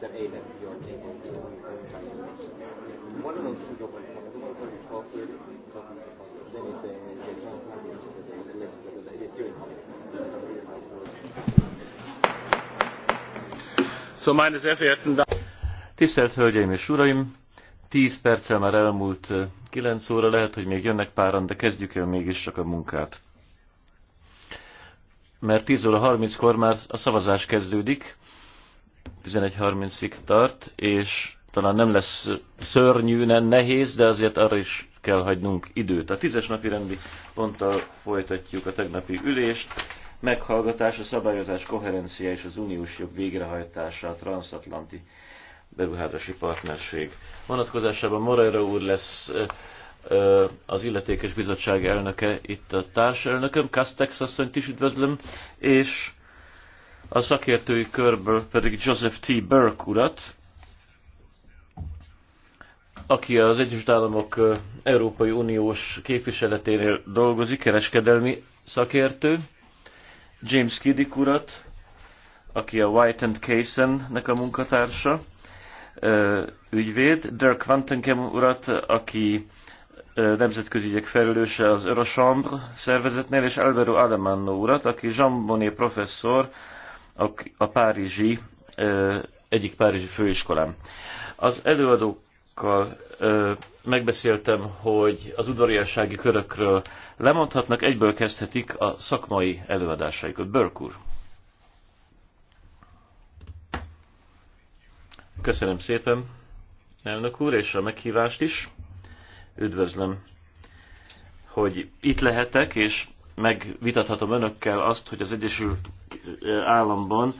that A, that your table is One of those two open the ones are 1230, 1230. Then it's the, the just the legislative, it is during So, meine sehr verehrten Damen. Tisztelt Hölgyeim és Uraim! 10 perccel már elmúlt 9 óra, lehet, hogy még jönnek páran, de kezdjük el mégis csak a munkát. Mert 10 óra 30-kor már a szavazás kezdődik, 11.30-ig tart, és talán nem lesz szörnyű, nem nehéz, de azért arra is kell hagynunk időt. A tízes napi rendi ponttal folytatjuk a tegnapi ülést. Meghallgatás, a szabályozás koherencia és az uniós jog végrehajtása a transatlanti beruházási partnerség. Vonatkozásában Moreira úr lesz az illetékes bizottság elnöke, itt a társelnököm, Kastex asszonyt is üdvözlöm, és a szakértői körből pedig Joseph T. Burke urat, aki az Egyesült Államok Európai Uniós képviseleténél dolgozik, kereskedelmi szakértő, James Kiddick urat, aki a White and Kaysen-nek a munkatársa, ügyvéd, Dirk Vantenkem urat, aki nemzetközi ügyek felelőse az Eurochambre szervezetnél, és Alberto Alemanno urat, aki Jean Bonnet professzor, a, a párizsi, egyik párizsi főiskolán. Az előadókkal megbeszéltem, hogy az udvariassági körökről lemondhatnak, egyből kezdhetik a szakmai előadásaikat. Börk úr. Köszönöm szépen, elnök úr, és a meghívást is. Üdvözlöm, hogy itt lehetek, és megvitathatom önökkel azt, hogy az Egyesült államban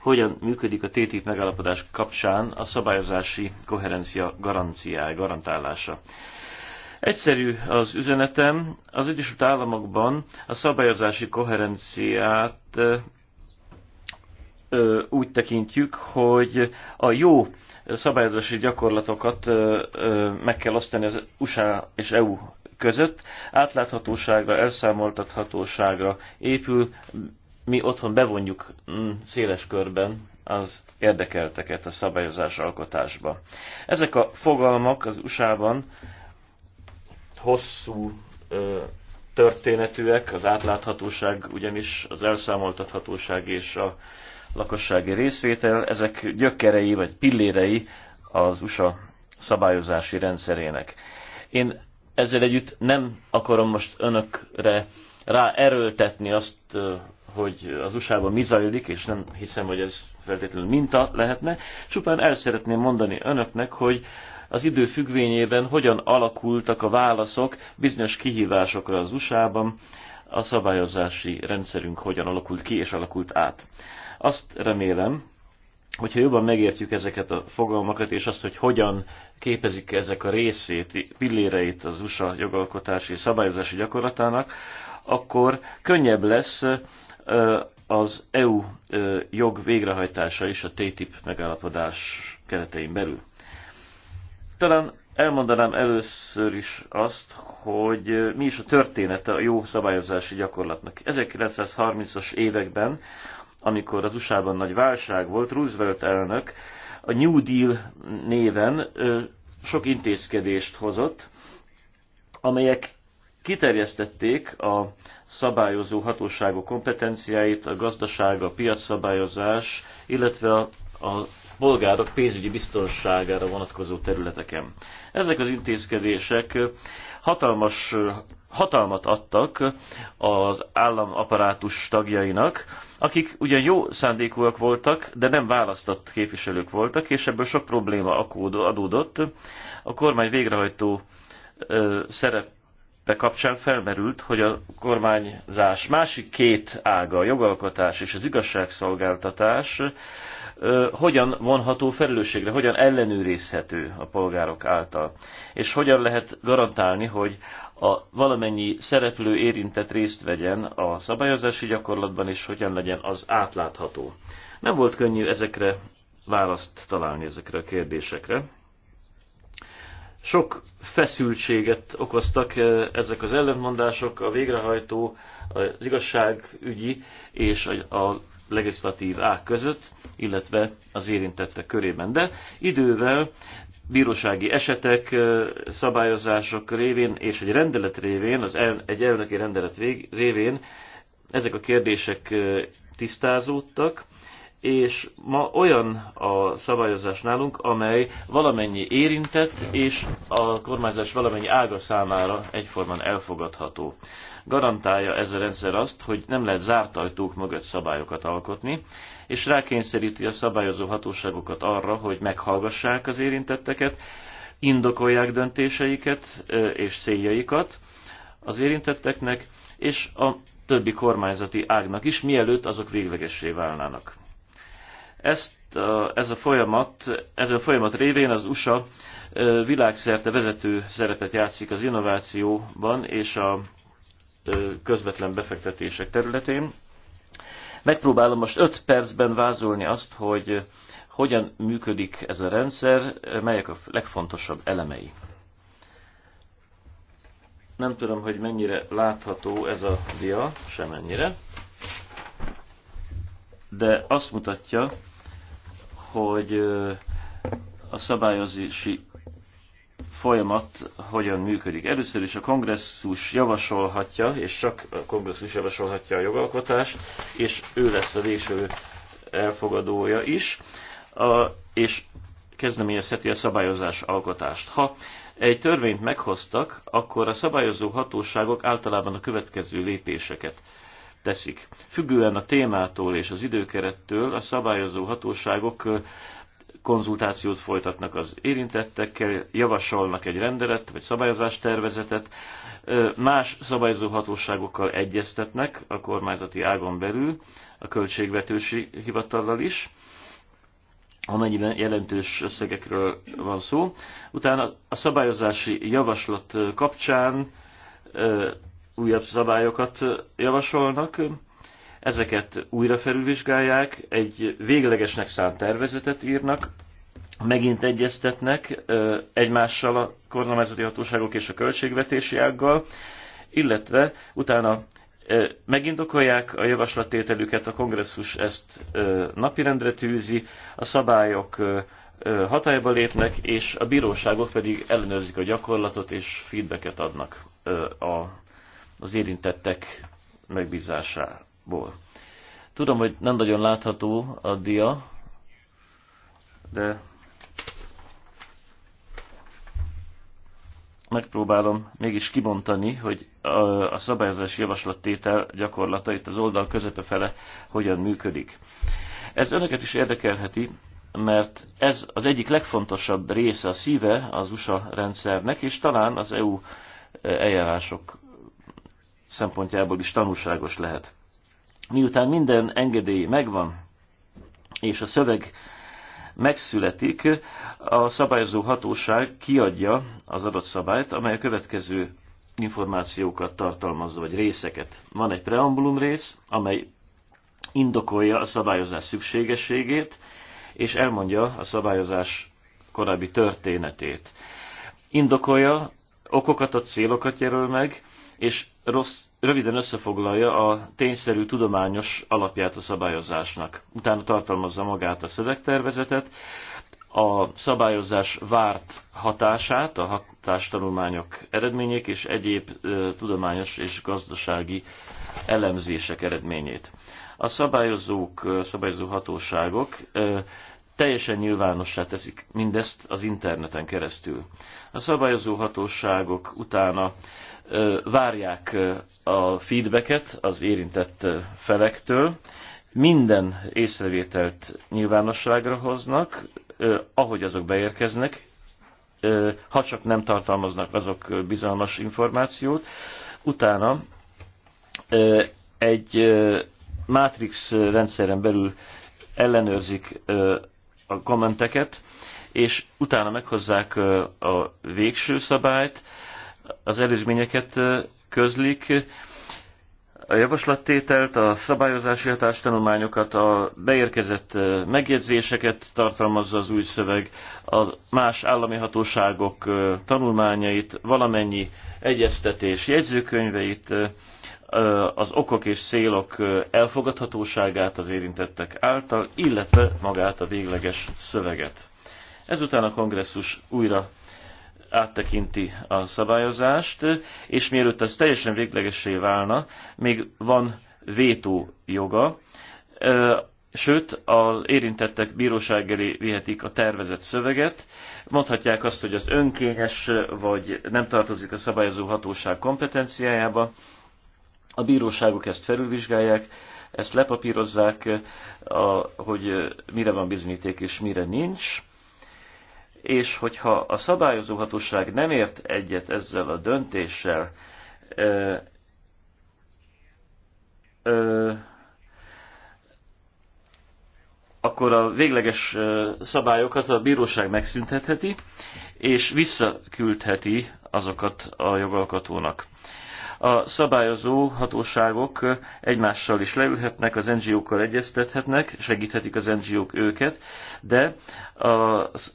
hogyan működik a TTIP megállapodás kapcsán a szabályozási koherencia garanciája, garantálása. Egyszerű az üzenetem, az Egyesült Államokban a szabályozási koherenciát ö, úgy tekintjük, hogy a jó szabályozási gyakorlatokat ö, ö, meg kell osztani az USA és EU között. Átláthatóságra, elszámoltathatóságra épül, mi otthon bevonjuk mm, széles körben az érdekelteket a szabályozás alkotásba. Ezek a fogalmak az USA-ban hosszú ö, történetűek, az átláthatóság, ugyanis az elszámoltathatóság és a lakossági részvétel, ezek gyökerei vagy pillérei az USA szabályozási rendszerének. Én ezzel együtt nem akarom most önökre rá erőltetni azt hogy az USA-ban mi zajlik, és nem hiszem, hogy ez feltétlenül minta lehetne. Csupán el szeretném mondani önöknek, hogy az idő függvényében hogyan alakultak a válaszok bizonyos kihívásokra az USA-ban, a szabályozási rendszerünk hogyan alakult ki és alakult át. Azt remélem, hogyha jobban megértjük ezeket a fogalmakat, és azt, hogy hogyan képezik ezek a részét, pilléreit az USA jogalkotási szabályozási gyakorlatának, akkor könnyebb lesz az EU jog végrehajtása is a TTIP megállapodás keretein belül. Talán elmondanám először is azt, hogy mi is a története a jó szabályozási gyakorlatnak. 1930-as években, amikor az USA-ban nagy válság volt, Roosevelt elnök a New Deal néven sok intézkedést hozott, amelyek kiterjesztették a szabályozó hatóságok kompetenciáit, a gazdaság, a piacszabályozás, illetve a, a polgárok pénzügyi biztonságára vonatkozó területeken. Ezek az intézkedések hatalmas hatalmat adtak az államaparátus tagjainak, akik ugyan jó szándékúak voltak, de nem választott képviselők voltak, és ebből sok probléma adódott. A kormány végrehajtó szerep kapcsán felmerült, hogy a kormányzás másik két ága, a jogalkotás és az igazságszolgáltatás hogyan vonható felelősségre, hogyan ellenőrizhető a polgárok által, és hogyan lehet garantálni, hogy a valamennyi szereplő érintett részt vegyen a szabályozási gyakorlatban, és hogyan legyen az átlátható. Nem volt könnyű ezekre választ találni ezekre a kérdésekre. Sok feszültséget okoztak eh, ezek az ellentmondások, a végrehajtó, az igazságügyi és a legislatív ág között, illetve az érintettek körében. De idővel bírósági esetek, eh, szabályozások révén és egy rendelet révén, az el, egy elnöki rendelet révén ezek a kérdések eh, tisztázódtak, és ma olyan a szabályozás nálunk, amely valamennyi érintett, és a kormányzás valamennyi ága számára egyformán elfogadható. Garantálja ez a rendszer azt, hogy nem lehet zárt ajtók mögött szabályokat alkotni, és rákényszeríti a szabályozó hatóságokat arra, hogy meghallgassák az érintetteket, indokolják döntéseiket és céljaikat az érintetteknek, és a többi kormányzati ágnak is, mielőtt azok véglegessé válnának. Ezt a, ez a folyamat, ez a folyamat révén az USA világszerte vezető szerepet játszik az innovációban és a közvetlen befektetések területén. Megpróbálom most 5 percben vázolni azt, hogy hogyan működik ez a rendszer, melyek a legfontosabb elemei. Nem tudom, hogy mennyire látható ez a dia, semennyire, de azt mutatja, hogy a szabályozási folyamat hogyan működik. Először is a kongresszus javasolhatja, és csak a kongresszus javasolhatja a jogalkotást, és ő lesz a végső elfogadója is, a, és kezdeményezheti a szabályozás alkotást. Ha egy törvényt meghoztak, akkor a szabályozó hatóságok általában a következő lépéseket teszik. Függően a témától és az időkerettől a szabályozó hatóságok konzultációt folytatnak az érintettekkel, javasolnak egy rendelet vagy szabályozás tervezetet, más szabályozó hatóságokkal egyeztetnek a kormányzati ágon belül, a költségvetősi hivatallal is, amennyiben jelentős összegekről van szó. Utána a szabályozási javaslat kapcsán újabb szabályokat javasolnak, ezeket újra felülvizsgálják, egy véglegesnek szánt tervezetet írnak, megint egyeztetnek egymással a kormányzati hatóságok és a költségvetési ággal, illetve utána megindokolják a javaslattételüket, a kongresszus ezt napirendre tűzi, a szabályok hatályba lépnek, és a bíróságok pedig ellenőrzik a gyakorlatot és feedbacket adnak a az érintettek megbízásából. Tudom, hogy nem nagyon látható a dia, de megpróbálom mégis kibontani, hogy a szabályozási javaslattétel gyakorlata itt az oldal közepe fele hogyan működik. Ez önöket is érdekelheti, mert ez az egyik legfontosabb része, a szíve az USA rendszernek, és talán az EU eh, eljárások szempontjából is tanulságos lehet. Miután minden engedély megvan, és a szöveg megszületik, a szabályozó hatóság kiadja az adott szabályt, amely a következő információkat tartalmazza, vagy részeket. Van egy preambulum rész, amely indokolja a szabályozás szükségességét, és elmondja a szabályozás korábbi történetét. Indokolja, okokat, a célokat jelöl meg, és rossz, röviden összefoglalja a tényszerű tudományos alapját a szabályozásnak. Utána tartalmazza magát a szövegtervezetet, a szabályozás várt hatását, a hatástanulmányok eredmények és egyéb tudományos és gazdasági elemzések eredményét. A szabályozók, szabályozó hatóságok teljesen nyilvánossá teszik mindezt az interneten keresztül. A szabályozó hatóságok utána várják a feedbacket az érintett felektől, minden észrevételt nyilvánosságra hoznak, ahogy azok beérkeznek, ha csak nem tartalmaznak azok bizalmas információt, utána egy Matrix rendszeren belül ellenőrzik a kommenteket, és utána meghozzák a végső szabályt, az előzményeket közlik, a javaslattételt, a szabályozási hatástanulmányokat, a beérkezett megjegyzéseket tartalmazza az új szöveg, a más állami hatóságok tanulmányait, valamennyi egyeztetés jegyzőkönyveit, az okok és szélok elfogadhatóságát az érintettek által, illetve magát a végleges szöveget. Ezután a kongresszus újra áttekinti a szabályozást, és mielőtt ez teljesen véglegesé válna, még van vétó joga, sőt, az érintettek bíróság elé vihetik a tervezett szöveget, mondhatják azt, hogy az önkényes, vagy nem tartozik a szabályozó hatóság kompetenciájába, a bíróságok ezt felülvizsgálják, ezt lepapírozzák, eh, a, hogy eh, mire van bizonyíték és mire nincs. És hogyha a szabályozóhatóság nem ért egyet ezzel a döntéssel, ö, eh, ö, akkor a végleges szabályokat a bíróság megszüntetheti, és visszaküldheti azokat a jogalkotónak. A szabályozó hatóságok egymással is leülhetnek, az NGO-kkal egyeztethetnek, segíthetik az NGO-k őket, de az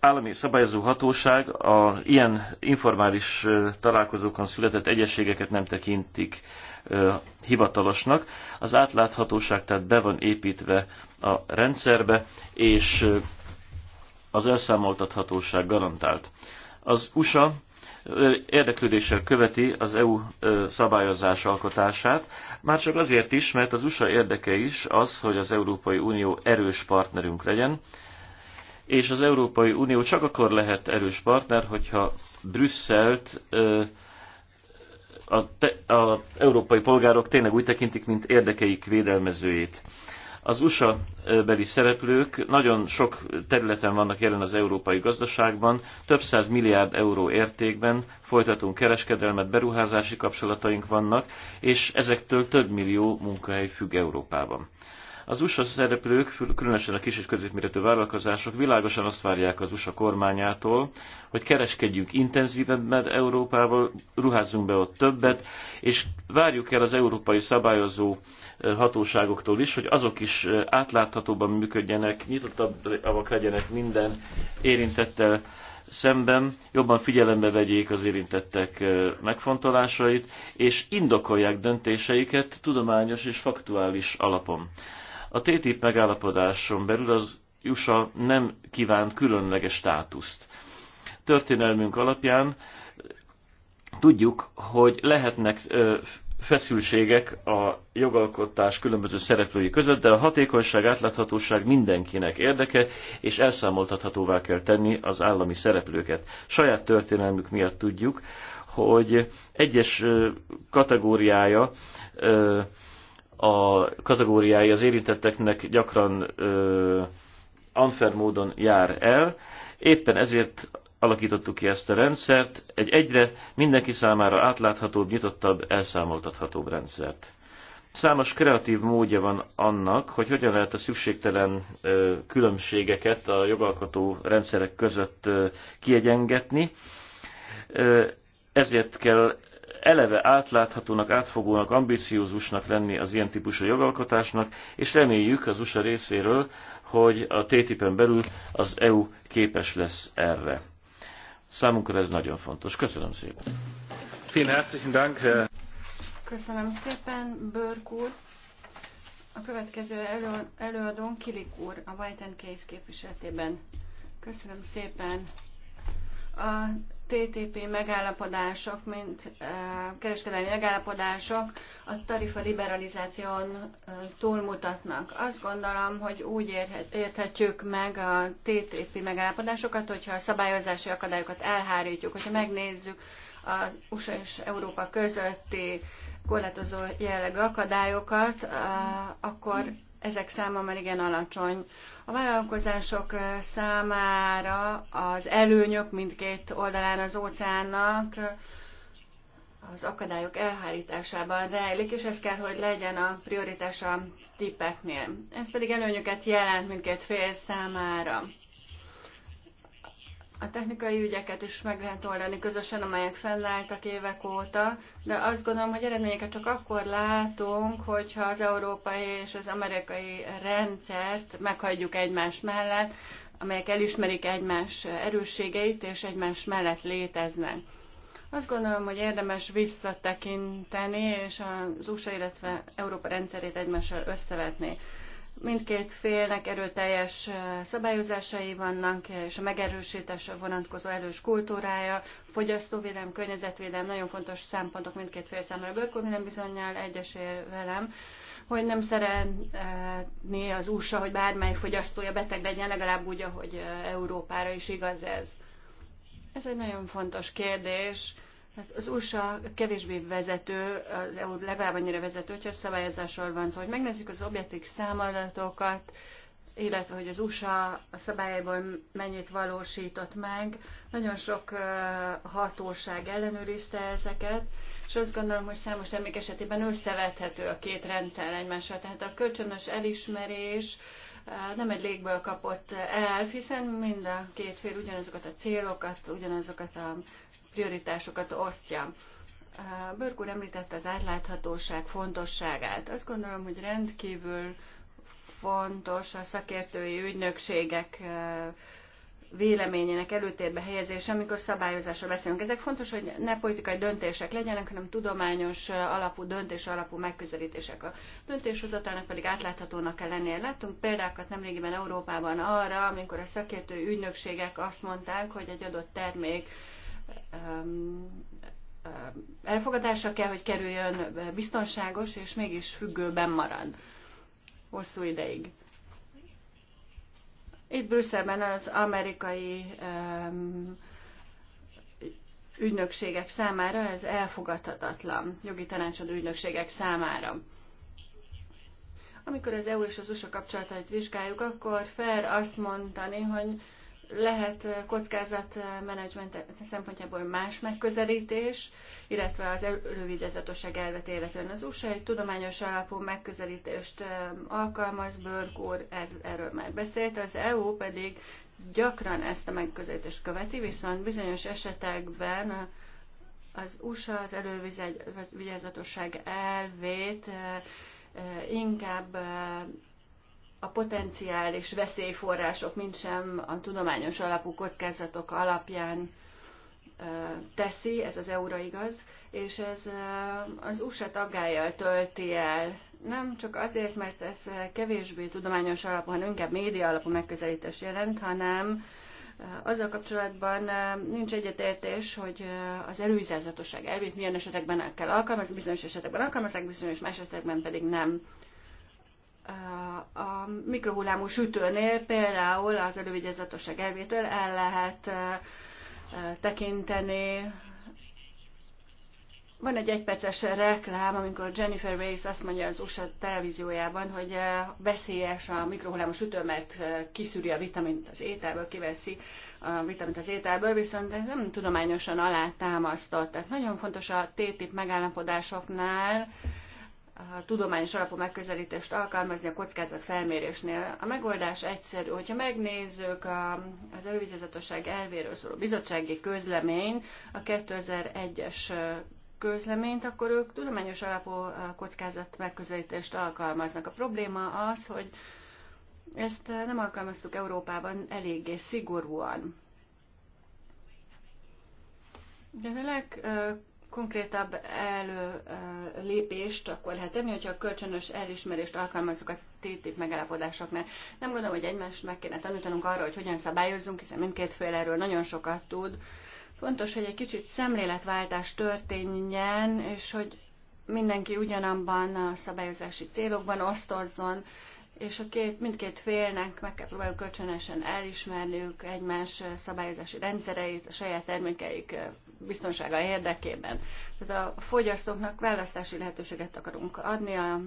állami szabályozó hatóság a ilyen informális találkozókon született egyességeket nem tekintik hivatalosnak. Az átláthatóság tehát be van építve a rendszerbe, és az elszámoltathatóság garantált. Az USA érdeklődéssel követi az EU szabályozás alkotását, már csak azért is, mert az USA érdeke is az, hogy az Európai Unió erős partnerünk legyen, és az Európai Unió csak akkor lehet erős partner, hogyha Brüsszelt az európai polgárok tényleg úgy tekintik, mint érdekeik védelmezőjét. Az USA beli szereplők nagyon sok területen vannak jelen az európai gazdaságban, több száz milliárd euró értékben folytatunk kereskedelmet, beruházási kapcsolataink vannak, és ezektől több millió munkahely függ Európában. Az USA szereplők, különösen a kis és középméretű vállalkozások világosan azt várják az USA kormányától, hogy kereskedjünk intenzívebben Európával, ruházzunk be ott többet, és várjuk el az európai szabályozó eh, hatóságoktól is, hogy azok is eh, átláthatóban működjenek, nyitottabbak legyenek minden érintettel szemben, jobban figyelembe vegyék az érintettek eh, megfontolásait, és indokolják döntéseiket tudományos és faktuális alapon. A TTIP megállapodáson belül az USA nem kívánt különleges státuszt. Történelmünk alapján tudjuk, hogy lehetnek feszültségek a jogalkotás különböző szereplői között, de a hatékonyság, átláthatóság mindenkinek érdeke, és elszámoltathatóvá kell tenni az állami szereplőket. Saját történelmük miatt tudjuk, hogy egyes kategóriája a kategóriái az érintetteknek gyakran ö, unfair módon jár el. Éppen ezért alakítottuk ki ezt a rendszert, egy egyre mindenki számára átláthatóbb, nyitottabb, elszámoltathatóbb rendszert. Számos kreatív módja van annak, hogy hogyan lehet a szükségtelen ö, különbségeket a jogalkotó rendszerek között ö, kiegyengetni. Ö, ezért kell eleve átláthatónak, átfogónak, ambiciózusnak lenni az ilyen típusú jogalkotásnak, és reméljük az USA részéről, hogy a TTIP-en belül az EU képes lesz erre. Számunkra ez nagyon fontos. Köszönöm szépen. Vielen herzlichen Dank. Köszönöm szépen, Börk úr. A következő elő, előadón Kilik úr, a White and Case képviseletében. Köszönöm szépen. A TTP megállapodások, mint kereskedelmi megállapodások a tarifa liberalizáción túlmutatnak. Azt gondolom, hogy úgy érthetjük meg a TTP megállapodásokat, hogyha a szabályozási akadályokat elhárítjuk, hogyha megnézzük az USA és Európa közötti korlátozó jellegű akadályokat, akkor ezek száma már igen alacsony. A vállalkozások számára az előnyök mindkét oldalán az óceánnak az akadályok elhárításában rejlik, és ez kell, hogy legyen a prioritás a tippeknél. Ez pedig előnyöket jelent mindkét fél számára a technikai ügyeket is meg lehet oldani közösen, amelyek fennálltak évek óta, de azt gondolom, hogy eredményeket csak akkor látunk, hogyha az európai és az amerikai rendszert meghagyjuk egymás mellett, amelyek elismerik egymás erősségeit és egymás mellett léteznek. Azt gondolom, hogy érdemes visszatekinteni, és az USA, illetve Európa rendszerét egymással összevetni. Mindkét félnek erőteljes szabályozásai vannak, és a megerősítés vonatkozó erős kultúrája, fogyasztóvédelem, környezetvédelem, nagyon fontos szempontok mindkét fél számára. Börkó minden bizonyal egyesél velem, hogy nem szeretné az USA, hogy bármely fogyasztója beteg legyen, legalább úgy, ahogy Európára is igaz ez. Ez egy nagyon fontos kérdés Hát az USA kevésbé vezető, az EU legalább annyira vezető, hogyha szabályozásról van szó. Szóval, hogy megnézzük az objektív számadatokat, illetve hogy az USA a szabályából mennyit valósított meg. Nagyon sok hatóság ellenőrizte ezeket, és azt gondolom, hogy számos termék esetében összevethető a két rendszer egymással. Tehát a kölcsönös elismerés nem egy légből kapott el, hiszen mind a két fél ugyanazokat a célokat, ugyanazokat a prioritásokat osztja. Börg úr említette az átláthatóság fontosságát. Azt gondolom, hogy rendkívül fontos a szakértői ügynökségek véleményének előtérbe helyezése, amikor szabályozásra beszélünk. Ezek fontos, hogy ne politikai döntések legyenek, hanem tudományos alapú, döntés alapú megközelítések. A döntéshozatának pedig átláthatónak kell lennie. Láttunk példákat nemrégiben Európában arra, amikor a szakértői ügynökségek azt mondták, hogy egy adott termék elfogadásra kell, hogy kerüljön biztonságos, és mégis függőben marad hosszú ideig. Itt Brüsszelben az amerikai um, ügynökségek számára ez elfogadhatatlan, jogi tanácsadó ügynökségek számára. Amikor az EU és az USA kapcsolatait vizsgáljuk, akkor fel azt mondani, hogy lehet kockázatmenedzsment szempontjából más megközelítés, illetve az elővigyázatosság elvet életően az USA egy tudományos alapú megközelítést alkalmaz, Börk ez, erről már beszélt, az EU pedig gyakran ezt a megközelítést követi, viszont bizonyos esetekben az USA az elővigyázatosság elvét inkább a potenciális veszélyforrások, mint sem a tudományos alapú kockázatok alapján teszi, ez az eu igaz, és ez az USA taggájjal tölti el. Nem csak azért, mert ez kevésbé tudományos alapú, hanem inkább média alapú megközelítés jelent, hanem azzal kapcsolatban nincs egyetértés, hogy az elővizelzatosság elvét milyen esetekben kell alkalmazni, bizonyos esetekben alkalmazzák, bizonyos más esetekben pedig nem a mikrohullámú sütőnél például az elővigyázatosság elvétől el lehet tekinteni. Van egy egyperces reklám, amikor Jennifer Race azt mondja az USA televíziójában, hogy veszélyes a mikrohullámú sütő, mert kiszűri a vitamint az ételből, kiveszi a vitamint az ételből, viszont ez nem tudományosan alátámasztott. Tehát nagyon fontos a TTIP megállapodásoknál, tudományos alapú megközelítést alkalmazni a kockázat felmérésnél. A megoldás egyszerű, hogyha megnézzük a, az elővizetosság elvéről szóló bizottsági közlemény, a 2001-es közleményt, akkor ők tudományos alapú kockázat megközelítést alkalmaznak. A probléma az, hogy ezt nem alkalmaztuk Európában eléggé szigorúan. De a leg konkrétabb előlépést akkor lehet tenni, hogyha a kölcsönös elismerést alkalmazzuk a TTIP megállapodásoknál. Nem gondolom, hogy egymást meg kéne tanítanunk arra, hogy hogyan szabályozzunk, hiszen mindkét fél erről nagyon sokat tud. Fontos, hogy egy kicsit szemléletváltás történjen, és hogy mindenki ugyanabban a szabályozási célokban osztozzon, és a két, mindkét félnek meg kell próbáljuk kölcsönösen elismerniük egymás szabályozási rendszereit a saját termékeik biztonsága érdekében. Tehát a fogyasztóknak választási lehetőséget akarunk adni a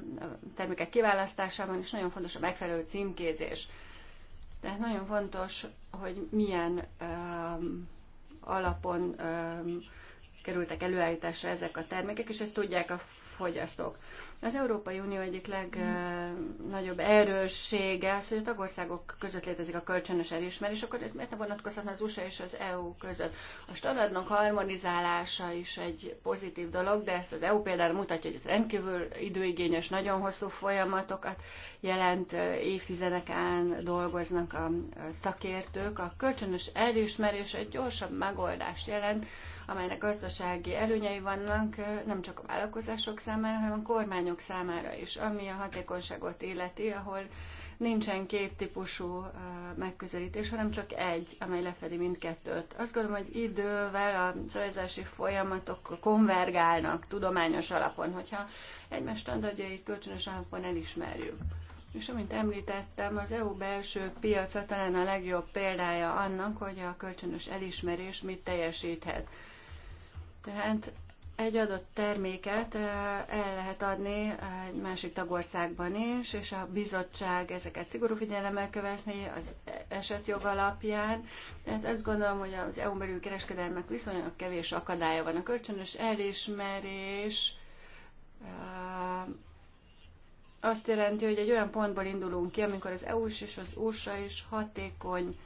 termékek kiválasztásában, és nagyon fontos a megfelelő címkézés. Tehát nagyon fontos, hogy milyen um, alapon um, kerültek előállításra ezek a termékek, és ezt tudják a fogyasztók. Az Európai Unió egyik legnagyobb erőssége az, hogy a tagországok között létezik a kölcsönös elismerés, akkor ez miért ne vonatkozhatna az USA és az EU között? A standardnak harmonizálása is egy pozitív dolog, de ezt az EU például mutatja, hogy ez rendkívül időigényes, nagyon hosszú folyamatokat jelent, évtizedeken dolgoznak a szakértők. A kölcsönös elismerés egy gyorsabb megoldást jelent, amelynek gazdasági előnyei vannak nem csak a vállalkozások számára, hanem a kormányok számára is, ami a hatékonyságot illeti, ahol nincsen két típusú megközelítés, hanem csak egy, amely lefedi mindkettőt. Azt gondolom, hogy idővel a szabályozási folyamatok konvergálnak tudományos alapon, hogyha egymás standardjait kölcsönös alapon elismerjük. És amint említettem, az EU belső piaca talán a legjobb példája annak, hogy a kölcsönös elismerés mit teljesíthet. Tehát egy adott terméket el lehet adni egy másik tagországban is, és a bizottság ezeket szigorú figyelemmel követni az esetjog alapján. Tehát azt gondolom, hogy az EU-n belül kereskedelmek viszonylag kevés akadálya van. A kölcsönös elismerés azt jelenti, hogy egy olyan pontból indulunk ki, amikor az EU-s és az USA is hatékony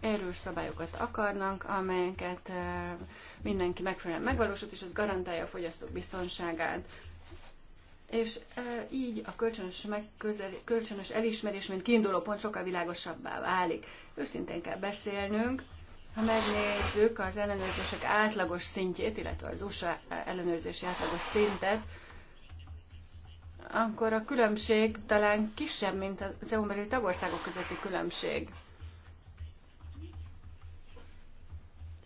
erős szabályokat akarnak, amelyeket mindenki megfelelően megvalósít, és ez garantálja a fogyasztók biztonságát. És így a kölcsönös, megközel, kölcsönös elismerés, mint kiinduló pont sokkal világosabbá válik. Őszintén kell beszélnünk, ha megnézzük az ellenőrzések átlagos szintjét, illetve az USA ellenőrzési átlagos szintet, akkor a különbség talán kisebb, mint az EU-n tagországok közötti különbség.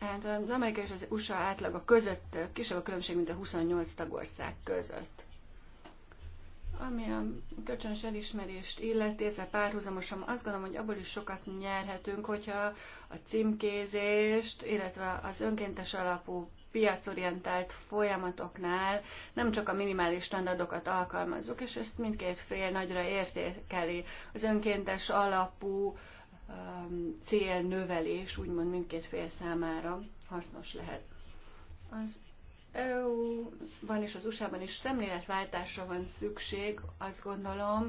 Hát az amerikai és az USA a között kisebb a különbség, mint a 28 tagország között. Ami a kölcsönös elismerést illeti, ezzel párhuzamosan azt gondolom, hogy abból is sokat nyerhetünk, hogyha a címkézést, illetve az önkéntes alapú piacorientált folyamatoknál nem csak a minimális standardokat alkalmazzuk, és ezt mindkét fél nagyra értékeli. Az önkéntes alapú uh, Um, célnövelés úgymond mindkét fél számára hasznos lehet. Az EU-ban és az USA-ban is szemléletváltásra van szükség, azt gondolom,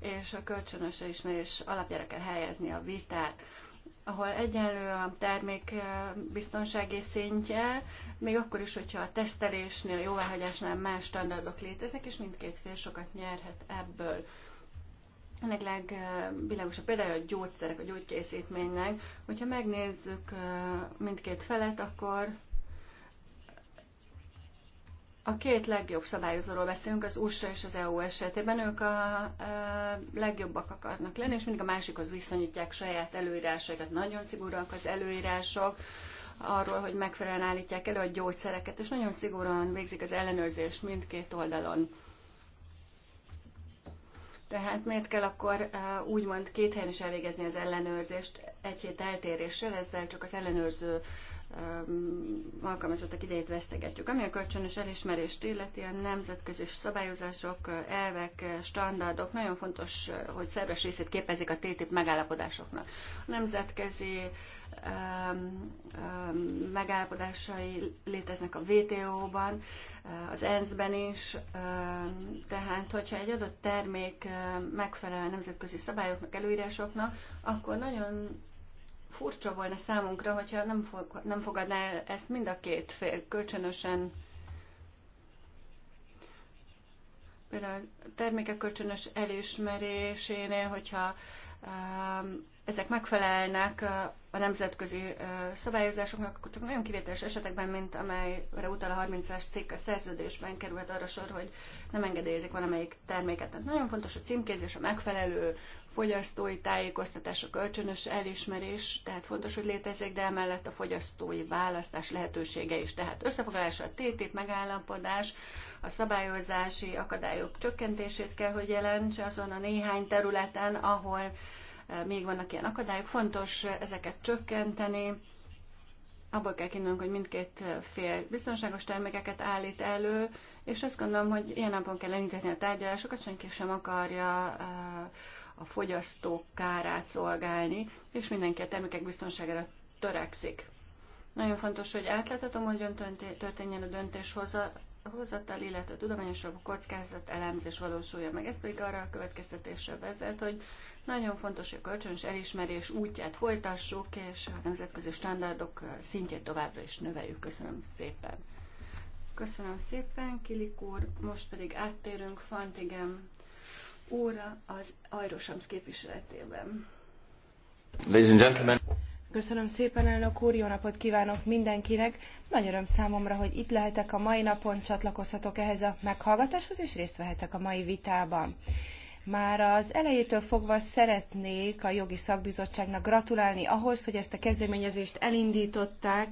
és a kölcsönös ismerés alapjára kell helyezni a vitát ahol egyenlő a termék eh, biztonsági szintje, még akkor is, hogyha a tesztelésnél, a jóváhagyásnál más standardok léteznek, és mindkét fél sokat nyerhet ebből ennek legvilágosabb például a gyógyszerek, a gyógykészítménynek. Hogyha megnézzük mindkét felet, akkor a két legjobb szabályozóról beszélünk, az USA és az EU esetében. Ők a legjobbak akarnak lenni, és mindig a másikhoz viszonyítják saját előírásaikat. Nagyon szigorúak az előírások arról, hogy megfelelően állítják elő a gyógyszereket, és nagyon szigorúan végzik az ellenőrzést mindkét oldalon. Tehát miért kell akkor úgymond két helyen is elvégezni az ellenőrzést egy hét eltéréssel, ezzel csak az ellenőrző alkalmazottak idejét vesztegetjük. Ami a kölcsönös elismerést illeti, a nemzetközi szabályozások, elvek, standardok nagyon fontos, hogy szerves részét képezik a TTIP megállapodásoknak. A nemzetközi um, um, megállapodásai léteznek a WTO-ban, az ENSZ-ben is, tehát hogyha egy adott termék megfelel a nemzetközi szabályoknak, előírásoknak, akkor nagyon furcsa volna számunkra, hogyha nem, fog, nem fogadná el ezt mind a két fél kölcsönösen. Például a termékek kölcsönös elismerésénél, hogyha um, ezek megfelelnek uh, a nemzetközi uh, szabályozásoknak, akkor csak nagyon kivételes esetekben, mint amelyre utal a 30-as cikk a szerződésben került arra sor, hogy nem engedélyezik valamelyik terméket. Tehát nagyon fontos a címkézés, a megfelelő fogyasztói tájékoztatás, a kölcsönös elismerés, tehát fontos, hogy létezik, de emellett a fogyasztói választás lehetősége is. Tehát összefoglalása a tétét, megállapodás, a szabályozási akadályok csökkentését kell, hogy jelentse azon a néhány területen, ahol e, még vannak ilyen akadályok. Fontos ezeket csökkenteni, abból kell kinnunk, hogy mindkét fél biztonságos termékeket állít elő, és azt gondolom, hogy ilyen napon kell elindítani a tárgyalásokat, senki sem akarja uh, a fogyasztók kárát szolgálni, és mindenki a termékek biztonságára törekszik. Nagyon fontos, hogy átlátható módon történjen a döntéshozatal, illetve a tudományosabb kockázat elemzés valósulja meg. Ez pedig arra a következtetésre vezet, hogy nagyon fontos, hogy a kölcsönös elismerés útját folytassuk, és a nemzetközi standardok szintjét továbbra is növeljük. Köszönöm szépen! Köszönöm szépen, Kilik úr. Most pedig áttérünk Fantigem óra az Ajrosams képviseletében. Ladies and gentlemen. Köszönöm szépen, elnök úr, jó napot kívánok mindenkinek. Nagy öröm számomra, hogy itt lehetek a mai napon, csatlakozhatok ehhez a meghallgatáshoz, és részt vehetek a mai vitában. Már az elejétől fogva szeretnék a jogi szakbizottságnak gratulálni ahhoz, hogy ezt a kezdeményezést elindították,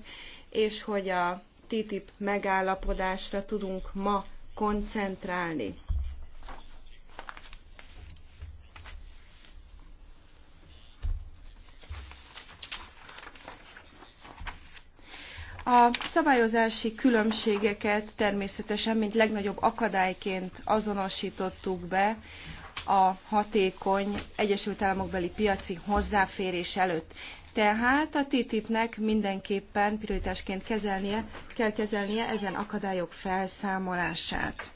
és hogy a TTIP megállapodásra tudunk ma koncentrálni. A szabályozási különbségeket természetesen, mint legnagyobb akadályként azonosítottuk be a hatékony Egyesült Államokbeli piaci hozzáférés előtt. Tehát a TTIP-nek mindenképpen prioritásként kezelnie, kell kezelnie ezen akadályok felszámolását.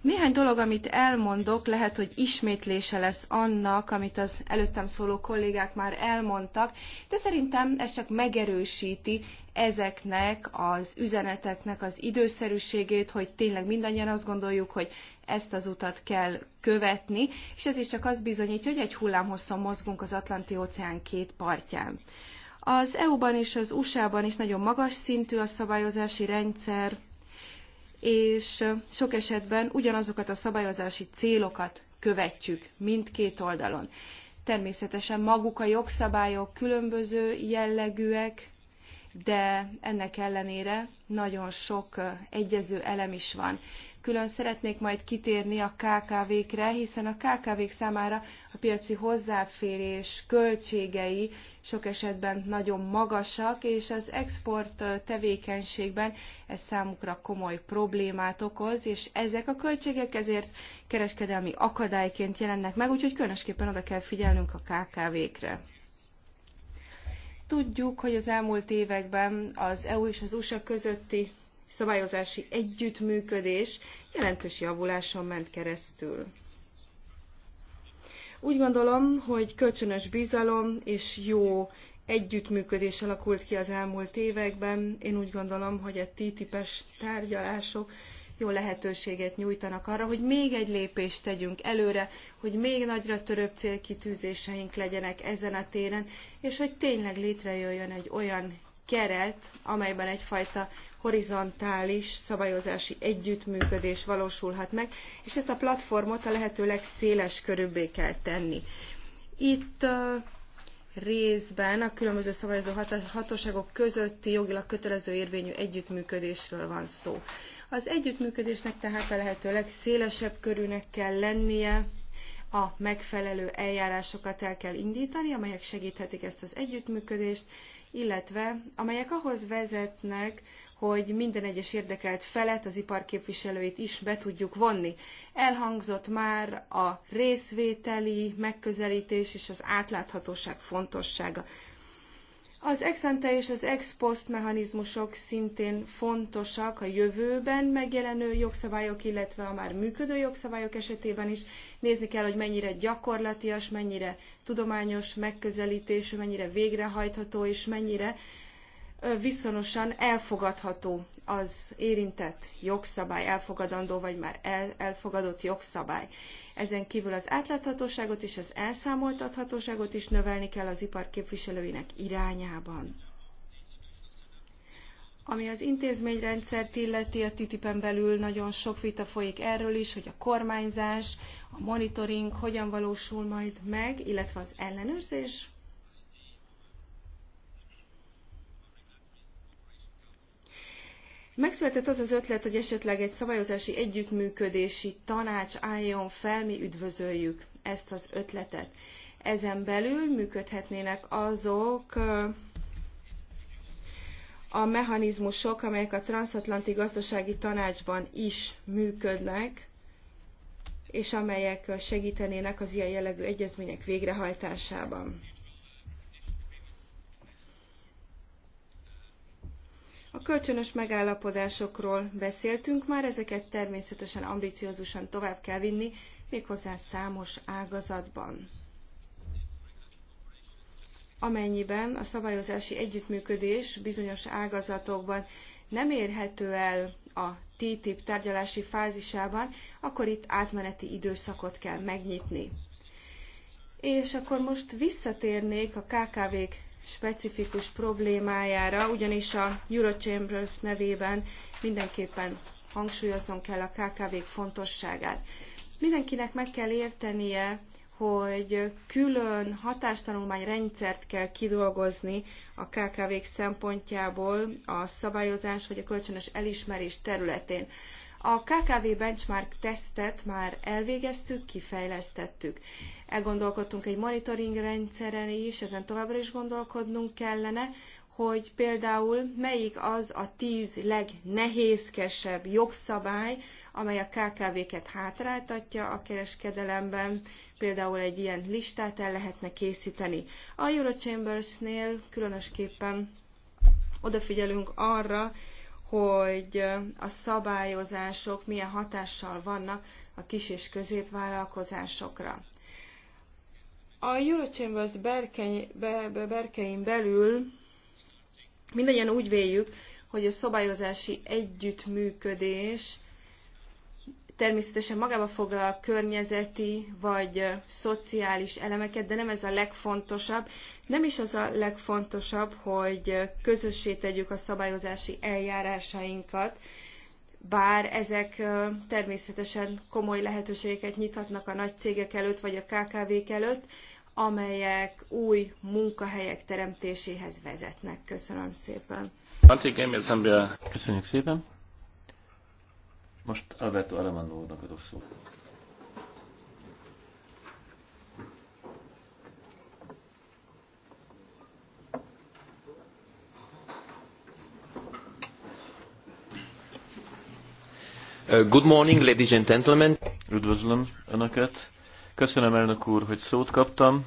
Néhány dolog, amit elmondok, lehet, hogy ismétlése lesz annak, amit az előttem szóló kollégák már elmondtak, de szerintem ez csak megerősíti ezeknek az üzeneteknek az időszerűségét, hogy tényleg mindannyian azt gondoljuk, hogy ezt az utat kell követni, és ez is csak azt bizonyítja, hogy egy hullámhosszon mozgunk az Atlanti-óceán két partján. Az EU-ban és az USA-ban is nagyon magas szintű a szabályozási rendszer, és sok esetben ugyanazokat a szabályozási célokat követjük mindkét oldalon. Természetesen maguk a jogszabályok különböző jellegűek, de ennek ellenére nagyon sok egyező elem is van. Külön szeretnék majd kitérni a KKV-kre, hiszen a KKV-k számára a piaci hozzáférés költségei sok esetben nagyon magasak, és az export tevékenységben ez számukra komoly problémát okoz, és ezek a költségek ezért kereskedelmi akadályként jelennek meg, úgyhogy különösképpen oda kell figyelnünk a KKV-kre. Tudjuk, hogy az elmúlt években az EU és az USA közötti szabályozási együttműködés jelentős javuláson ment keresztül. Úgy gondolom, hogy kölcsönös bizalom és jó együttműködés alakult ki az elmúlt években. Én úgy gondolom, hogy a TTIP-es tárgyalások jó lehetőséget nyújtanak arra, hogy még egy lépést tegyünk előre, hogy még nagyra törőbb célkitűzéseink legyenek ezen a téren, és hogy tényleg létrejöjjön egy olyan keret, amelyben egyfajta horizontális szabályozási együttműködés valósulhat meg, és ezt a platformot a lehető legszéles körülbé kell tenni. Itt részben a különböző szabályozó hatóságok közötti jogilag kötelező érvényű együttműködésről van szó. Az együttműködésnek tehát a lehető legszélesebb körűnek kell lennie, a megfelelő eljárásokat el kell indítani, amelyek segíthetik ezt az együttműködést, illetve amelyek ahhoz vezetnek, hogy minden egyes érdekelt felet, az ipar képviselőit is be tudjuk vonni. Elhangzott már a részvételi megközelítés és az átláthatóság fontossága. Az ex ante és az ex post mechanizmusok szintén fontosak a jövőben megjelenő jogszabályok, illetve a már működő jogszabályok esetében is. Nézni kell, hogy mennyire gyakorlatias, mennyire tudományos megközelítésű, mennyire végrehajtható és mennyire viszonosan elfogadható az érintett jogszabály, elfogadandó vagy már el, elfogadott jogszabály. Ezen kívül az átláthatóságot és az elszámoltathatóságot is növelni kell az ipar képviselőinek irányában. Ami az intézményrendszert illeti, a TTIP-en belül nagyon sok vita folyik erről is, hogy a kormányzás, a monitoring hogyan valósul majd meg, illetve az ellenőrzés Megszületett az az ötlet, hogy esetleg egy szabályozási együttműködési tanács álljon fel, mi üdvözöljük ezt az ötletet. Ezen belül működhetnének azok a mechanizmusok, amelyek a transatlanti gazdasági tanácsban is működnek, és amelyek segítenének az ilyen jellegű egyezmények végrehajtásában. A kölcsönös megállapodásokról beszéltünk már, ezeket természetesen ambiciózusan tovább kell vinni, méghozzá számos ágazatban. Amennyiben a szabályozási együttműködés bizonyos ágazatokban nem érhető el a TTIP tárgyalási fázisában, akkor itt átmeneti időszakot kell megnyitni. És akkor most visszatérnék a KKV-k specifikus problémájára, ugyanis a Eurochambers nevében mindenképpen hangsúlyoznom kell a KKV-k fontosságát. Mindenkinek meg kell értenie, hogy külön hatástanulmány rendszert kell kidolgozni a KKV-k szempontjából a szabályozás vagy a kölcsönös elismerés területén. A KKV benchmark tesztet már elvégeztük, kifejlesztettük. Elgondolkodtunk egy monitoring rendszeren is, ezen továbbra is gondolkodnunk kellene, hogy például melyik az a tíz legnehézkesebb jogszabály, amely a KKV-ket hátráltatja a kereskedelemben, például egy ilyen listát el lehetne készíteni. A Eurochambersnél különösképpen odafigyelünk arra, hogy a szabályozások milyen hatással vannak a kis és középvállalkozásokra. A Eurochambers berkeny, berkein belül mindannyian úgy véljük, hogy a szabályozási együttműködés Természetesen magába foglal a környezeti vagy szociális elemeket, de nem ez a legfontosabb. Nem is az a legfontosabb, hogy közössé tegyük a szabályozási eljárásainkat, bár ezek természetesen komoly lehetőségeket nyithatnak a nagy cégek előtt vagy a KKV-k előtt, amelyek új munkahelyek teremtéséhez vezetnek. Köszönöm szépen. Köszönjük szépen. Most Alberto Alemannónak úrnak adok szót. Uh, good morning, ladies and gentlemen. Üdvözlöm Önöket. Köszönöm, elnök úr, hogy szót kaptam.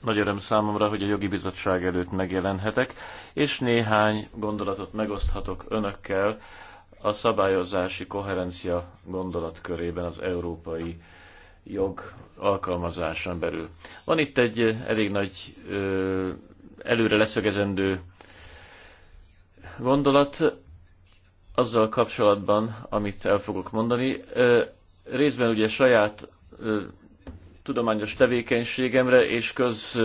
Nagy öröm számomra, hogy a jogi bizottság előtt megjelenhetek, és néhány gondolatot megoszthatok Önökkel a szabályozási koherencia gondolatkörében az európai jog alkalmazásán belül. Van itt egy elég nagy ö, előre leszögezendő gondolat azzal kapcsolatban, amit el fogok mondani. Ö, részben ugye saját ö, tudományos tevékenységemre és köz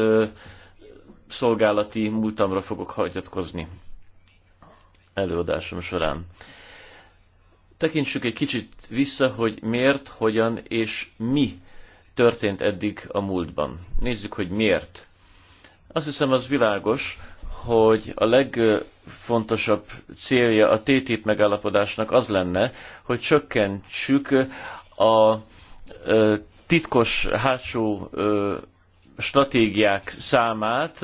szolgálati múltamra fogok hagyatkozni előadásom során tekintsük egy kicsit vissza, hogy miért, hogyan és mi történt eddig a múltban. Nézzük, hogy miért. Azt hiszem, az világos, hogy a legfontosabb célja a TTIP megállapodásnak az lenne, hogy csökkentsük a titkos hátsó stratégiák számát,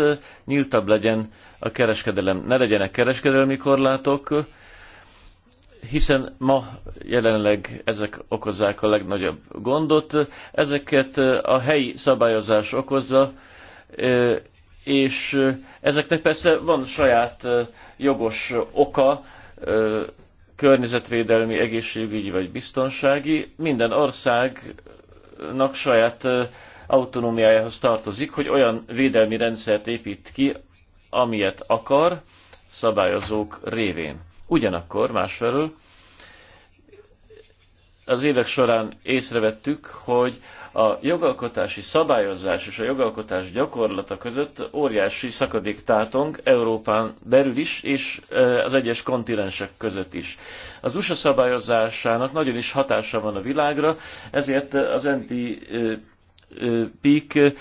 nyíltabb legyen a kereskedelem, ne legyenek kereskedelmi korlátok, hiszen ma jelenleg ezek okozzák a legnagyobb gondot. Ezeket a helyi szabályozás okozza, és ezeknek persze van saját jogos oka, környezetvédelmi, egészségügyi vagy biztonsági. Minden országnak saját autonómiájához tartozik, hogy olyan védelmi rendszert épít ki, amilyet akar, szabályozók révén. Ugyanakkor másfelől az évek során észrevettük, hogy a jogalkotási szabályozás és a jogalkotás gyakorlata között óriási szakadék tátong Európán belül is, és az egyes kontinensek között is. Az USA szabályozásának nagyon is hatása van a világra, ezért az anti peak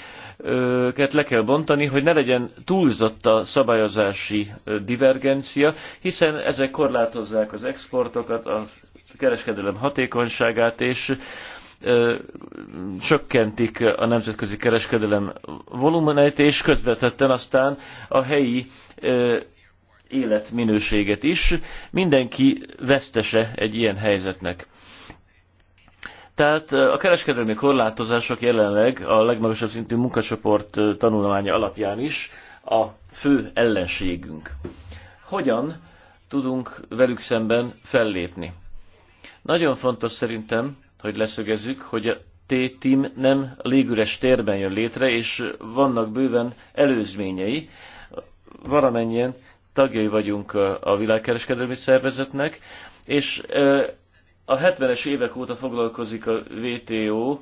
őket le kell bontani, hogy ne legyen túlzott a szabályozási divergencia, hiszen ezek korlátozzák az exportokat, a kereskedelem hatékonyságát, és csökkentik a nemzetközi kereskedelem volumenét és közvetetten aztán a helyi életminőséget is. Mindenki vesztese egy ilyen helyzetnek. Tehát a kereskedelmi korlátozások jelenleg a legmagasabb szintű munkacsoport tanulmánya alapján is a fő ellenségünk. Hogyan tudunk velük szemben fellépni? Nagyon fontos szerintem, hogy leszögezzük, hogy a T-team nem légüres térben jön létre, és vannak bőven előzményei. Valamennyien tagjai vagyunk a világkereskedelmi szervezetnek, és a 70-es évek óta foglalkozik a WTO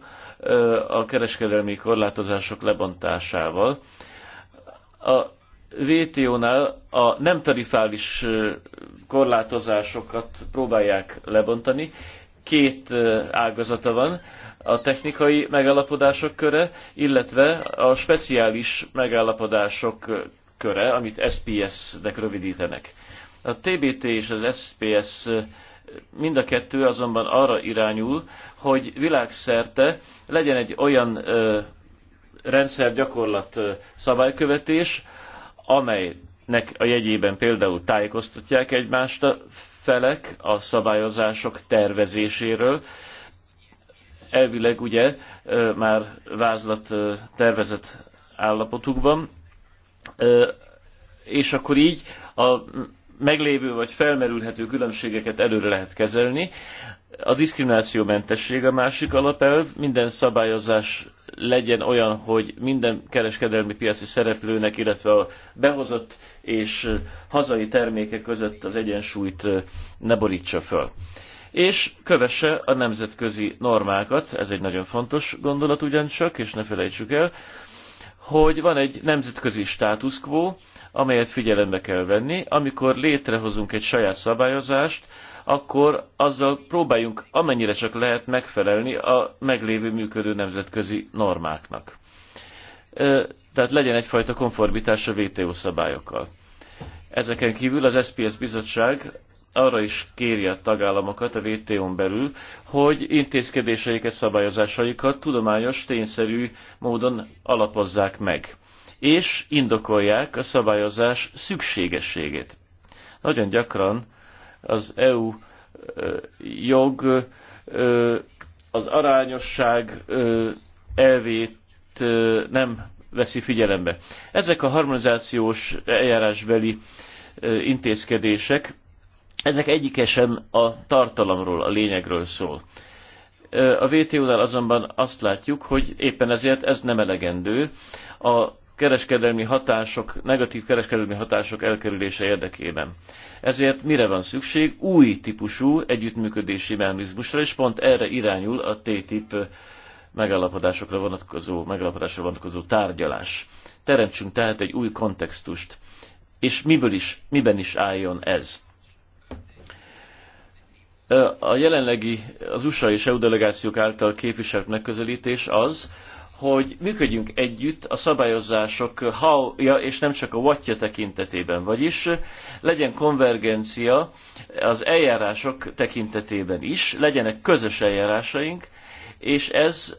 a kereskedelmi korlátozások lebontásával. A WTO-nál a nem tarifális korlátozásokat próbálják lebontani. Két ágazata van, a technikai megállapodások köre, illetve a speciális megállapodások köre, amit SPS-nek rövidítenek. A TBT és az SPS Mind a kettő azonban arra irányul, hogy világszerte legyen egy olyan rendszer gyakorlat szabálykövetés, amelynek a jegyében például tájékoztatják egymást a felek a szabályozások tervezéséről. Elvileg ugye már vázlat tervezett állapotukban, és akkor így a meglévő vagy felmerülhető különbségeket előre lehet kezelni. A mentesség a másik alapelv, minden szabályozás legyen olyan, hogy minden kereskedelmi piaci szereplőnek, illetve a behozott és hazai termékek között az egyensúlyt ne borítsa föl. És kövesse a nemzetközi normákat, ez egy nagyon fontos gondolat ugyancsak, és ne felejtsük el, hogy van egy nemzetközi status quo, amelyet figyelembe kell venni. Amikor létrehozunk egy saját szabályozást, akkor azzal próbáljunk amennyire csak lehet megfelelni a meglévő működő nemzetközi normáknak. Tehát legyen egyfajta konformitás a WTO szabályokkal. Ezeken kívül az SPS bizottság arra is kéri a tagállamokat a WTO-n belül, hogy intézkedéseiket, szabályozásaikat tudományos, tényszerű módon alapozzák meg, és indokolják a szabályozás szükségességét. Nagyon gyakran az EU jog az arányosság elvét nem veszi figyelembe. Ezek a harmonizációs eljárásbeli intézkedések ezek egyike sem a tartalomról, a lényegről szól. A WTO-nál azonban azt látjuk, hogy éppen ezért ez nem elegendő. A kereskedelmi hatások, negatív kereskedelmi hatások elkerülése érdekében. Ezért mire van szükség? Új típusú együttműködési mechanizmusra, és pont erre irányul a T-tip megállapodásokra vonatkozó, megállapodásra vonatkozó tárgyalás. Teremtsünk tehát egy új kontextust. És miből is, miben is álljon ez? A jelenlegi az USA és EU delegációk által képviselt megközelítés az, hogy működjünk együtt a szabályozások -ja, és nem csak a whatja tekintetében, vagyis legyen konvergencia az eljárások tekintetében is, legyenek közös eljárásaink, és ez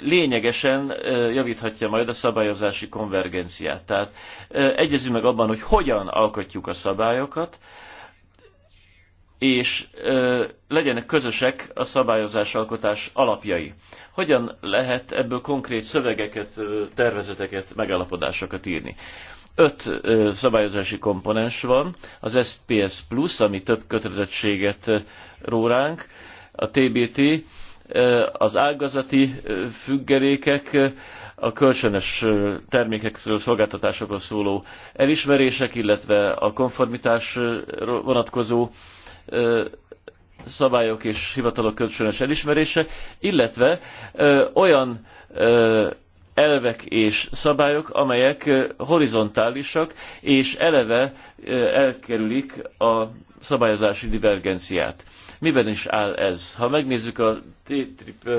lényegesen javíthatja majd a szabályozási konvergenciát. Tehát egyezünk meg abban, hogy hogyan alkotjuk a szabályokat, és ö, legyenek közösek a szabályozásalkotás alapjai. Hogyan lehet ebből konkrét szövegeket, tervezeteket, megállapodásokat írni? Öt ö, szabályozási komponens van, az SPS Plus, ami több kötelezettséget róránk, a TBT, az ágazati függerékek, a kölcsönös termékekről, szolgáltatásokról szóló elismerések, illetve a konformitás vonatkozó szabályok és hivatalok kölcsönös elismerése, illetve ö, olyan ö, elvek és szabályok, amelyek ö, horizontálisak és eleve ö, elkerülik a szabályozási divergenciát. Miben is áll ez? Ha megnézzük a TTIP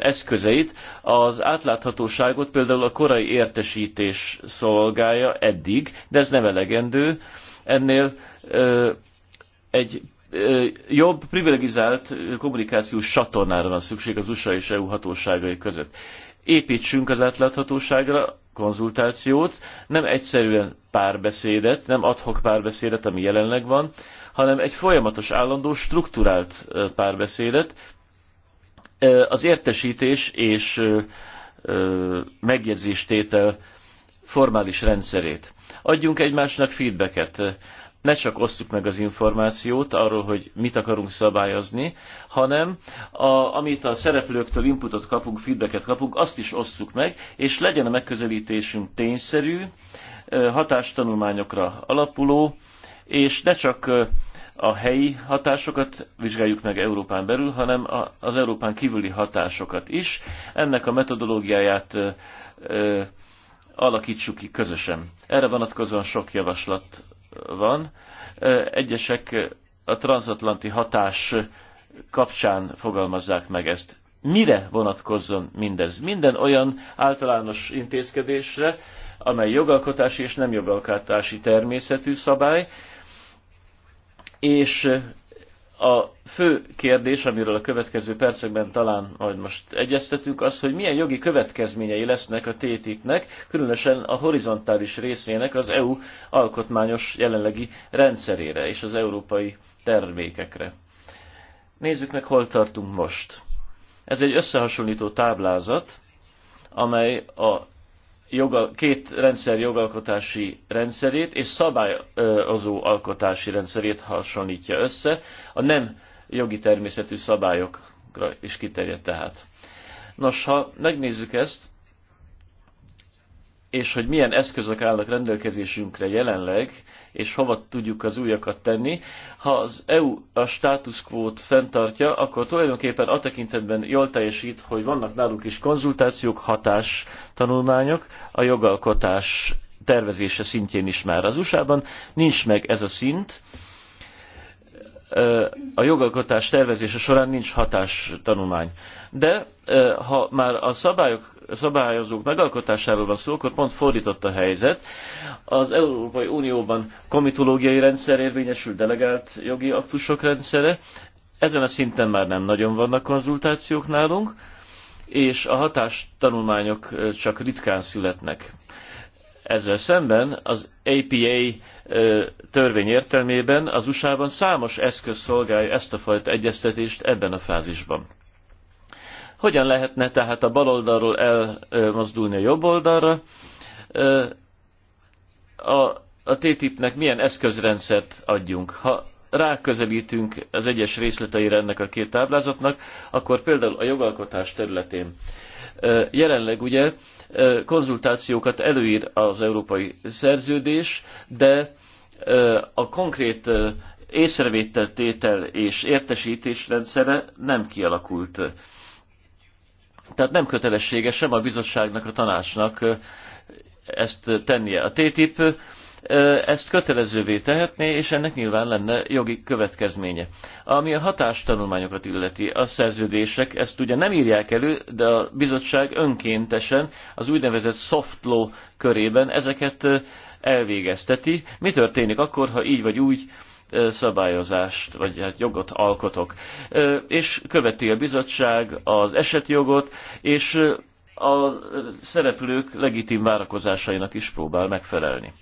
eszközeit, az átláthatóságot például a korai értesítés szolgálja eddig, de ez nem elegendő. Ennél ö, egy jobb, privilegizált kommunikációs satornára van szükség az USA és EU hatóságai között. Építsünk az átláthatóságra konzultációt, nem egyszerűen párbeszédet, nem adhok párbeszédet, ami jelenleg van, hanem egy folyamatos, állandó, strukturált párbeszédet. Az értesítés és megjegyzéstétel formális rendszerét. Adjunk egymásnak feedbacket ne csak osztjuk meg az információt arról, hogy mit akarunk szabályozni, hanem a, amit a szereplőktől inputot kapunk, feedbacket kapunk, azt is osztjuk meg, és legyen a megközelítésünk tényszerű, hatástanulmányokra alapuló, és ne csak a helyi hatásokat vizsgáljuk meg Európán belül, hanem az Európán kívüli hatásokat is. Ennek a metodológiáját ö, alakítsuk ki közösen. Erre vonatkozóan sok javaslat van. Egyesek a transatlanti hatás kapcsán fogalmazzák meg ezt. Mire vonatkozzon mindez? Minden olyan általános intézkedésre, amely jogalkotási és nem jogalkotási természetű szabály, és a fő kérdés, amiről a következő percekben talán majd most egyeztetünk, az, hogy milyen jogi következményei lesznek a TTIP-nek, különösen a horizontális részének az EU alkotmányos jelenlegi rendszerére és az európai termékekre. Nézzük meg, hol tartunk most. Ez egy összehasonlító táblázat, amely a joga, két rendszer jogalkotási rendszerét és szabályozó alkotási rendszerét hasonlítja össze, a nem jogi természetű szabályokra is kiterjed tehát. Nos, ha megnézzük ezt, és hogy milyen eszközök állnak rendelkezésünkre jelenleg, és hova tudjuk az újakat tenni. Ha az EU a status quo-t fenntartja, akkor tulajdonképpen a tekintetben jól teljesít, hogy vannak náluk is konzultációk, hatás tanulmányok, a jogalkotás tervezése szintjén is már. Az USA-ban nincs meg ez a szint, a jogalkotás tervezése során nincs hatás tanulmány. De ha már a szabályok szabályozók megalkotásáról van szó, akkor pont fordított a helyzet. Az Európai Unióban komitológiai rendszer érvényesül, delegált jogi aktusok rendszere. Ezen a szinten már nem nagyon vannak konzultációk nálunk, és a hatástanulmányok csak ritkán születnek. Ezzel szemben az APA törvény értelmében az USA-ban számos eszköz szolgálja ezt a fajta egyeztetést ebben a fázisban. Hogyan lehetne tehát a bal oldalról elmozdulni a jobb oldalra? A, a TTIP-nek milyen eszközrendszert adjunk? Ha ráközelítünk az egyes részleteire ennek a két táblázatnak, akkor például a jogalkotás területén jelenleg ugye konzultációkat előír az európai szerződés, de a konkrét észrevételtétel és értesítésrendszere nem kialakult tehát nem kötelessége sem a bizottságnak, a tanácsnak ezt tennie. A TTIP ezt kötelezővé tehetné, és ennek nyilván lenne jogi következménye. Ami a hatástanulmányokat illeti, a szerződések ezt ugye nem írják elő, de a bizottság önkéntesen az úgynevezett soft law körében ezeket elvégezteti. Mi történik akkor, ha így vagy úgy szabályozást, vagy hát jogot alkotok. És követi a bizottság az esetjogot, és a szereplők legitim várakozásainak is próbál megfelelni.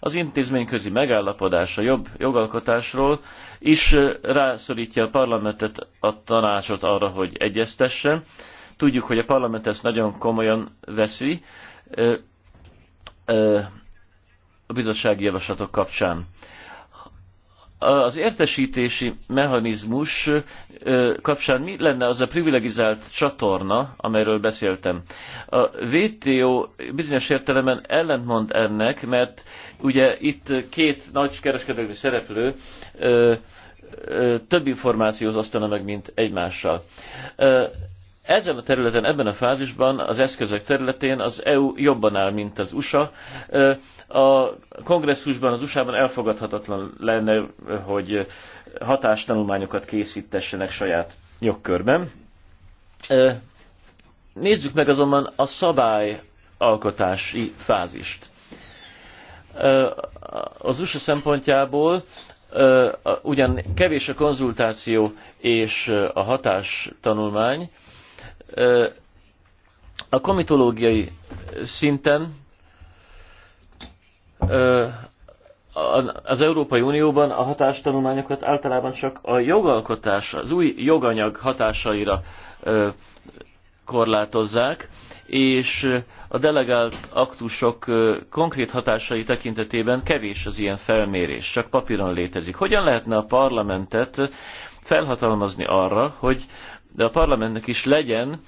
Az intézményközi megállapodás a jobb jogalkotásról is rászorítja a parlamentet, a tanácsot arra, hogy egyeztessen. Tudjuk, hogy a parlament ezt nagyon komolyan veszi a bizottsági javaslatok kapcsán az értesítési mechanizmus kapcsán mi lenne az a privilegizált csatorna, amelyről beszéltem? A WTO bizonyos értelemben ellentmond ennek, mert ugye itt két nagy kereskedelmi szereplő több információt osztana meg, mint egymással. Ezen a területen, ebben a fázisban, az eszközök területén az EU jobban áll, mint az USA. A kongresszusban, az USA-ban elfogadhatatlan lenne, hogy hatástanulmányokat készítessenek saját jogkörben. Nézzük meg azonban a szabályalkotási fázist. Az USA szempontjából ugyan kevés a konzultáció és a hatástanulmány, a komitológiai szinten az Európai Unióban a hatástanulmányokat általában csak a jogalkotás, az új joganyag hatásaira korlátozzák, és a delegált aktusok konkrét hatásai tekintetében kevés az ilyen felmérés, csak papíron létezik. Hogyan lehetne a parlamentet felhatalmazni arra, hogy de a parlamentnek is legyen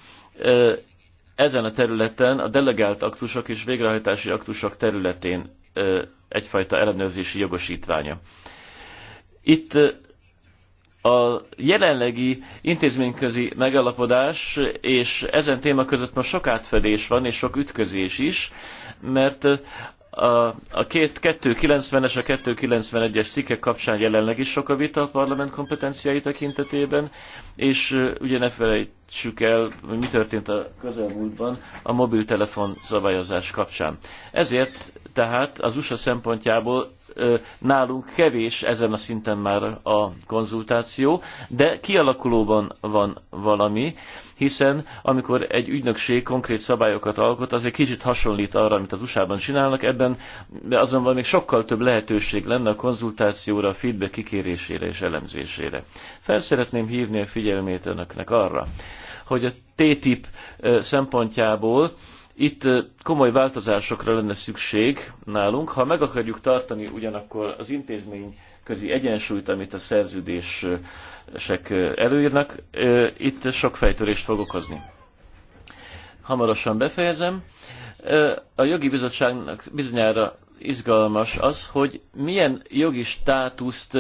ezen a területen, a delegált aktusok és végrehajtási aktusok területén egyfajta ellenőrzési jogosítványa. Itt a jelenlegi intézményközi megalapodás és ezen téma között most sok átfedés van, és sok ütközés is, mert a, a két 290-es, a 291-es cikkek kapcsán jelenleg is sok a vita a parlament kompetenciái tekintetében, és ugye ne felejtsük el, hogy mi történt a közelmúltban a mobiltelefon szabályozás kapcsán. Ezért tehát az USA szempontjából nálunk kevés ezen a szinten már a konzultáció, de kialakulóban van valami, hiszen amikor egy ügynökség konkrét szabályokat alkot, az egy kicsit hasonlít arra, amit az USA-ban csinálnak, ebben de azonban még sokkal több lehetőség lenne a konzultációra, a feedback kikérésére és elemzésére. Felszeretném hívni a figyelmét önöknek arra, hogy a TTIP szempontjából itt komoly változásokra lenne szükség nálunk, ha meg akarjuk tartani ugyanakkor az intézmény közi egyensúlyt, amit a szerződések előírnak, itt sok fejtörést fog okozni. Hamarosan befejezem. A jogi bizottságnak bizonyára izgalmas az, hogy milyen jogi státuszt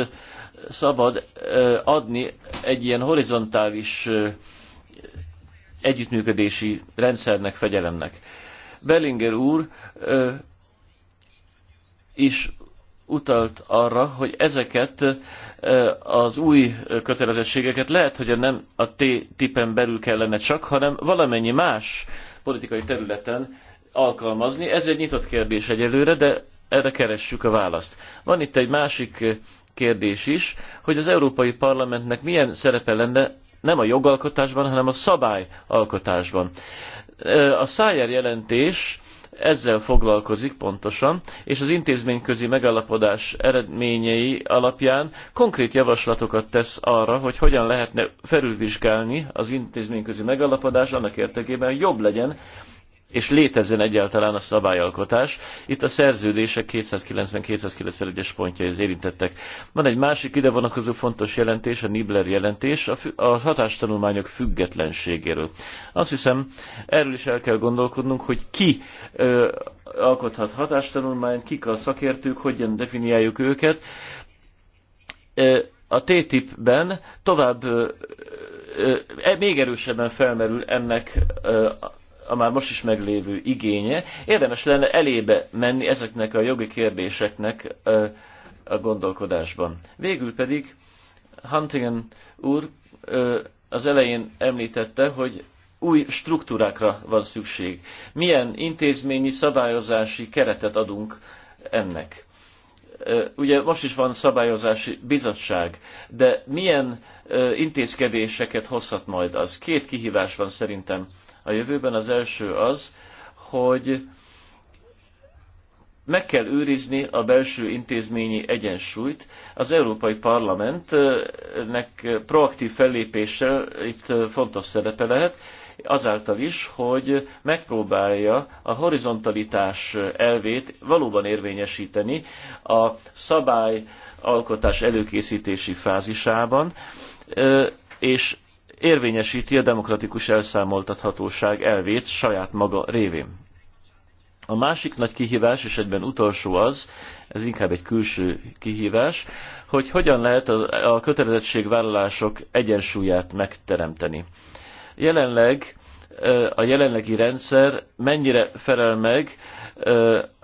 szabad adni egy ilyen horizontális együttműködési rendszernek, fegyelemnek. Bellinger úr ö, is utalt arra, hogy ezeket az új kötelezettségeket lehet, hogy nem a T-tipen belül kellene csak, hanem valamennyi más politikai területen alkalmazni. Ez egy nyitott kérdés egyelőre, de erre keressük a választ. Van itt egy másik kérdés is, hogy az Európai Parlamentnek milyen szerepe lenne nem a jogalkotásban, hanem a szabályalkotásban. A szájár jelentés ezzel foglalkozik pontosan, és az intézményközi megállapodás eredményei alapján konkrét javaslatokat tesz arra, hogy hogyan lehetne felülvizsgálni az intézményközi megállapodás annak érdekében, hogy jobb legyen és létezzen egyáltalán a szabályalkotás. Itt a szerződések 290-291-es pontja az érintettek. Van egy másik ide vonatkozó fontos jelentés, a Nibler jelentés, a, a hatástanulmányok függetlenségéről. Azt hiszem, erről is el kell gondolkodnunk, hogy ki ö, alkothat hatástanulmányt, kik a szakértők, hogyan definiáljuk őket. Ö, a TTIP-ben tovább ö, ö, e, még erősebben felmerül ennek ö, a már most is meglévő igénye. Érdemes lenne elébe menni ezeknek a jogi kérdéseknek a gondolkodásban. Végül pedig Huntington úr az elején említette, hogy új struktúrákra van szükség. Milyen intézményi szabályozási keretet adunk ennek? Ugye most is van szabályozási bizottság, de milyen intézkedéseket hozhat majd az? Két kihívás van szerintem a jövőben. Az első az, hogy meg kell őrizni a belső intézményi egyensúlyt. Az Európai Parlamentnek proaktív fellépéssel itt fontos szerepe lehet, azáltal is, hogy megpróbálja a horizontalitás elvét valóban érvényesíteni a szabályalkotás előkészítési fázisában, és érvényesíti a demokratikus elszámoltathatóság elvét saját maga révén. A másik nagy kihívás, és egyben utolsó az, ez inkább egy külső kihívás, hogy hogyan lehet a, a kötelezettségvállalások egyensúlyát megteremteni. Jelenleg a jelenlegi rendszer mennyire felel meg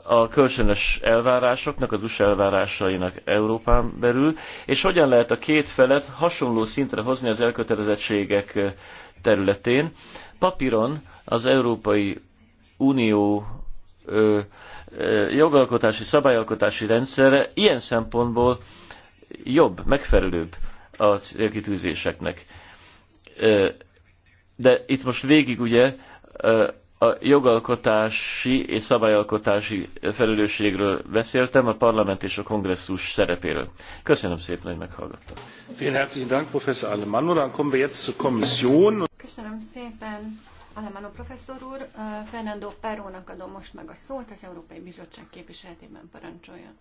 a kölcsönös elvárásoknak, az USA elvárásainak Európán belül, és hogyan lehet a két felet hasonló szintre hozni az elkötelezettségek területén. Papíron az Európai Unió ö, ö, jogalkotási, szabályalkotási rendszere ilyen szempontból jobb, megfelelőbb a célkitűzéseknek. Ö, de itt most végig ugye a jogalkotási és szabályalkotási felelősségről beszéltem, a parlament és a kongresszus szerepéről. Köszönöm szépen, hogy meghallgattam. Vielen herzlichen Dank, Professor Dann kommen wir jetzt zur Kommission. Köszönöm szépen, Alemano professzor úr. Fernando Perónak adom most meg a szót, az Európai Bizottság képviseletében parancsoljon.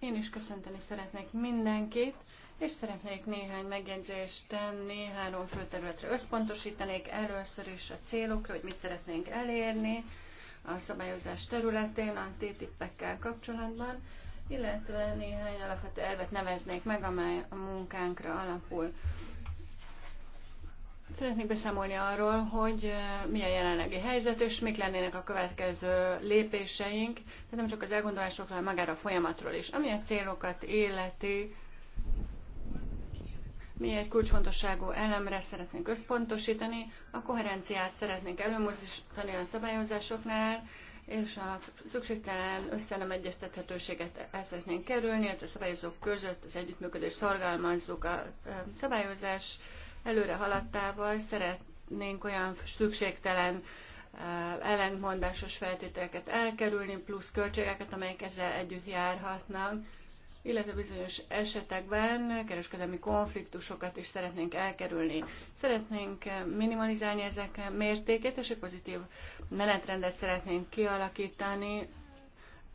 Én is köszönteni szeretnék mindenkit és szeretnék néhány megjegyzést tenni, három fő területre összpontosítanék. Először is a célokra, hogy mit szeretnénk elérni a szabályozás területén, a TTIP-ekkel kapcsolatban, illetve néhány alapvető elvet neveznék meg, amely a munkánkra alapul. Szeretnék beszámolni arról, hogy mi a jelenlegi helyzet, és mik lennének a következő lépéseink, tehát nem csak az elgondolásokról, hanem magára a folyamatról is. Ami a célokat életi, mi egy kulcsfontosságú elemre szeretnénk összpontosítani, a koherenciát szeretnénk előmozdítani a szabályozásoknál, és a szükségtelen össze egyeztethetőséget el szeretnénk kerülni, hát a szabályozók között az együttműködés szorgalmazzuk a szabályozás előre haladtával, szeretnénk olyan szükségtelen ellentmondásos feltételeket elkerülni, plusz költségeket, amelyek ezzel együtt járhatnak illetve bizonyos esetekben kereskedelmi konfliktusokat is szeretnénk elkerülni. Szeretnénk minimalizálni ezek mértékét, és egy pozitív menetrendet szeretnénk kialakítani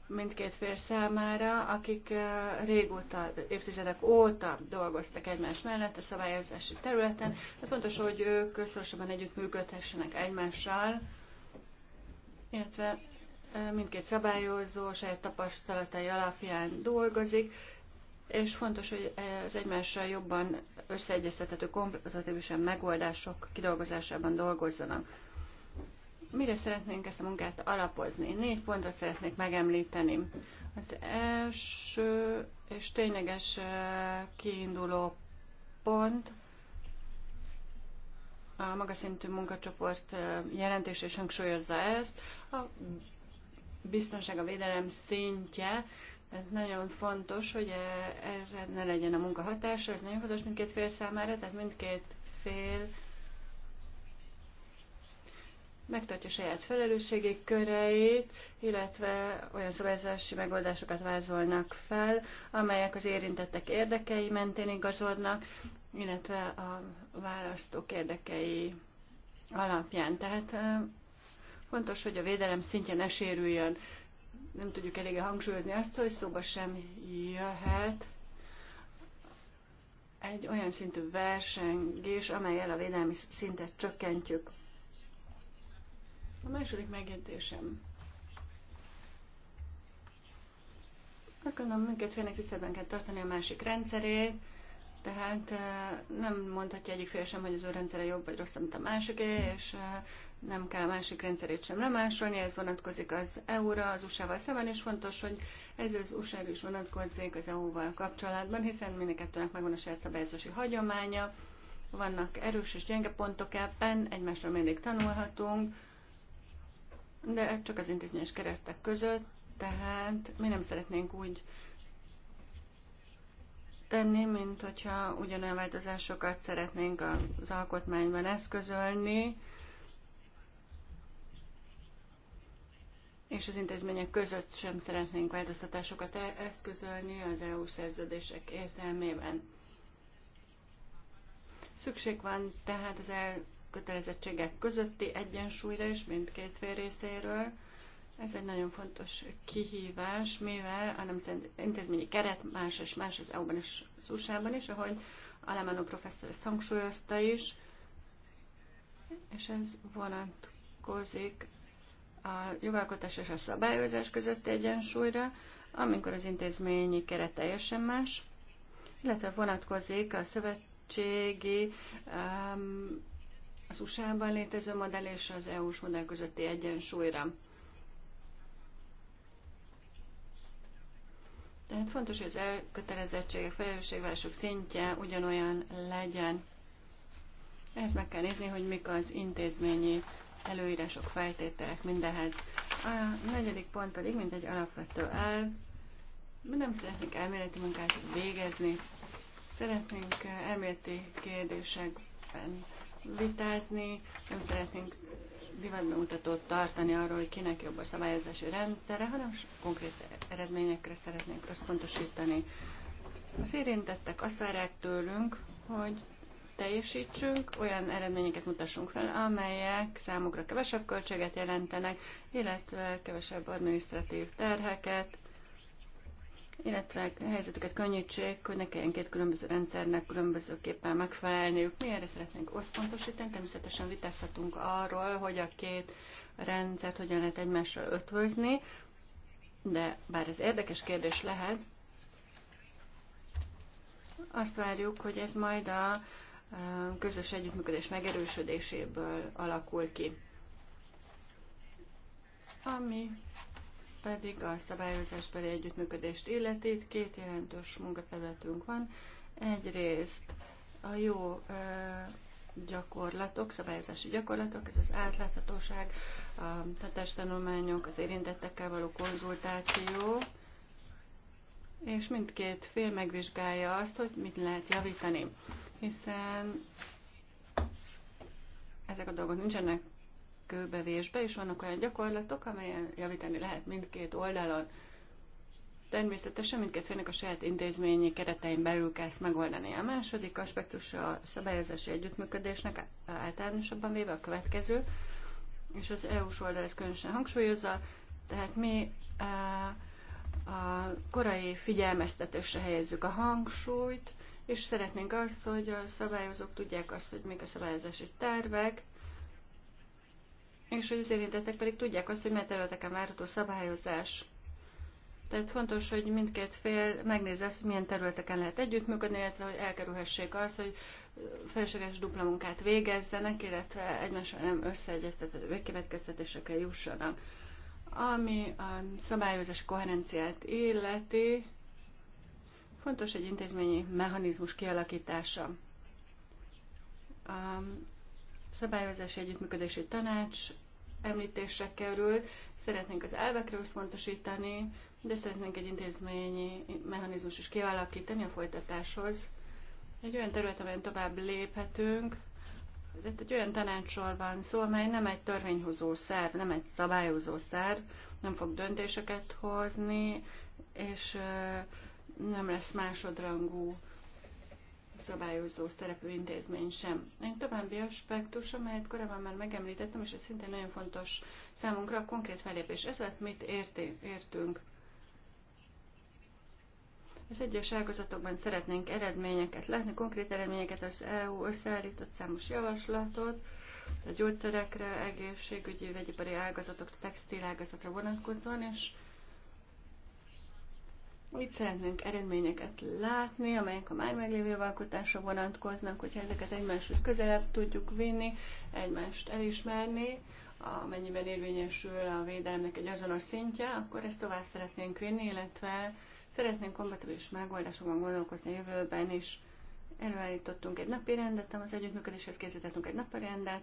mindkét fél számára, akik eh, régóta, évtizedek óta dolgoztak egymás mellett a szabályozási területen. Tehát fontos, hogy ők szorosabban együttműködhessenek egymással, illetve mindkét szabályozó saját tapasztalatai alapján dolgozik, és fontos, hogy az egymással jobban összeegyeztethető kompetitívisan megoldások kidolgozásában dolgozzanak. Mire szeretnénk ezt a munkát alapozni? Négy pontot szeretnék megemlíteni. Az első és tényleges eh, kiinduló pont a magaszintű munkacsoport eh, jelentés és hangsúlyozza ezt. A biztonság, a védelem szintje, tehát nagyon fontos, hogy e, erre ne legyen a munka hatása, ez nagyon fontos mindkét fél számára, tehát mindkét fél megtartja saját felelősségi köreit, illetve olyan szabályozási megoldásokat vázolnak fel, amelyek az érintettek érdekei mentén igazodnak, illetve a választók érdekei alapján. Tehát Fontos, hogy a védelem szintje ne sérüljön. Nem tudjuk eléggé hangsúlyozni azt, hogy szóba sem jöhet egy olyan szintű versengés, amelyel a védelmi szintet csökkentjük. A második megjegyzésem. Azt gondolom, minket félnek tiszteletben kell tartani a másik rendszerét, tehát eh, nem mondhatja egyik fél sem, hogy az ő rendszere jobb vagy rosszabb, mint a másiké, és eh, nem kell a másik rendszerét sem lemásolni, ez vonatkozik az EU-ra, az USA-val szemben, és fontos, hogy ez az usa is vonatkozzék az EU-val kapcsolatban, hiszen kettőnek megvan a saját szabályozási hagyománya, vannak erős és gyenge pontok ebben, egymásról mindig tanulhatunk, de csak az intézményes keretek között, tehát mi nem szeretnénk úgy tenni, mint hogyha ugyanolyan változásokat szeretnénk az alkotmányban eszközölni, és az intézmények között sem szeretnénk változtatásokat e- eszközölni az EU szerződések értelmében. Szükség van tehát az elkötelezettségek közötti egyensúlyra is mindkét fél részéről. Ez egy nagyon fontos kihívás, mivel a nemzeti intézményi keret más és más az EU-ban és az USA-ban is, ahogy Alemano professzor ezt hangsúlyozta is, és ez vonatkozik a jogalkotás és a szabályozás közötti egyensúlyra, amikor az intézményi keret teljesen más, illetve vonatkozik a szövetségi, um, az USA-ban létező modell és az EU-s modell közötti egyensúlyra. Tehát fontos, hogy az elkötelezettségek, felelősségvállalások szintje ugyanolyan legyen. Ehhez meg kell nézni, hogy mik az intézményi előírások, feltételek mindehez. A negyedik pont pedig, mint egy alapvető elv, mi nem szeretnénk elméleti munkát végezni, szeretnénk eh, elméleti kérdésekben vitázni, nem szeretnénk divatbemutatót tartani arról, hogy kinek jobb a szabályozási rendszere, hanem konkrét eredményekre szeretnénk összpontosítani. Az érintettek azt várják tőlünk, hogy teljesítsünk, olyan eredményeket mutassunk fel, amelyek számukra kevesebb költséget jelentenek, illetve kevesebb adminisztratív terheket, illetve helyzetüket könnyítsék, hogy ne kelljen két különböző rendszernek különbözőképpen megfelelniük. Mi erre szeretnénk oszpontosítani, természetesen vitázhatunk arról, hogy a két rendszert hogyan lehet egymással ötvözni, de bár ez érdekes kérdés lehet, azt várjuk, hogy ez majd a közös együttműködés megerősödéséből alakul ki. Ami pedig a szabályozásbeli együttműködést illeti, két jelentős munkaterületünk van. Egyrészt a jó gyakorlatok, szabályozási gyakorlatok, ez az átláthatóság, a hatástanulmányok, az érintettekkel való konzultáció, és mindkét fél megvizsgálja azt, hogy mit lehet javítani hiszen ezek a dolgok nincsenek kőbevésbe, és vannak olyan gyakorlatok, amelyen javítani lehet mindkét oldalon. Természetesen mindkét félnek a saját intézményi keretein belül kell ezt megoldani. A második aspektus a szabályozási együttműködésnek általánosabban véve a következő, és az EU-s oldal ezt különösen hangsúlyozza, tehát mi eh, a korai figyelmeztetésre helyezzük a hangsúlyt, és szeretnénk azt, hogy a szabályozók tudják azt, hogy még a szabályozási tervek, és hogy az érintettek pedig tudják azt, hogy mely területeken várható szabályozás. Tehát fontos, hogy mindkét fél megnézze azt, hogy milyen területeken lehet együttműködni, illetve hogy elkerülhessék azt, hogy felesleges dupla munkát végezzenek, illetve egymással nem összeegyeztetett végkövetkeztetésekre jussanak. Ami a szabályozás koherenciát illeti, Fontos egy intézményi mechanizmus kialakítása. A szabályozási együttműködési tanács említésre kerül, szeretnénk az elvekre összpontosítani, de szeretnénk egy intézményi mechanizmus is kialakítani a folytatáshoz. Egy olyan terület, amelyen tovább léphetünk, tehát egy olyan tanácsról van szó, amely nem egy törvényhozó szerv, nem egy szabályozó szerv, nem fog döntéseket hozni, és nem lesz másodrangú szabályozó szereplő intézmény sem. Egy további aspektus, amelyet korábban már megemlítettem, és ez szintén nagyon fontos számunkra, a konkrét felépés. Ez lett, mit érti, értünk. Az egyes ágazatokban szeretnénk eredményeket látni, konkrét eredményeket az EU összeállított számos javaslatot, a gyógyszerekre, egészségügyi, vegyipari ágazatok, ágazatra vonatkozóan, és itt szeretnénk eredményeket látni, amelyek a már meglévő alkotásra vonatkoznak, hogyha ezeket egymáshoz közelebb tudjuk vinni, egymást elismerni, amennyiben érvényesül a védelemnek egy azonos szintje, akkor ezt tovább szeretnénk vinni, illetve szeretnénk kompatibilis megoldásokban gondolkozni a jövőben is. Előállítottunk egy napi rendet, az együttműködéshez készítettünk egy napi rendet,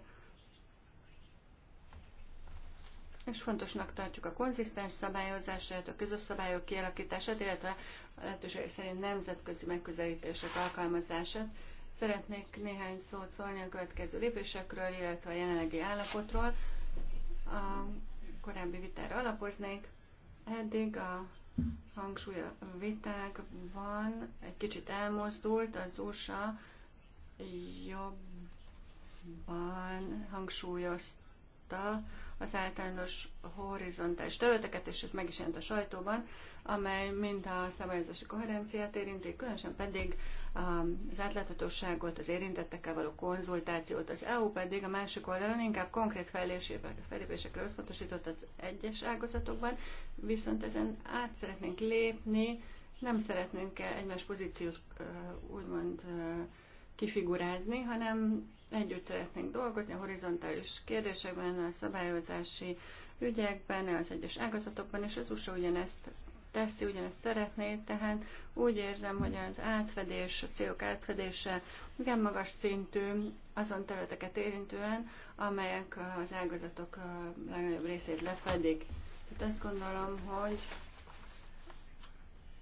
és fontosnak tartjuk a konzisztens szabályozást, a közös szabályok kialakítását, illetve a lehetőség szerint nemzetközi megközelítések alkalmazását. Szeretnék néhány szót szólni a következő lépésekről, illetve a jelenlegi állapotról. A korábbi vitára alapoznék. Eddig a hangsúly a vitákban egy kicsit elmozdult, az USA jobban hangsúlyozta, megtámadta az általános horizontális területeket, és ez meg is jelent a sajtóban, amely mind a szabályozási koherenciát érinti, különösen pedig um, az átláthatóságot, az érintettekkel való konzultációt. Az EU pedig a másik oldalon inkább konkrét fejlépésekre összpontosított az egyes ágazatokban, viszont ezen át szeretnénk lépni, nem szeretnénk egymás pozíciót úgymond kifigurázni, hanem együtt szeretnénk dolgozni a horizontális kérdésekben, a szabályozási ügyekben, az egyes ágazatokban, és az USA ugyanezt teszi, ugyanezt szeretné, tehát úgy érzem, hogy az átfedés, a célok átfedése igen magas szintű azon területeket érintően, amelyek az ágazatok legnagyobb részét lefedik. Tehát azt gondolom, hogy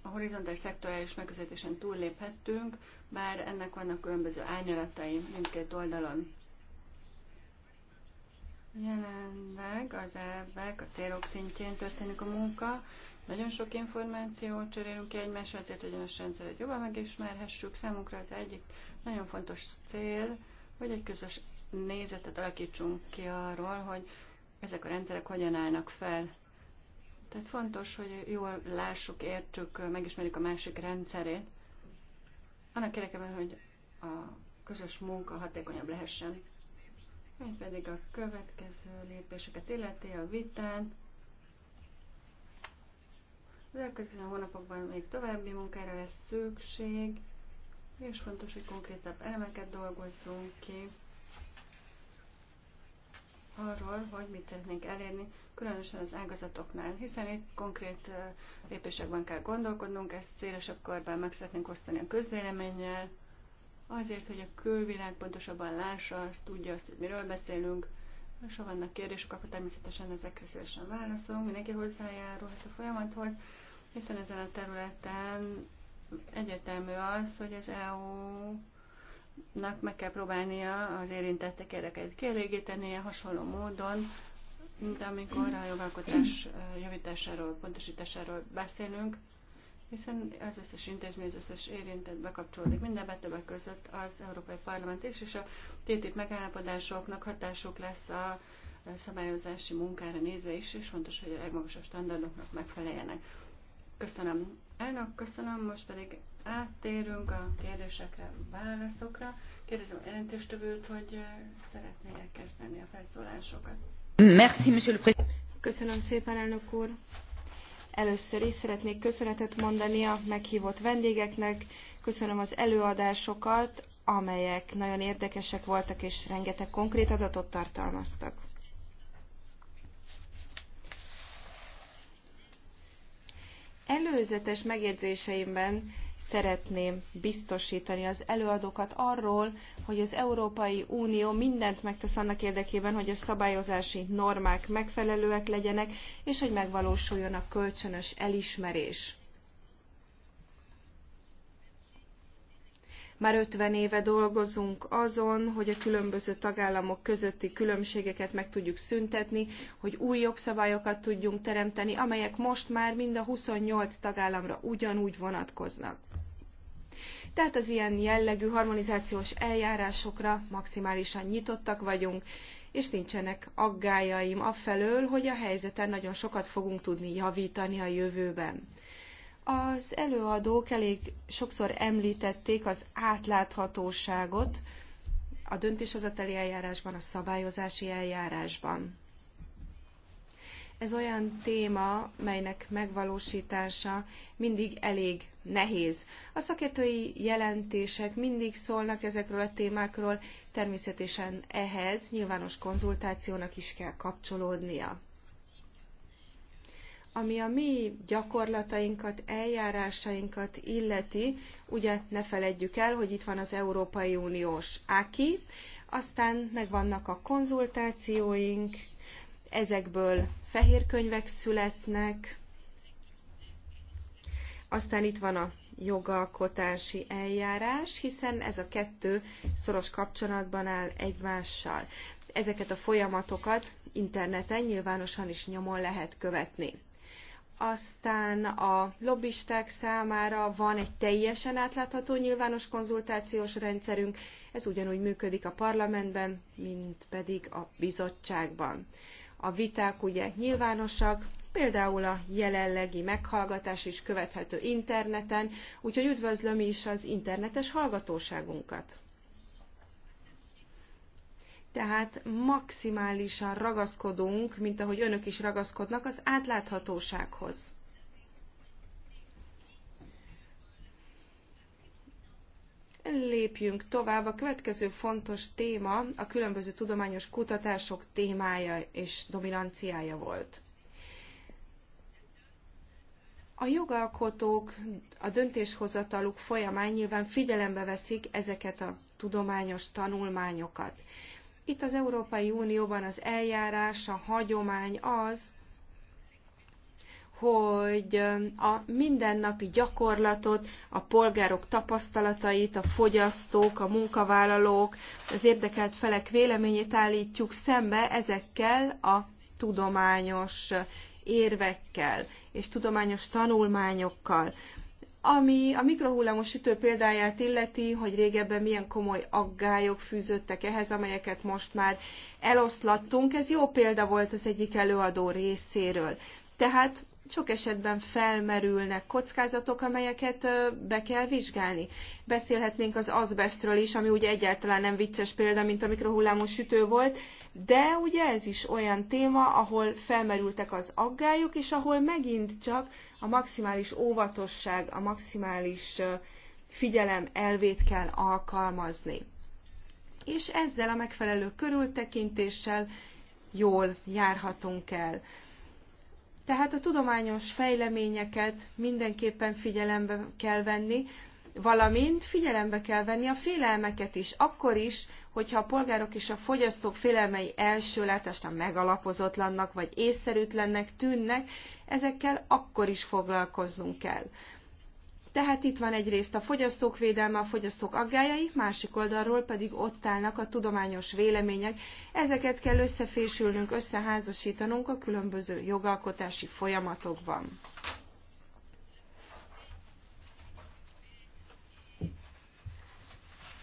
a horizontális szektorális megközelítésen túlléphettünk, bár ennek vannak különböző árnyalatai mindkét oldalon. Jelenleg az elvek, a célok szintjén történik a munka. Nagyon sok információt cserélünk ki egymással, azért, hogy a rendszeret jobban megismerhessük. Számunkra az egyik nagyon fontos cél, hogy egy közös nézetet alakítsunk ki arról, hogy ezek a rendszerek hogyan állnak fel. Tehát fontos, hogy jól lássuk, értsük, megismerjük a másik rendszerét, annak érdekében, hogy a közös munka hatékonyabb lehessen. mi pedig a következő lépéseket illeti a vitán. Az elkövetkező hónapokban még további munkára lesz szükség, és fontos, hogy konkrétabb elemeket dolgozzunk ki arról, hogy mit szeretnénk elérni, különösen az ágazatoknál, hiszen itt konkrét lépésekben kell gondolkodnunk, ezt szélesebb körben meg szeretnénk osztani a közvéleménnyel, azért, hogy a külvilág pontosabban lássa, azt tudja azt, hogy miről beszélünk, és ha vannak kérdések, akkor természetesen ezekre szívesen válaszolunk, mindenki hozzájárulhat a folyamathoz, hiszen ezen a területen egyértelmű az, hogy az EU nak meg kell próbálnia az érintettek érdekeit kielégítenie hasonló módon, mint amikor a jogalkotás eh, javításáról, pontosításáról beszélünk, hiszen az összes intézmény, az összes érintett bekapcsolódik mindenbe, többek között az Európai Parlament is, és a TTIP megállapodásoknak hatásuk lesz a eh, szabályozási munkára nézve is, és fontos, hogy a legmagasabb standardoknak megfeleljenek. Köszönöm elnök, köszönöm, most pedig áttérünk a kérdésekre, válaszokra. Kérdezem a jelentéstövőt, hogy eh, szeretné elkezdeni a felszólásokat. Merci, monsieur le président. Köszönöm szépen, elnök úr. Először is szeretnék köszönetet mondani a meghívott vendégeknek, köszönöm az előadásokat, amelyek nagyon érdekesek voltak és rengeteg konkrét adatot tartalmaztak. Előzetes megjegyzéseimben szeretném biztosítani az előadókat arról, hogy az Európai Unió mindent megtesz annak érdekében, hogy a szabályozási normák megfelelőek legyenek, és hogy megvalósuljon a kölcsönös elismerés. Már 50 éve dolgozunk azon, hogy a különböző tagállamok közötti különbségeket meg tudjuk szüntetni, hogy új jogszabályokat tudjunk teremteni, amelyek most már mind a 28 tagállamra ugyanúgy vonatkoznak. Tehát az ilyen jellegű harmonizációs eljárásokra maximálisan nyitottak vagyunk, és nincsenek aggájaim afelől, hogy a helyzeten nagyon sokat fogunk tudni javítani a jövőben. Az előadók elég sokszor említették az átláthatóságot a döntéshozatali eljárásban, a szabályozási eljárásban. Ez olyan téma, melynek megvalósítása mindig elég nehéz. A szakértői jelentések mindig szólnak ezekről a témákról, természetesen ehhez nyilvános konzultációnak is kell kapcsolódnia. Ami a mi gyakorlatainkat, eljárásainkat illeti, ugye ne feledjük el, hogy itt van az Európai Uniós AKI, aztán megvannak a konzultációink, ezekből fehér könyvek születnek, aztán itt van a jogalkotási eljárás, hiszen ez a kettő szoros kapcsolatban áll egymással. Ezeket a folyamatokat interneten nyilvánosan is nyomon lehet követni aztán a lobbisták számára van egy teljesen átlátható nyilvános konzultációs rendszerünk, ez ugyanúgy működik a parlamentben, mint pedig a bizottságban. A viták ugye nyilvánosak, például a jelenlegi meghallgatás is követhető interneten, úgyhogy üdvözlöm is az internetes hallgatóságunkat tehát maximálisan ragaszkodunk, mint ahogy önök is ragaszkodnak, az átláthatósághoz. Lépjünk tovább. A következő fontos téma a különböző tudományos kutatások témája és dominanciája volt. A jogalkotók a döntéshozataluk folyamán nyilván figyelembe veszik ezeket a tudományos tanulmányokat. Itt az Európai Unióban az eljárás, a hagyomány az, hogy a mindennapi gyakorlatot, a polgárok tapasztalatait, a fogyasztók, a munkavállalók, az érdekelt felek véleményét állítjuk szembe ezekkel a tudományos érvekkel és tudományos tanulmányokkal. Ami a mikrohullámos sütő példáját illeti, hogy régebben milyen komoly aggályok fűzöttek ehhez, amelyeket most már eloszlattunk, ez jó példa volt az egyik előadó részéről. Tehát sok esetben felmerülnek kockázatok, amelyeket be kell vizsgálni. Beszélhetnénk az azbestről is, ami ugye egyáltalán nem vicces példa, mint a mikrohullámos sütő volt, de ugye ez is olyan téma, ahol felmerültek az aggályok, és ahol megint csak a maximális óvatosság, a maximális figyelem elvét kell alkalmazni. És ezzel a megfelelő körültekintéssel jól járhatunk el. Tehát a tudományos fejleményeket mindenképpen figyelembe kell venni, valamint figyelembe kell venni a félelmeket is, akkor is, hogyha a polgárok és a fogyasztók félelmei első látásra megalapozatlannak vagy észszerűtlennek tűnnek, ezekkel akkor is foglalkoznunk kell. Tehát itt van egyrészt a fogyasztók védelme, a fogyasztók aggájai, másik oldalról pedig ott állnak a tudományos vélemények. Ezeket kell összefésülnünk, összeházasítanunk a különböző jogalkotási folyamatokban.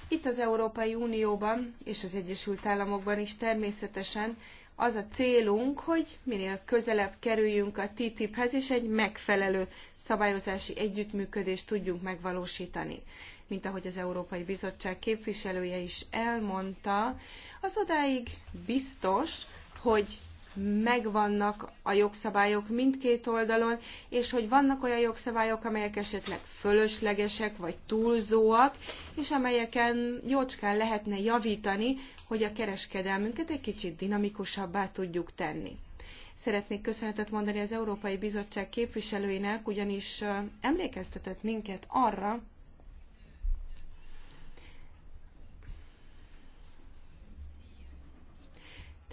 Itt az Európai Unióban és az Egyesült Államokban is természetesen az a célunk, hogy minél közelebb kerüljünk a TTIP-hez, és egy megfelelő szabályozási együttműködést tudjunk megvalósítani. Mint ahogy az Európai Bizottság képviselője is elmondta, az odáig biztos, hogy megvannak a jogszabályok mindkét oldalon, és hogy vannak olyan jogszabályok, amelyek esetleg fölöslegesek vagy túlzóak, és amelyeken jócskán lehetne javítani, hogy a kereskedelmünket egy kicsit dinamikusabbá tudjuk tenni. Szeretnék köszönetet mondani az Európai Bizottság képviselőinek, ugyanis emlékeztetett minket arra,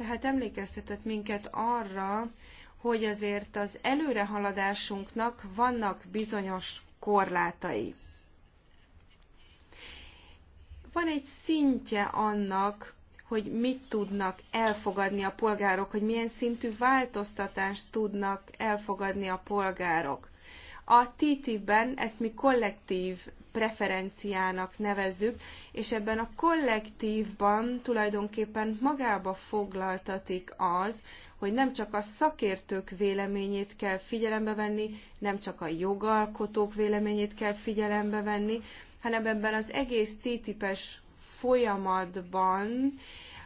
Tehát emlékeztetett minket arra, hogy azért az előrehaladásunknak vannak bizonyos korlátai. Van egy szintje annak, hogy mit tudnak elfogadni a polgárok, hogy milyen szintű változtatást tudnak elfogadni a polgárok. A TTIP-ben ezt mi kollektív preferenciának nevezzük, és ebben a kollektívban tulajdonképpen magába foglaltatik az, hogy nem csak a szakértők véleményét kell figyelembe venni, nem csak a jogalkotók véleményét kell figyelembe venni, hanem ebben az egész TTIP-es folyamatban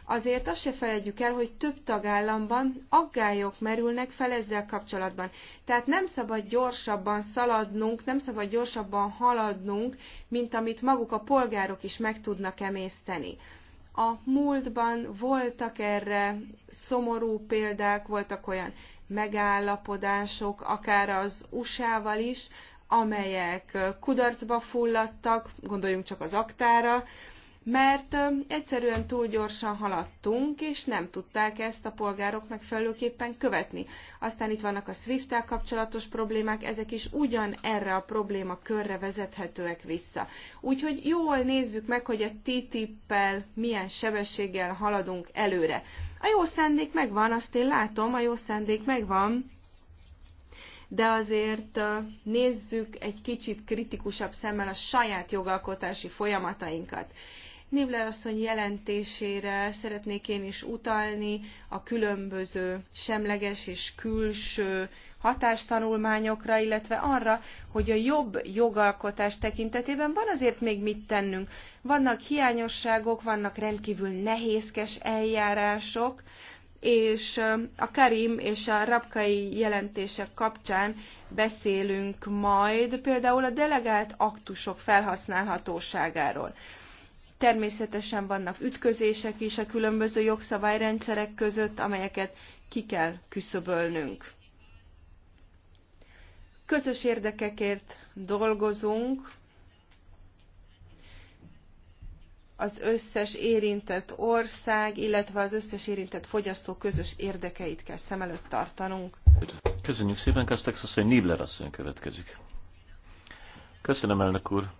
Azért azt se felejtjük el, hogy több tagállamban aggályok merülnek fel ezzel kapcsolatban. Tehát nem szabad gyorsabban szaladnunk, nem szabad gyorsabban haladnunk, mint amit maguk a polgárok is meg tudnak emészteni. A múltban voltak erre szomorú példák, voltak olyan megállapodások, akár az USA-val is, amelyek kudarcba fulladtak, gondoljunk csak az aktára, mert egyszerűen túl gyorsan haladtunk, és nem tudták ezt a polgárok megfelelőképpen követni. Aztán itt vannak a swift kapcsolatos problémák, ezek is ugyan erre a probléma körre vezethetőek vissza. Úgyhogy jól nézzük meg, hogy a TTIP-pel milyen sebességgel haladunk előre. A jó szándék megvan, azt én látom, a jó szándék megvan, de azért nézzük egy kicsit kritikusabb szemmel a saját jogalkotási folyamatainkat. Nébler asszony jelentésére szeretnék én is utalni a különböző semleges és külső hatástanulmányokra, illetve arra, hogy a jobb jogalkotás tekintetében van azért még mit tennünk. Vannak hiányosságok, vannak rendkívül nehézkes eljárások, és a Karim és a Rabkai jelentések kapcsán beszélünk majd például a delegált aktusok felhasználhatóságáról. Természetesen vannak ütközések is a különböző jogszabályrendszerek között, amelyeket ki kell küszöbölnünk. Közös érdekekért dolgozunk, az összes érintett ország, illetve az összes érintett fogyasztó közös érdekeit kell szem előtt tartanunk. Köszönjük szépen, Kastex asszony, Nibler asszony következik. Köszönöm, elnök úr.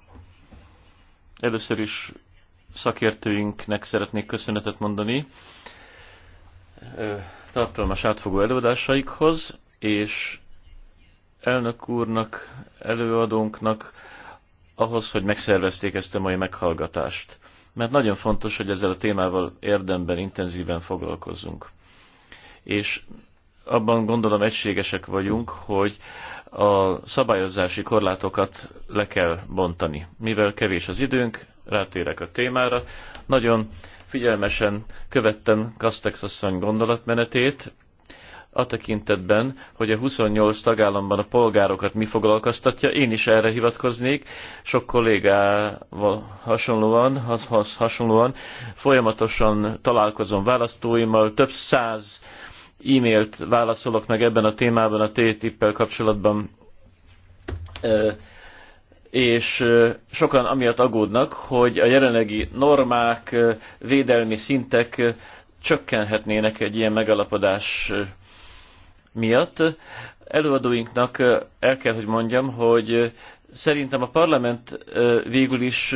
Először is szakértőinknek szeretnék köszönetet mondani tartalmas átfogó előadásaikhoz, és elnök úrnak, előadónknak ahhoz, hogy megszervezték ezt a mai meghallgatást. Mert nagyon fontos, hogy ezzel a témával érdemben, intenzíven foglalkozzunk. És abban gondolom egységesek vagyunk, hogy a szabályozási korlátokat le kell bontani. Mivel kevés az időnk, rátérek a témára. Nagyon figyelmesen követtem Kastex asszony gondolatmenetét, a tekintetben, hogy a 28 tagállamban a polgárokat mi foglalkoztatja, én is erre hivatkoznék, sok kollégával hasonlóan, has, has, hasonlóan folyamatosan találkozom választóimmal, több száz e-mailt válaszolok meg ebben a témában, a TTIP-pel kapcsolatban és sokan amiatt agódnak, hogy a jelenlegi normák, védelmi szintek csökkenhetnének egy ilyen megalapodás miatt. Előadóinknak el kell, hogy mondjam, hogy szerintem a parlament végül is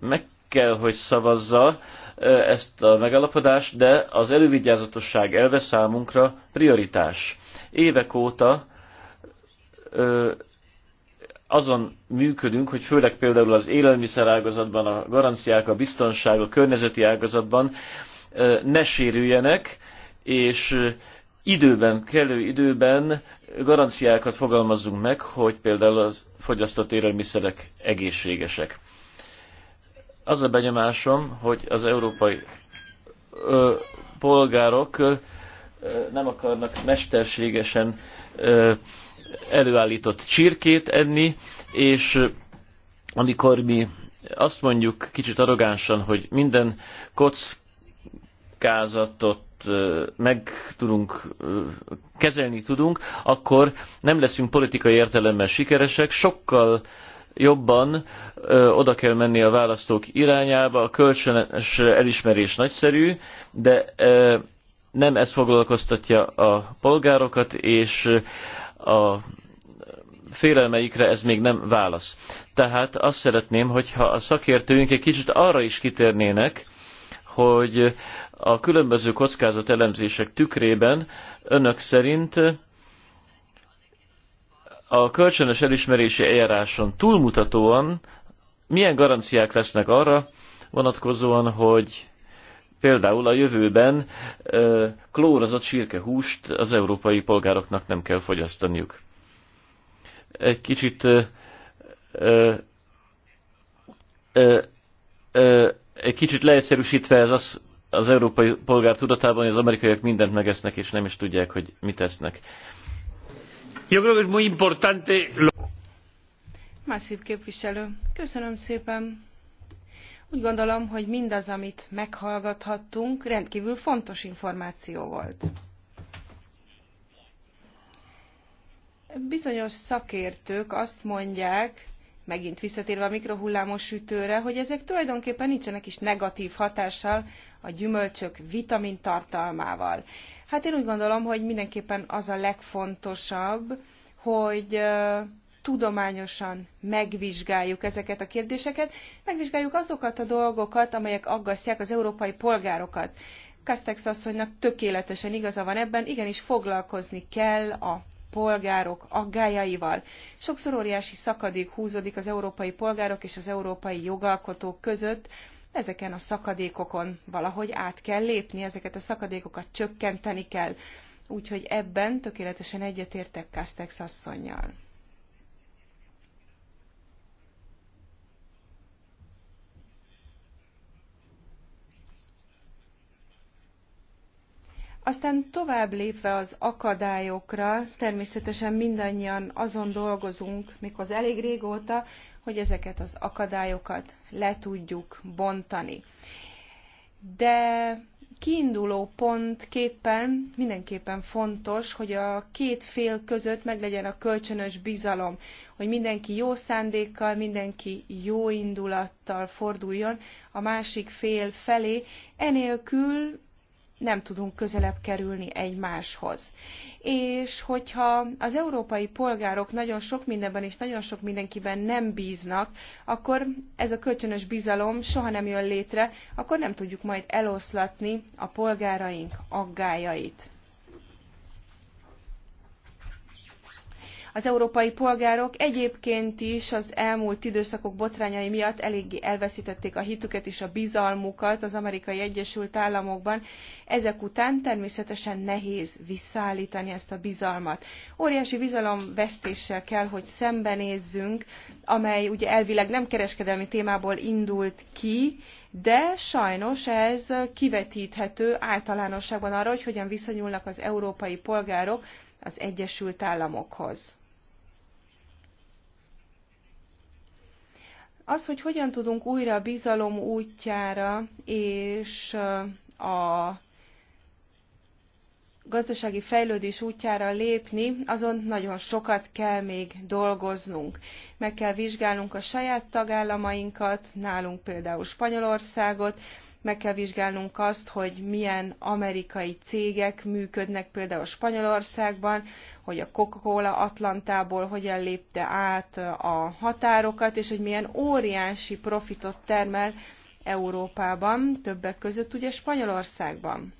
meg kell, hogy szavazza ezt a megállapodást, de az elővigyázatosság elve számunkra prioritás. Évek óta azon működünk, hogy főleg például az élelmiszerágazatban, a garanciák, a biztonság, a környezeti ágazatban ne sérüljenek, és időben, kellő időben garanciákat fogalmazzunk meg, hogy például az fogyasztott élelmiszerek egészségesek. Az a benyomásom, hogy az európai ö, polgárok ö, nem akarnak mesterségesen ö, előállított csirkét enni, és amikor mi azt mondjuk kicsit arrogánsan, hogy minden kockázatot meg tudunk, kezelni tudunk, akkor nem leszünk politikai értelemben sikeresek, sokkal jobban ö, oda kell menni a választók irányába, a kölcsönös elismerés nagyszerű, de ö, nem ez foglalkoztatja a polgárokat, és a félelmeikre ez még nem válasz. Tehát azt szeretném, hogyha a szakértőink egy kicsit arra is kitérnének, hogy a különböző kockázat elemzések tükrében önök szerint a kölcsönös elismerési eljáráson túlmutatóan milyen garanciák lesznek arra vonatkozóan, hogy Például a jövőben klórozott sírkehúst az európai polgároknak nem kell fogyasztaniuk. Egy kicsit egy kicsit leegyszerűsítve ez az, az európai polgár tudatában, hogy az amerikaiak mindent megesznek, és nem is tudják, hogy mit esznek. Yo creo que es muy importante... Masszív képviselő. Köszönöm szépen. Úgy gondolom, hogy mindaz, amit meghallgathattunk, rendkívül fontos információ volt. Bizonyos szakértők azt mondják, megint visszatérve a mikrohullámos sütőre, hogy ezek tulajdonképpen nincsenek is negatív hatással a gyümölcsök vitamin tartalmával. Hát én úgy gondolom, hogy mindenképpen az a legfontosabb, hogy tudományosan megvizsgáljuk ezeket a kérdéseket, megvizsgáljuk azokat a dolgokat, amelyek aggasztják az európai polgárokat. Kastex asszonynak tökéletesen igaza van ebben, igenis foglalkozni kell a polgárok aggájaival. Sokszor óriási szakadék húzódik az európai polgárok és az európai jogalkotók között, ezeken a szakadékokon valahogy át kell lépni, ezeket a szakadékokat csökkenteni kell. Úgyhogy ebben tökéletesen egyetértek Kastex asszonynal. Aztán tovább lépve az akadályokra, természetesen mindannyian azon dolgozunk, méghozzá elég régóta, hogy ezeket az akadályokat le tudjuk bontani. De kiinduló pontképpen mindenképpen fontos, hogy a két fél között meglegyen a kölcsönös bizalom, hogy mindenki jó szándékkal, mindenki jó indulattal forduljon a másik fél felé, enélkül nem tudunk közelebb kerülni egymáshoz. És hogyha az európai polgárok nagyon sok mindenben és nagyon sok mindenkiben nem bíznak, akkor ez a kölcsönös bizalom soha nem jön létre, akkor nem tudjuk majd eloszlatni a polgáraink aggájait. Az európai polgárok egyébként is az elmúlt időszakok botrányai miatt eléggé elveszítették a hitüket és a bizalmukat az amerikai Egyesült Államokban. Ezek után természetesen nehéz visszaállítani ezt a bizalmat. Óriási bizalomvesztéssel kell, hogy szembenézzünk, amely ugye elvileg nem kereskedelmi témából indult ki, de sajnos ez kivetíthető általánosságban arra, hogy hogyan viszonyulnak az európai polgárok az Egyesült Államokhoz. Az, hogy hogyan tudunk újra a bizalom útjára és a gazdasági fejlődés útjára lépni, azon nagyon sokat kell még dolgoznunk. Meg kell vizsgálnunk a saját tagállamainkat, nálunk például Spanyolországot, meg kell vizsgálnunk azt, hogy milyen amerikai cégek működnek például Spanyolországban, hogy a Coca-Cola Atlantából hogyan lépte át a határokat, és hogy milyen óriási profitot termel Európában, többek között ugye Spanyolországban.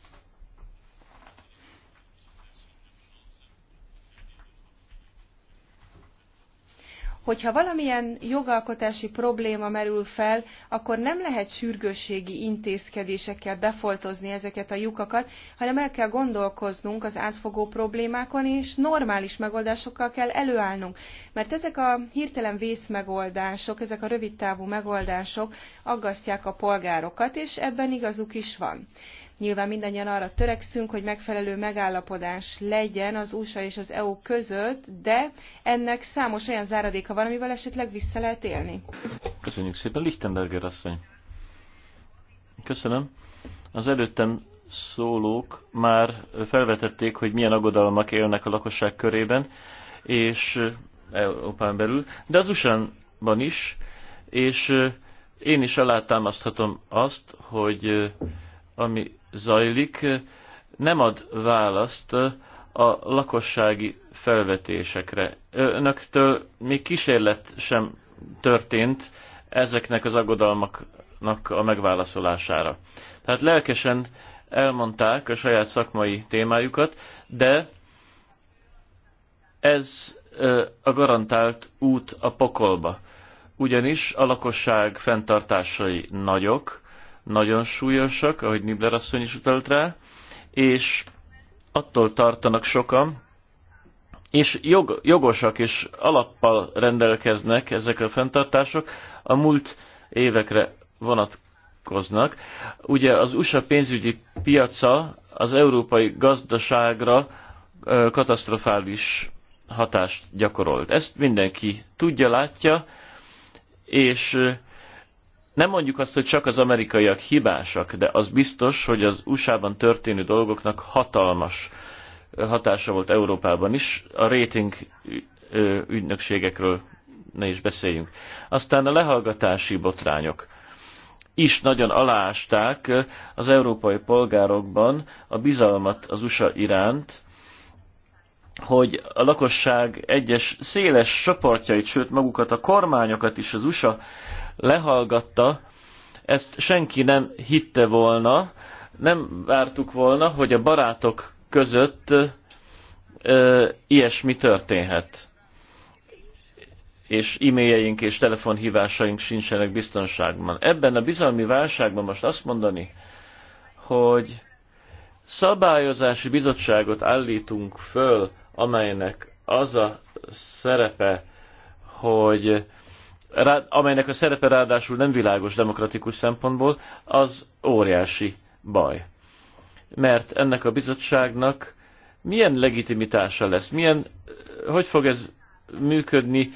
hogyha valamilyen jogalkotási probléma merül fel, akkor nem lehet sürgősségi intézkedésekkel befoltozni ezeket a lyukakat, hanem el kell gondolkoznunk az átfogó problémákon, és normális megoldásokkal kell előállnunk. Mert ezek a hirtelen vészmegoldások, ezek a rövidtávú megoldások aggasztják a polgárokat, és ebben igazuk is van. Nyilván mindannyian arra törekszünk, hogy megfelelő megállapodás legyen az USA és az EU között, de ennek számos olyan záradéka van, amivel esetleg vissza lehet élni. Köszönjük szépen, Lichtenberger asszony. Köszönöm. Az előttem szólók már felvetették, hogy milyen aggodalmak élnek a lakosság körében, és Európán belül, de az usa is, és e, én is alátámaszthatom azt, hogy e, ami zajlik, nem ad választ a lakossági felvetésekre. Önöktől még kísérlet sem történt ezeknek az aggodalmaknak a megválaszolására. Tehát lelkesen elmondták a saját szakmai témájukat, de ez a garantált út a pokolba. Ugyanis a lakosság fenntartásai nagyok, nagyon súlyosak, ahogy Nibler asszony is utalt rá, és attól tartanak sokan, és jog, jogosak és alappal rendelkeznek ezek a fenntartások, a múlt évekre vonatkoznak. Ugye az USA pénzügyi piaca az európai gazdaságra katasztrofális hatást gyakorolt. Ezt mindenki tudja, látja, és nem mondjuk azt, hogy csak az amerikaiak hibásak, de az biztos, hogy az USA-ban történő dolgoknak hatalmas hatása volt Európában is. A rating ügynökségekről ne is beszéljünk. Aztán a lehallgatási botrányok is nagyon aláásták az európai polgárokban a bizalmat az USA iránt, hogy a lakosság egyes széles csoportjait, sőt magukat a kormányokat is az USA lehallgatta, ezt senki nem hitte volna, nem vártuk volna, hogy a barátok között ö, ilyesmi történhet. És e-mailjeink és telefonhívásaink sincsenek biztonságban. Ebben a bizalmi válságban most azt mondani, hogy szabályozási bizottságot állítunk föl amelynek az a szerepe, hogy rá, amelynek a szerepe ráadásul nem világos demokratikus szempontból, az óriási baj. Mert ennek a bizottságnak milyen legitimitása lesz, milyen, hogy fog ez működni,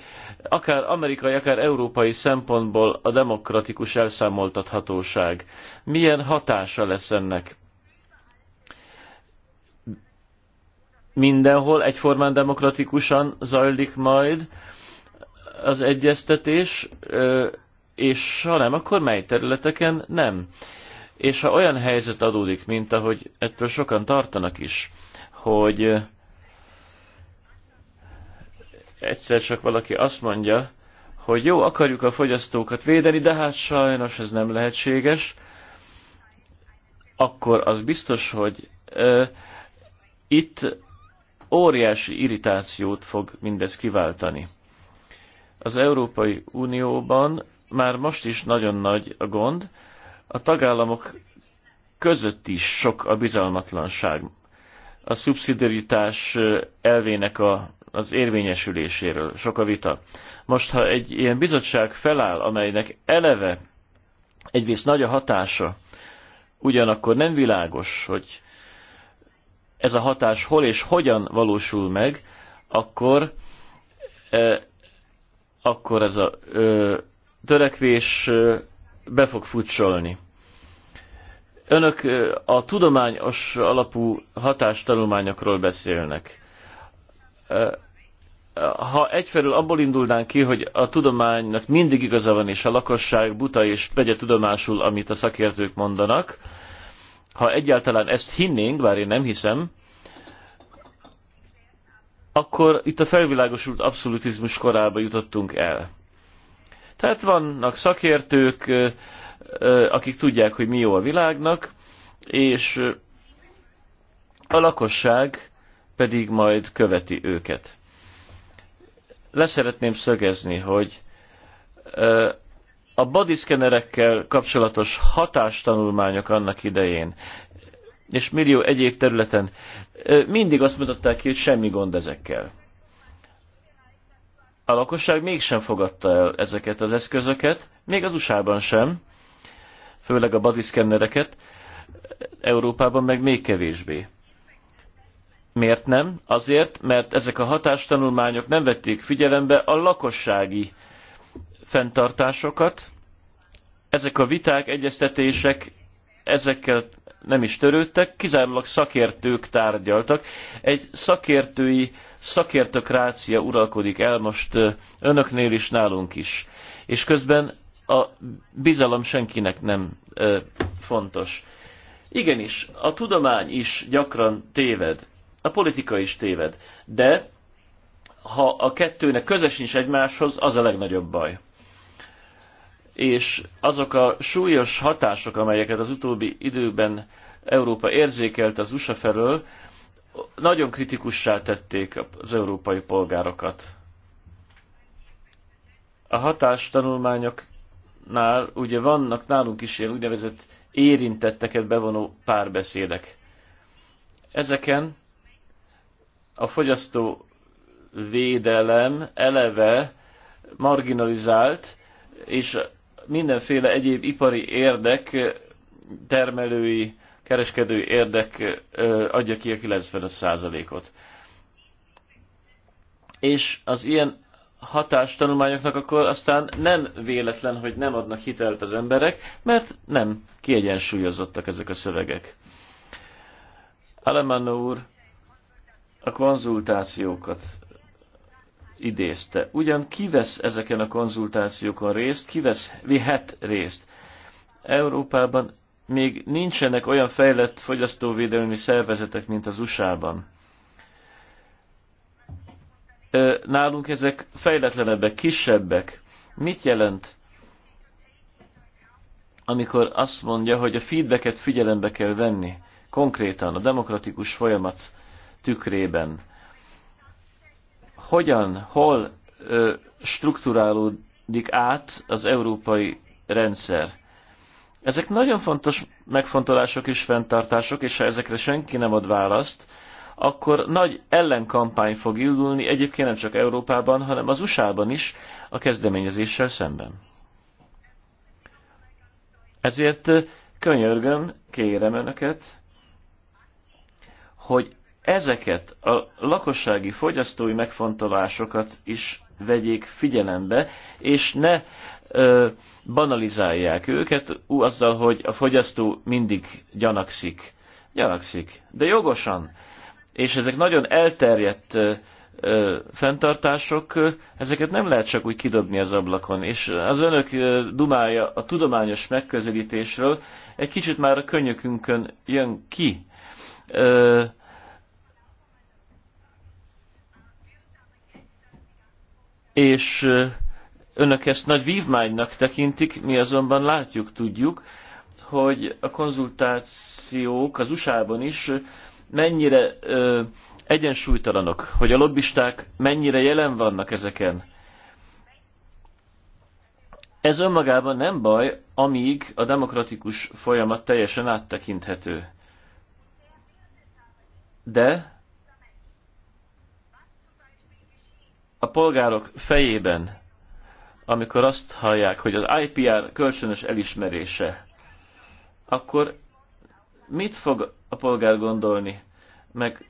akár amerikai, akár európai szempontból a demokratikus elszámoltathatóság. Milyen hatása lesz ennek? mindenhol egyformán demokratikusan zajlik majd az egyeztetés, és ha nem, akkor mely területeken nem. És ha olyan helyzet adódik, mint ahogy ettől sokan tartanak is, hogy egyszer csak valaki azt mondja, hogy jó, akarjuk a fogyasztókat védeni, de hát sajnos ez nem lehetséges, akkor az biztos, hogy ö, itt óriási irritációt fog mindez kiváltani. Az Európai Unióban már most is nagyon nagy a gond, a tagállamok között is sok a bizalmatlanság. A szubszidiaritás elvének a, az érvényesüléséről sok a vita. Most, ha egy ilyen bizottság feláll, amelynek eleve egyrészt nagy a hatása, ugyanakkor nem világos, hogy ez a hatás hol és hogyan valósul meg, akkor, e, akkor ez a e, törekvés e, be fog futsolni. Önök e, a tudományos alapú hatástanulmányokról beszélnek. Ha egyfelől abból indulnánk ki, hogy a tudománynak mindig igaza van, és a lakosság buta és vegye tudomásul, amit a szakértők mondanak, ha egyáltalán ezt hinnénk, bár én nem hiszem, akkor itt a felvilágosult abszolutizmus korába jutottunk el. Tehát vannak szakértők, akik tudják, hogy mi jó a világnak, és a lakosság pedig majd követi őket. Leszeretném szögezni, hogy a bodyszkenerekkel kapcsolatos hatástanulmányok annak idején, és millió egyéb területen mindig azt mutatták ki, hogy semmi gond ezekkel. A lakosság mégsem fogadta el ezeket az eszközöket, még az USA-ban sem, főleg a bodyszkennereket, Európában meg még kevésbé. Miért nem? Azért, mert ezek a hatástanulmányok nem vették figyelembe a lakossági fenntartásokat. Ezek a viták, egyeztetések ezekkel nem is törődtek, kizárólag szakértők tárgyaltak. Egy szakértői szakértokrácia uralkodik el most önöknél is, nálunk is. És közben a bizalom senkinek nem ö, fontos. Igenis, a tudomány is gyakran téved, a politika is téved, de ha a kettőnek köze nincs egymáshoz, az a legnagyobb baj és azok a súlyos hatások, amelyeket az utóbbi időben Európa érzékelt az USA felől, nagyon kritikussá tették az európai polgárokat. A hatástanulmányoknál ugye vannak nálunk is ilyen úgynevezett érintetteket bevonó párbeszédek. Ezeken a fogyasztó védelem eleve marginalizált, és mindenféle egyéb ipari érdek, termelői, kereskedői érdek adja ki a 95%-ot. És az ilyen hatástanulmányoknak akkor aztán nem véletlen, hogy nem adnak hitelt az emberek, mert nem kiegyensúlyozottak ezek a szövegek. Alemanno úr a konzultációkat idézte. Ugyan kivesz ezeken a konzultációkon részt, kivesz, vihet részt. Európában még nincsenek olyan fejlett fogyasztóvédelmi szervezetek, mint az USA-ban. Nálunk ezek fejletlenebbek, kisebbek. Mit jelent, amikor azt mondja, hogy a feedbacket figyelembe kell venni, konkrétan a demokratikus folyamat tükrében? hogyan, hol ö, strukturálódik át az európai rendszer. Ezek nagyon fontos megfontolások és fenntartások, és ha ezekre senki nem ad választ, akkor nagy ellenkampány fog indulni, egyébként nem csak Európában, hanem az USA-ban is a kezdeményezéssel szemben. Ezért könyörgöm, kérem Önöket, hogy ezeket a lakossági fogyasztói megfontolásokat is vegyék figyelembe, és ne ö, banalizálják őket ú, azzal, hogy a fogyasztó mindig gyanakszik. Gyanakszik, de jogosan. És ezek nagyon elterjedt ö, ö, fenntartások, ö, ezeket nem lehet csak úgy kidobni az ablakon. És az önök ö, dumája a tudományos megközelítésről egy kicsit már a könyökünkön jön ki. Ö, és önök ezt nagy vívmánynak tekintik, mi azonban látjuk, tudjuk, hogy a konzultációk az USA-ban is mennyire ö, egyensúlytalanok, hogy a lobbisták mennyire jelen vannak ezeken. Ez önmagában nem baj, amíg a demokratikus folyamat teljesen áttekinthető. De a polgárok fejében, amikor azt hallják, hogy az IPR kölcsönös elismerése, akkor mit fog a polgár gondolni, meg,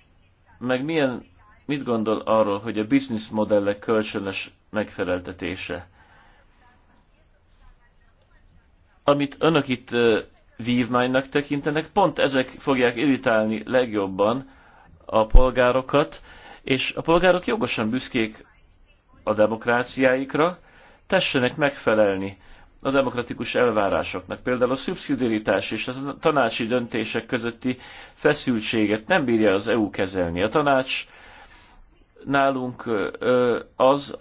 meg milyen, mit gondol arról, hogy a business modellek kölcsönös megfeleltetése? Amit önök itt vívmánynak tekintenek, pont ezek fogják irritálni legjobban a polgárokat, és a polgárok jogosan büszkék a demokráciáikra, tessenek megfelelni a demokratikus elvárásoknak. Például a szubszidiaritás és a tanácsi döntések közötti feszültséget nem bírja az EU kezelni. A tanács nálunk az,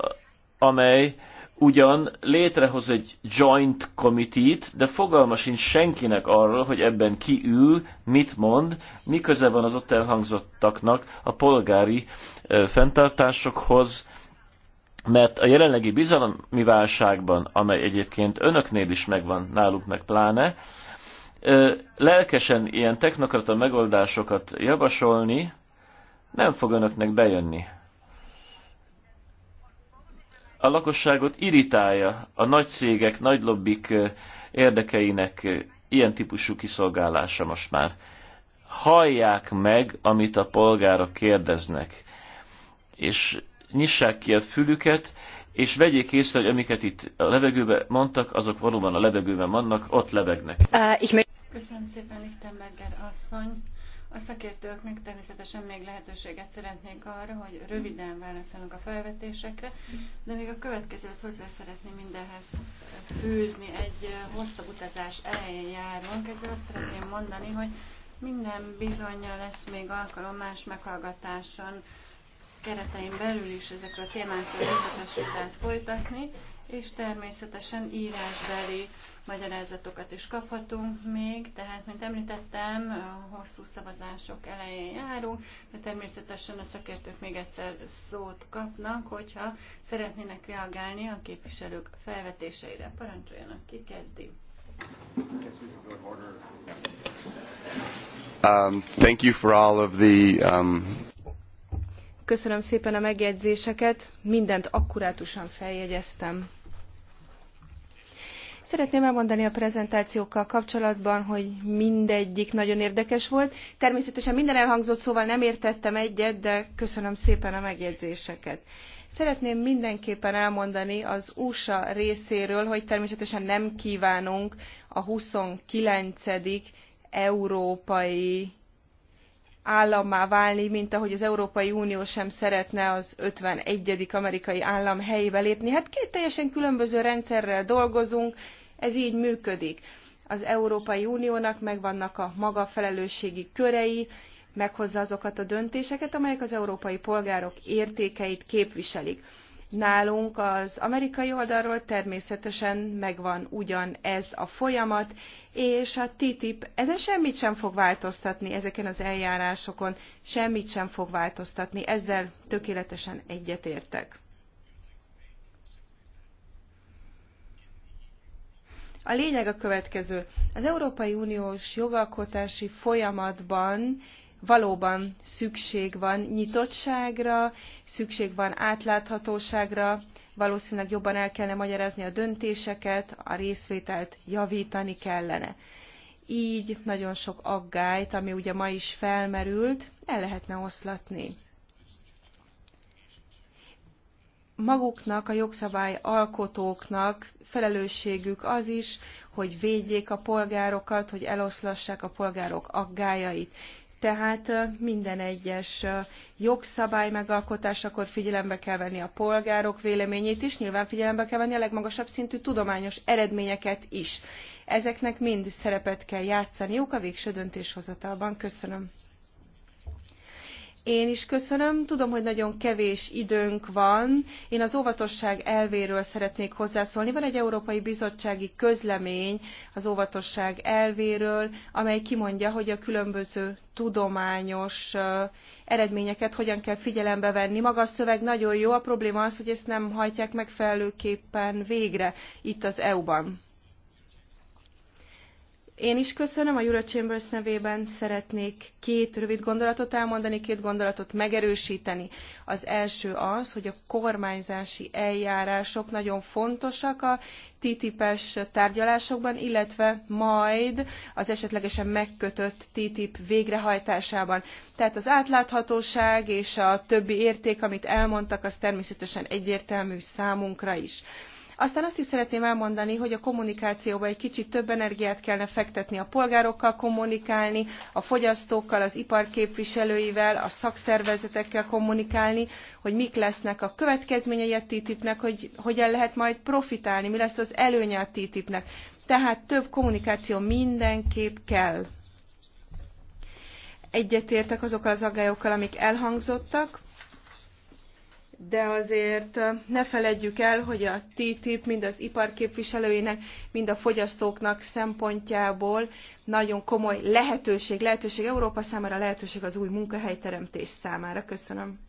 amely ugyan létrehoz egy joint committee-t, de fogalma sincs senkinek arról, hogy ebben ki ül, mit mond, miközben van az ott elhangzottaknak a polgári fenntartásokhoz, mert a jelenlegi bizalmi válságban, amely egyébként önöknél is megvan, náluk meg pláne, lelkesen ilyen technokrata megoldásokat javasolni nem fog önöknek bejönni. A lakosságot irítálja a nagy cégek, nagy lobbik érdekeinek ilyen típusú kiszolgálása most már. Hallják meg, amit a polgárok kérdeznek, és nyissák ki a fülüket, és vegyék észre, hogy amiket itt a levegőben mondtak, azok valóban a levegőben vannak, ott lebegnek. Köszönöm szépen, Lichtenberger asszony. A szakértőknek természetesen még lehetőséget szeretnék arra, hogy röviden válaszolunk a felvetésekre, de még a következőt hozzá szeretném mindenhez fűzni. Egy hosszabb utazás elején járunk, ezzel azt szeretném mondani, hogy minden bizonyja lesz még alkalom más meghallgatáson, keretein belül is ezekről a témákról részletes folytatni, és természetesen írásbeli magyarázatokat is kaphatunk még, tehát, mint említettem, a hosszú szavazások elején járunk, de természetesen a szakértők még egyszer szót kapnak, hogyha szeretnének reagálni a képviselők felvetéseire. Parancsoljanak, ki kezdi. Um, thank you for all of the um, Köszönöm szépen a megjegyzéseket, mindent akkurátusan feljegyeztem. Szeretném elmondani a prezentációkkal kapcsolatban, hogy mindegyik nagyon érdekes volt. Természetesen minden elhangzott szóval nem értettem egyet, de köszönöm szépen a megjegyzéseket. Szeretném mindenképpen elmondani az USA részéről, hogy természetesen nem kívánunk a 29. európai állammá válni, mint ahogy az Európai Unió sem szeretne az 51. amerikai állam helyébe lépni. Hát két teljesen különböző rendszerrel dolgozunk, ez így működik. Az Európai Uniónak megvannak a maga felelősségi körei, meghozza azokat a döntéseket, amelyek az európai polgárok értékeit képviselik Nálunk az amerikai oldalról természetesen megvan ugyan ez a folyamat, és a TTIP ezen semmit sem fog változtatni, ezeken az eljárásokon semmit sem fog változtatni, ezzel tökéletesen egyetértek. A lényeg a következő. Az Európai Uniós jogalkotási folyamatban valóban szükség van nyitottságra, szükség van átláthatóságra, valószínűleg jobban el kellene magyarázni a döntéseket, a részvételt javítani kellene. Így nagyon sok aggályt, ami ugye ma is felmerült, el lehetne oszlatni. Maguknak, a jogszabály alkotóknak felelősségük az is, hogy védjék a polgárokat, hogy eloszlassák a polgárok aggájait tehát minden egyes jogszabály megalkotásakor figyelembe kell venni a polgárok véleményét is, nyilván figyelembe kell venni a legmagasabb szintű tudományos eredményeket is. Ezeknek mind szerepet kell játszaniuk a végső döntéshozatalban. Köszönöm. Én is köszönöm. Tudom, hogy nagyon kevés időnk van. Én az óvatosság elvéről szeretnék hozzászólni. Van egy Európai Bizottsági közlemény az óvatosság elvéről, amely kimondja, hogy a különböző tudományos eredményeket hogyan kell figyelembe venni. Maga a szöveg nagyon jó, a probléma az, hogy ezt nem hajtják megfelelőképpen végre itt az EU-ban. Én is köszönöm, a Euro Chambers nevében szeretnék két rövid gondolatot elmondani, két gondolatot megerősíteni. Az első az, hogy a kormányzási eljárások nagyon fontosak a TTIP-es tárgyalásokban, illetve majd az esetlegesen megkötött TTIP végrehajtásában. Tehát az átláthatóság és a többi érték, amit elmondtak, az természetesen egyértelmű számunkra is. Aztán azt is szeretném elmondani, hogy a kommunikációba egy kicsit több energiát kellene fektetni a polgárokkal kommunikálni, a fogyasztókkal, az iparképviselőivel, a szakszervezetekkel kommunikálni, hogy mik lesznek a következményei a TTIP-nek, hogy hogyan lehet majd profitálni, mi lesz az előnye a TTIP-nek. Tehát több kommunikáció mindenképp kell. Egyetértek azokkal az aggályokkal, amik elhangzottak de azért ne feledjük el, hogy a TTIP mind az iparképviselőinek, mind a fogyasztóknak szempontjából nagyon komoly lehetőség, lehetőség Európa számára, lehetőség az új munkahelyteremtés számára. Köszönöm.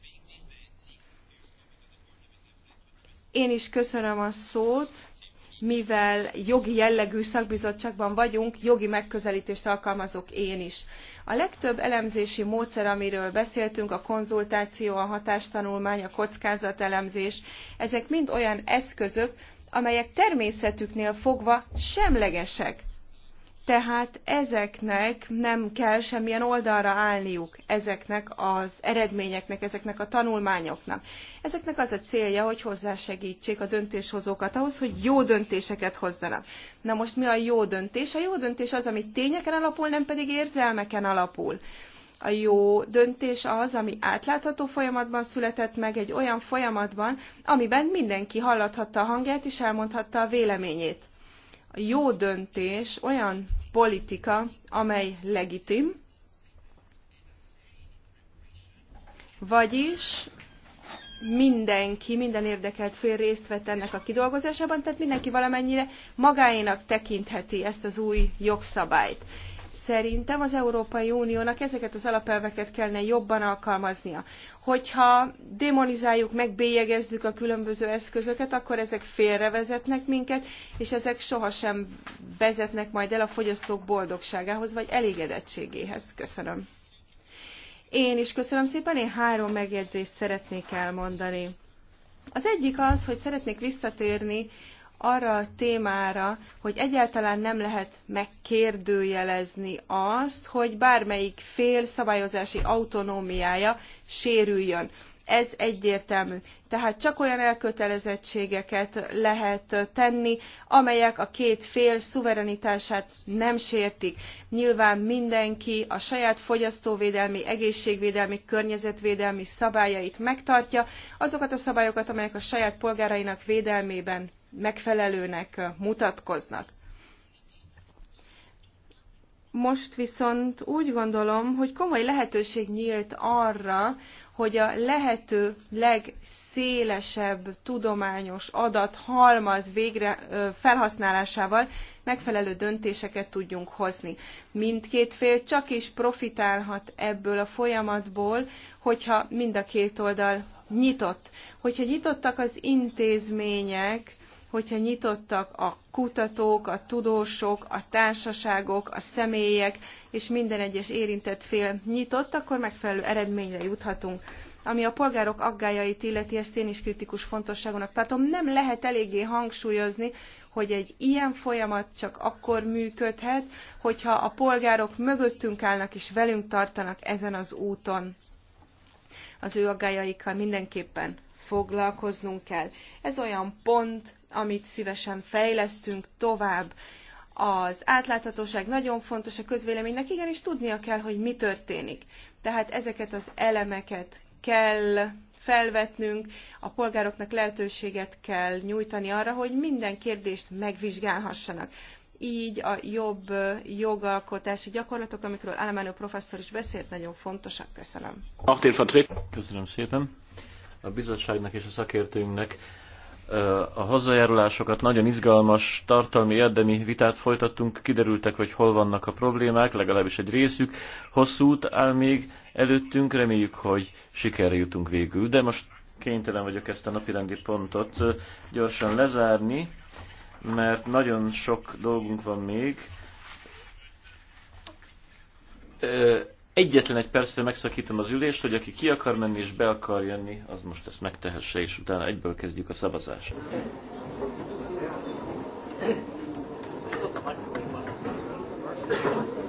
Én is köszönöm a szót mivel jogi jellegű szakbizottságban vagyunk, jogi megközelítést alkalmazok én is. A legtöbb elemzési módszer, amiről beszéltünk, a konzultáció, a hatástanulmány, a kockázatelemzés, ezek mind olyan eszközök, amelyek természetüknél fogva semlegesek tehát ezeknek nem kell semmilyen oldalra állniuk, ezeknek az eredményeknek, ezeknek a tanulmányoknak. Ezeknek az a célja, hogy hozzásegítsék a döntéshozókat ahhoz, hogy jó döntéseket hozzanak. Na most mi a jó döntés? A jó döntés az, ami tényeken alapul, nem pedig érzelmeken alapul. A jó döntés az, ami átlátható folyamatban született meg, egy olyan folyamatban, amiben mindenki hallathatta a hangját és elmondhatta a véleményét jó döntés olyan politika, amely legitim, vagyis mindenki, minden érdekelt fél részt vett ennek a kidolgozásában, tehát mindenki valamennyire magáénak tekintheti ezt az új jogszabályt. Szerintem az Európai Uniónak ezeket az alapelveket kellene jobban alkalmaznia. Hogyha demonizáljuk, megbélyegezzük a különböző eszközöket, akkor ezek félrevezetnek minket, és ezek sohasem vezetnek majd el a fogyasztók boldogságához vagy elégedettségéhez. Köszönöm. Én is köszönöm szépen, én három megjegyzést szeretnék elmondani. Az egyik az, hogy szeretnék visszatérni arra a témára, hogy egyáltalán nem lehet megkérdőjelezni azt, hogy bármelyik fél szabályozási autonómiája sérüljön. Ez egyértelmű. Tehát csak olyan elkötelezettségeket lehet tenni, amelyek a két fél szuverenitását nem sértik. Nyilván mindenki a saját fogyasztóvédelmi, egészségvédelmi, környezetvédelmi szabályait megtartja, azokat a szabályokat, amelyek a saját polgárainak védelmében megfelelőnek mutatkoznak. Most viszont úgy gondolom, hogy komoly lehetőség nyílt arra, hogy a lehető legszélesebb tudományos adat halmaz végre felhasználásával megfelelő döntéseket tudjunk hozni. Mindkét fél csak is profitálhat ebből a folyamatból, hogyha mind a két oldal nyitott. Hogyha nyitottak az intézmények, hogyha nyitottak a kutatók, a tudósok, a társaságok, a személyek és minden egyes érintett fél nyitott, akkor megfelelő eredményre juthatunk. Ami a polgárok aggájait illeti, ezt én is kritikus fontosságúnak tartom. Nem lehet eléggé hangsúlyozni, hogy egy ilyen folyamat csak akkor működhet, hogyha a polgárok mögöttünk állnak és velünk tartanak ezen az úton. Az ő aggájaikkal mindenképpen foglalkoznunk kell. Ez olyan pont, amit szívesen fejlesztünk tovább. Az átláthatóság nagyon fontos a közvéleménynek, igenis tudnia kell, hogy mi történik. Tehát ezeket az elemeket kell felvetnünk, a polgároknak lehetőséget kell nyújtani arra, hogy minden kérdést megvizsgálhassanak. Így a jobb jogalkotási gyakorlatok, amikről Alemánő professzor is beszélt, nagyon fontosak. Köszönöm. Köszönöm szépen a bizottságnak és a szakértőinknek a hozzájárulásokat. Nagyon izgalmas, tartalmi, érdemi vitát folytattunk, kiderültek, hogy hol vannak a problémák, legalábbis egy részük. Hosszú út áll még előttünk, reméljük, hogy sikerre jutunk végül. De most kénytelen vagyok ezt a napirendi pontot gyorsan lezárni, mert nagyon sok dolgunk van még Egyetlen egy percre megszakítom az ülést, hogy aki ki akar menni és be akar jönni, az most ezt megtehesse, és utána egyből kezdjük a szavazást. Thank you.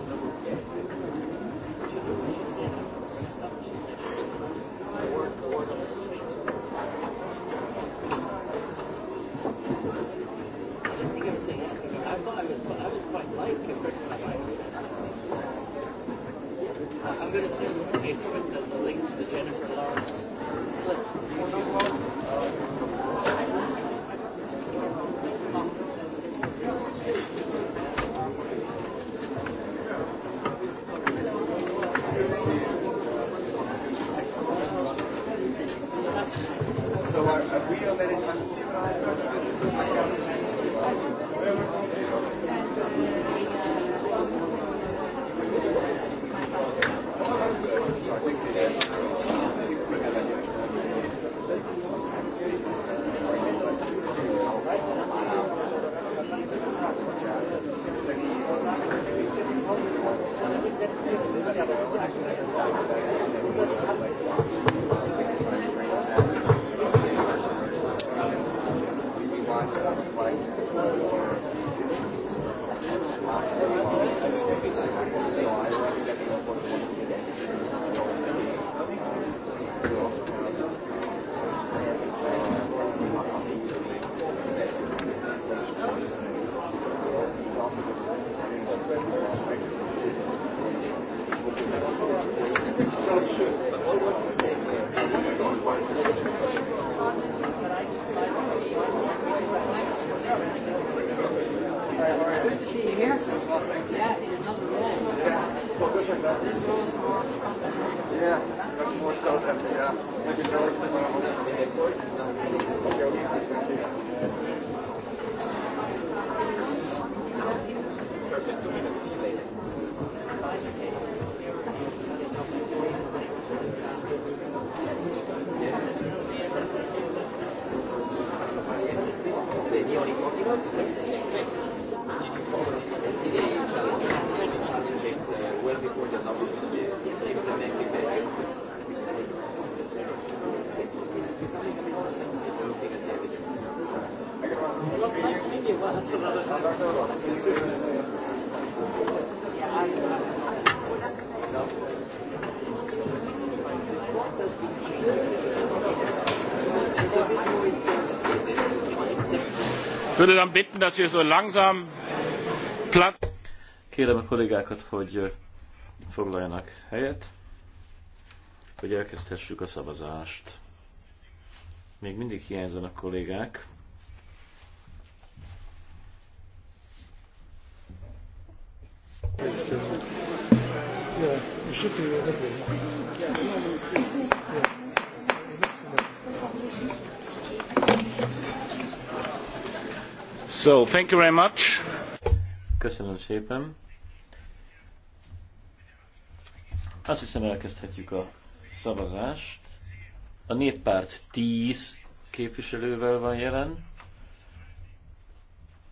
würde dann bitten, dass wir so langsam Platz... Kérem a kollégákat, hogy foglaljanak helyet, hogy elkezdhessük a szavazást. Még mindig hiányzanak kollégák. Yeah, you So, thank you very much. Köszönöm szépen. Azt hiszem elkezdhetjük a szavazást. A néppárt 10 képviselővel van jelen,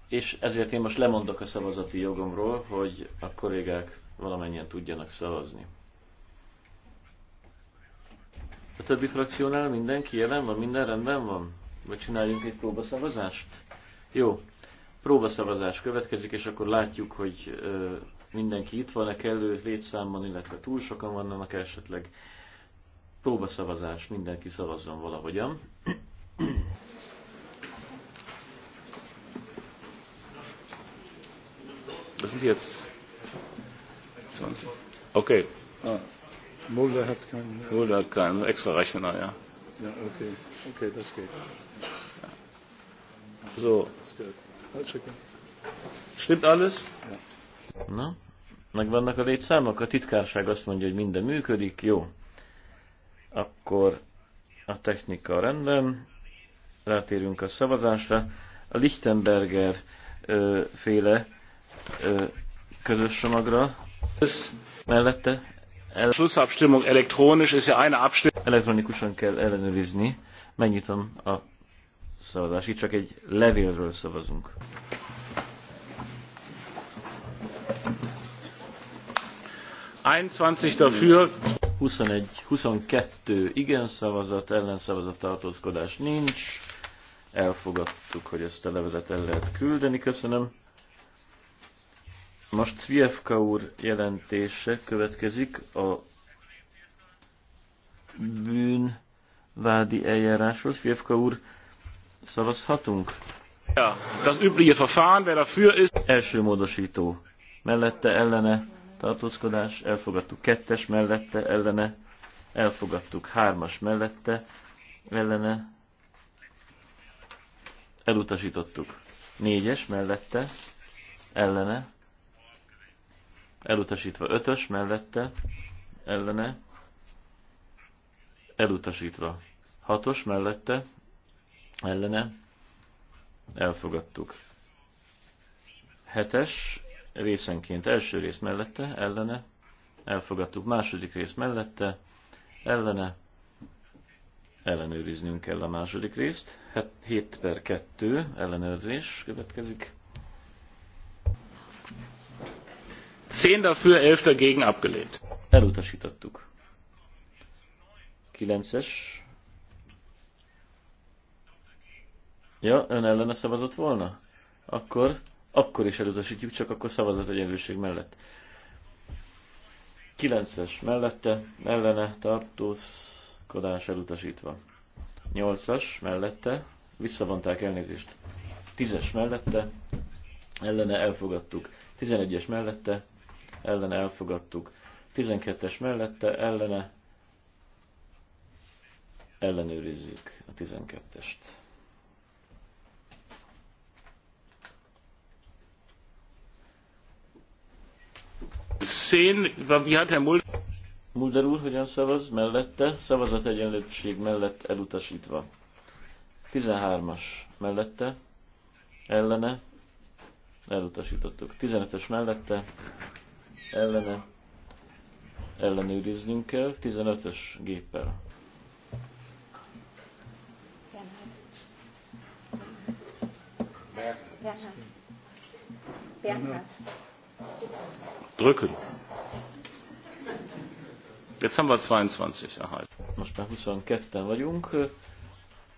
és ezért én most lemondok a szavazati jogomról, hogy a kollégák valamennyien tudjanak szavazni. A többi frakciónál mindenki jelen van, minden rendben van? Vagy csináljunk egy próbaszavazást? Jó, próbaszavazás következik, és akkor látjuk, hogy ö, mindenki itt van-e kellő létszámban, illetve túl sokan vannak esetleg. Próbaszavazás, mindenki szavazzon valahogyan. Das sind jetzt 20. Okay. Ah, Mulder hat keinen. Mulder hat keinen extra Rechner, ja. Ja, okay. Okay, das geht. Ja. So. Stimmt alles? Na, megvannak a létszámok? A titkárság azt mondja, hogy minden működik, jó. Akkor a technika rendben, rátérünk a szavazásra. A Lichtenberger ö, féle ö, közös csomagra mellette el... Schlussabstimmung elektronisch ist ja eine Abstimmung. Elektronikusan kell ellenőrizni. Megnyitom a szavazás. Itt csak egy levélről szavazunk. dafür. 21, 22 igen szavazat, ellen szavazat tartózkodás nincs. Elfogadtuk, hogy ezt a levelet el lehet küldeni. Köszönöm. Most Cvijevka úr jelentése következik a bűnvádi eljáráshoz. Cvijevka úr Szavazhatunk? Ja, das übliche Verfahren, wer dafür ist. Első módosító. Mellette, ellene, tartózkodás, elfogadtuk kettes mellette, ellene, elfogadtuk hármas mellette, ellene, elutasítottuk négyes mellette, ellene, elutasítva ötös mellette, ellene, elutasítva hatos mellette, ellene elfogadtuk. Hetes részenként első rész mellette, ellene elfogadtuk. Második rész mellette, ellene ellenőriznünk kell a második részt. 7 per 2 ellenőrzés következik. Zehn dafür, elf dagegen abgelehnt. Elutasítottuk. 9-es Ja, ön ellene szavazott volna? Akkor, akkor is elutasítjuk, csak akkor szavazat egyenlőség mellett. 9-es mellette, ellene tartózkodás elutasítva. 8-as mellette, visszavonták elnézést. 10-es mellette, ellene elfogadtuk. 11-es mellette, ellene elfogadtuk. 12-es mellette, ellene ellenőrizzük a 12-est. Szén, wie hat Herr Mulder? Mulder úr hogyan szavaz? Mellette, szavazat egyenlőség mellett elutasítva. 13-as mellette, ellene, elutasítottuk. 15-es mellette, ellene, ellenőriznünk kell, 15-ös géppel. Bernhard. Bernhard. Bernhard drücken. Jetzt haben wir 22 erhalten. Most már 22-en vagyunk.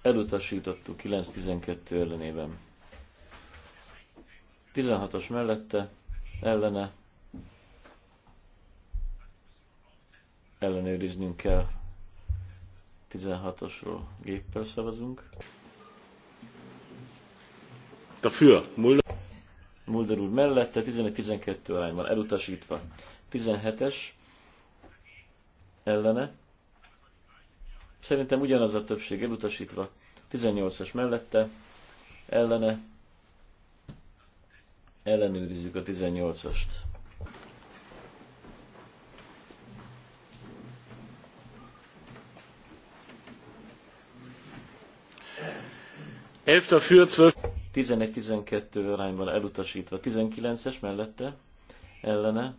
Elutasítottuk 9-12 ellenében. 16-os mellette, ellene. Ellenőriznünk kell. 16-osról géppel szavazunk. Dafür, Mulder. Mulder úr mellette, 11-12 arányban elutasítva. 17-es ellene. Szerintem ugyanaz a többség elutasítva. 18 es mellette ellene. Ellenőrizzük a 18-ast. Elfter dafür zwölf 11-12 arányban elutasítva. 19-es mellette, ellene,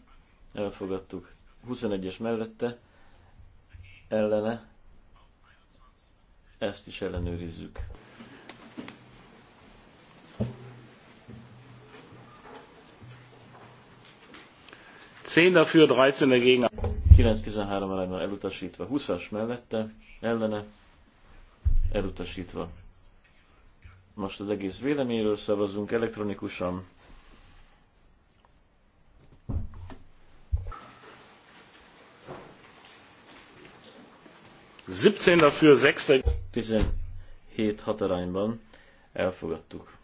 elfogadtuk. 21-es mellette, ellene, ezt is ellenőrizzük. Zehn führt 13 dagegen. 9-13 arányban elutasítva. 20-as mellette, ellene, elutasítva. Most az egész véleményről szavazunk elektronikusan. dafür 6 17 hatarányban elfogadtuk.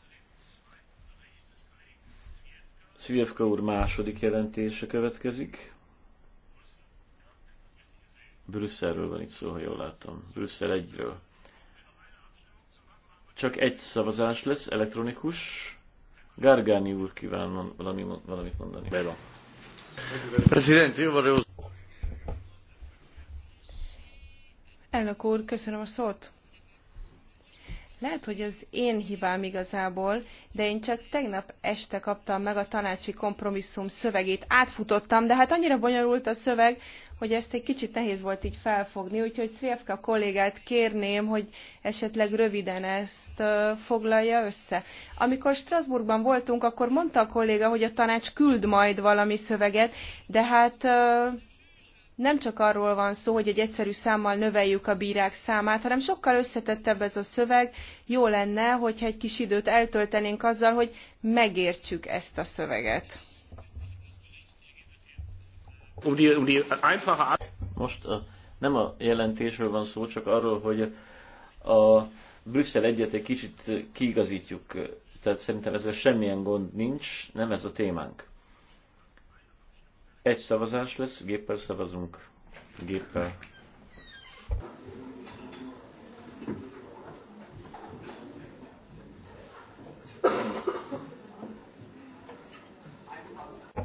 Szvijevka úr második jelentése következik. Brüsszelről van itt szó, ha jól látom. Brüsszel egyről. Csak egy szavazás lesz, elektronikus. Gargani úr kíván valami, valamit mondani. Bella. Presidente, io vorrei... Elnök úr, köszönöm a szót. Lehet, hogy az én hibám igazából, de én csak tegnap este kaptam meg a tanácsi kompromisszum szövegét. Átfutottam, de hát annyira bonyolult a szöveg, hogy ezt egy kicsit nehéz volt így felfogni, úgyhogy Szvjevka kollégát kérném, hogy esetleg röviden ezt foglalja össze. Amikor Strasbourgban voltunk, akkor mondta a kolléga, hogy a tanács küld majd valami szöveget, de hát nem csak arról van szó, hogy egy egyszerű számmal növeljük a bírák számát, hanem sokkal összetettebb ez a szöveg. Jó lenne, hogyha egy kis időt eltöltenénk azzal, hogy megértsük ezt a szöveget. Um um Most a, nem a jelentésről van szó, csak arról, hogy a Brüsszel egyet egy kicsit kiigazítjuk. Tehát szerintem ezzel semmilyen gond nincs, nem ez a témánk. Egy szavazás lesz, géppel szavazunk. Géppel.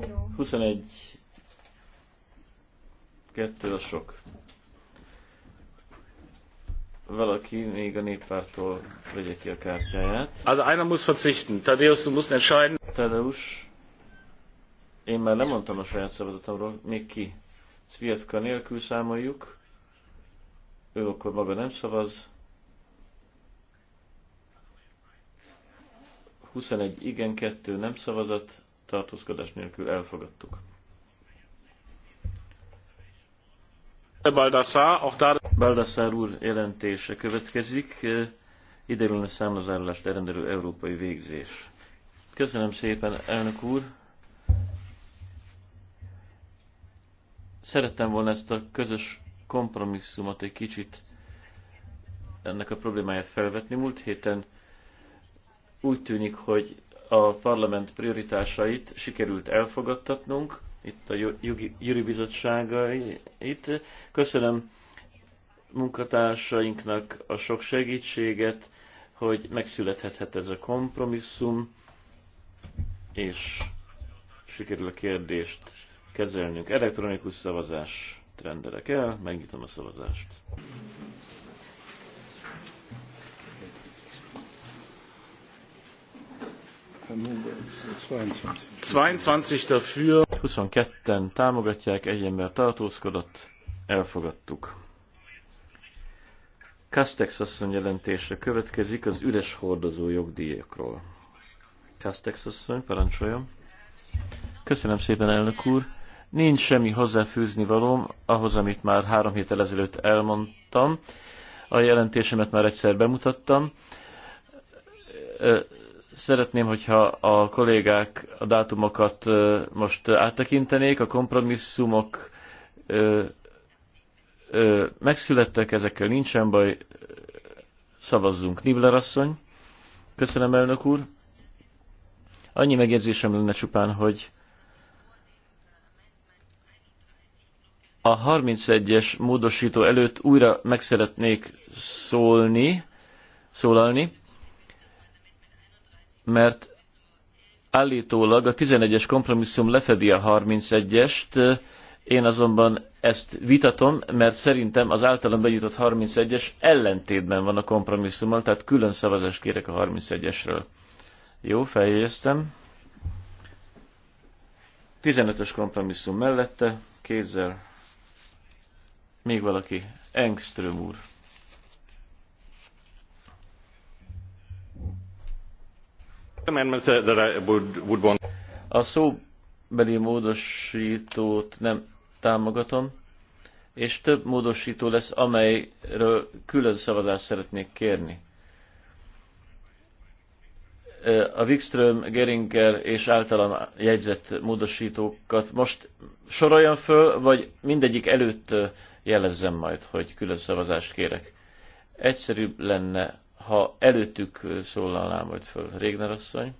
Jó. 21 Kettő a sok. Valaki még a néppártól vegye ki a kártyáját. Az einer muss verzichten. Tadeusz, du musst entscheiden. Tadeusz, én már lemondtam a saját szavazatomról, még ki? Sviatka nélkül számoljuk, ő akkor maga nem szavaz. 21 igen, 2 nem szavazat, tartózkodás nélkül elfogadtuk. Baldassar úr jelentése következik. E, Ideiglen a számlazárulást elrendelő európai végzés. Köszönöm szépen, elnök úr! Szerettem volna ezt a közös kompromisszumot egy kicsit ennek a problémáját felvetni. Múlt héten úgy tűnik, hogy a parlament prioritásait sikerült elfogadtatnunk, itt a Jüri bizottsága, itt Köszönöm munkatársainknak a sok segítséget, hogy megszülethethet ez a kompromisszum, és sikerül a kérdést kezelnünk. Elektronikus szavazás rendelek el, megnyitom a szavazást. 22 dafür. 22-en támogatják, egy ember tartózkodott, elfogadtuk. Castex asszony jelentése következik az üres hordozó jogdíjakról. Castex asszony, parancsoljon. Köszönöm szépen, elnök úr. Nincs semmi hozzáfűzni valóm ahhoz, amit már három héttel ezelőtt elmondtam. A jelentésemet már egyszer bemutattam Szeretném, hogyha a kollégák a dátumokat most áttekintenék, a kompromisszumok ö, megszülettek, ezekkel nincsen baj, szavazzunk. Nibler asszony, köszönöm elnök úr. Annyi megjegyzésem lenne csupán, hogy a 31-es módosító előtt újra meg szeretnék szólni, szólalni, mert állítólag a 11-es kompromisszum lefedi a 31-est, én azonban ezt vitatom, mert szerintem az általam benyújtott 31-es ellentétben van a kompromisszummal, tehát külön szavazást kérek a 31-esről. Jó, feljegyeztem. 15-ös kompromisszum mellette, kézzel. Még valaki, Engström úr. A szóbeli módosítót nem támogatom, és több módosító lesz, amelyről külön szavazást szeretnék kérni. A Wikström, Geringer és általam jegyzett módosítókat most soroljam föl, vagy mindegyik előtt jelezzem majd, hogy külön szavazást kérek. Egyszerűbb lenne ha előttük szólalnám majd föl Régner asszony.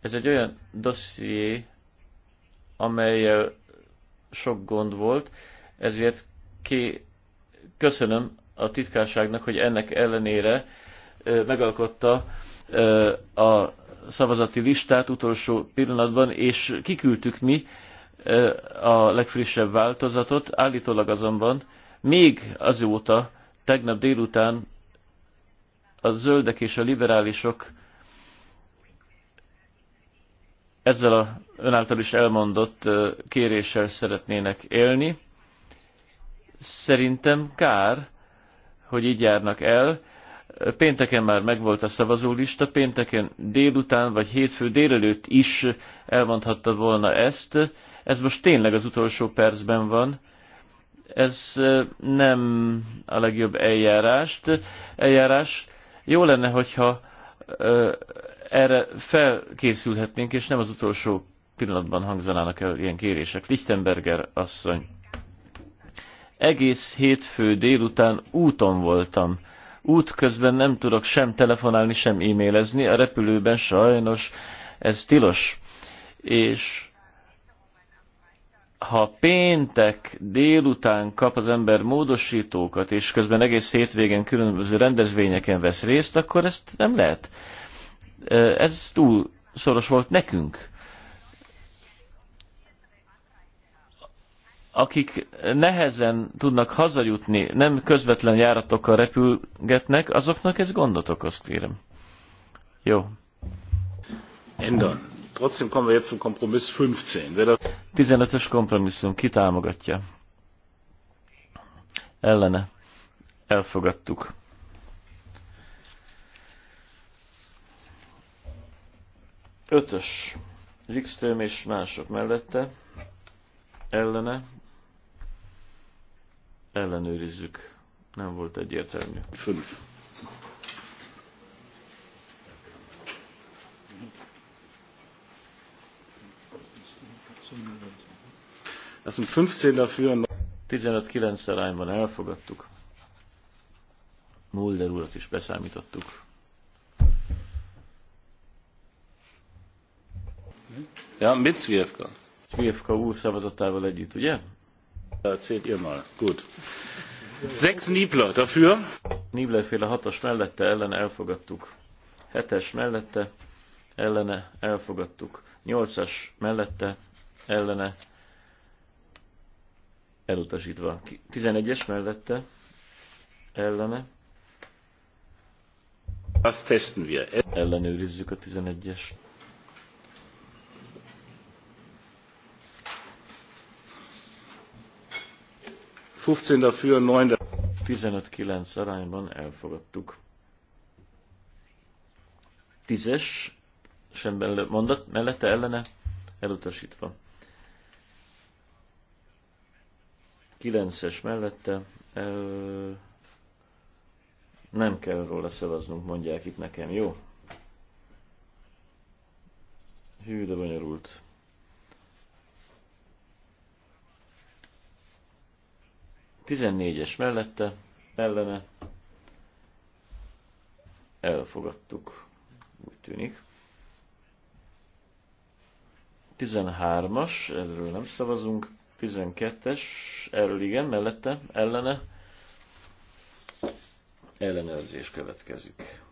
Ez egy olyan dosszié, amelyel sok gond volt, ezért ké... köszönöm a titkárságnak, hogy ennek ellenére megalkotta a szavazati listát utolsó pillanatban, és kiküldtük mi a legfrissebb változatot, állítólag azonban még azóta tegnap délután a zöldek és a liberálisok ezzel a önáltal is elmondott kéréssel szeretnének élni. Szerintem kár, hogy így járnak el. Pénteken már megvolt a szavazólista, pénteken délután vagy hétfő délelőtt is elmondhatta volna ezt. Ez most tényleg az utolsó percben van ez nem a legjobb eljárást. eljárás. Jó lenne, hogyha erre felkészülhetnénk, és nem az utolsó pillanatban hangzanának el ilyen kérések. Lichtenberger asszony. Egész hétfő délután úton voltam. Út közben nem tudok sem telefonálni, sem e-mailezni, a repülőben sajnos ez tilos. És ha péntek délután kap az ember módosítókat, és közben egész hétvégen különböző rendezvényeken vesz részt, akkor ezt nem lehet. Ez túl szoros volt nekünk. Akik nehezen tudnak hazajutni, nem közvetlen járatokkal repülgetnek, azoknak ez gondot okoz, kérem. Jó. Endon. Trotzdem kommen wir jetzt zum Kompromiss 15. Wer das 15-ös kompromisszum kitámogatja. Ellene. Elfogadtuk. Ötös. Wikström és mások mellette. Ellene. Ellenőrizzük. Nem volt egyértelmű. Fünf. Das sind 15 dafür. 15-9 arányban elfogadtuk. Mulder urat is beszámítottuk. Ja, mit Svijevka? Svijevka úr szavazatával együtt, ugye? Szét ihr mal. Gut. Sechs Niebler dafür. Niebler féle hatos mellette ellene elfogadtuk. Hetes mellette ellene elfogadtuk. Nyolcas mellette ellene elutasítva. 11-es mellette ellene. Azt testen wir. Ellenőrizzük a 11-es. Tizenöt-kilenc arányban elfogadtuk. Tízes, sem mondat, mellette ellene, elutasítva. 9-es mellette nem kell róla szavaznunk, mondják itt nekem, jó? Hű, de bonyolult. Tizennégyes mellette, ellene, elfogadtuk, úgy tűnik. 13-as, erről nem szavazunk, 12-es, erről igen, mellette, ellene, ellenőrzés következik.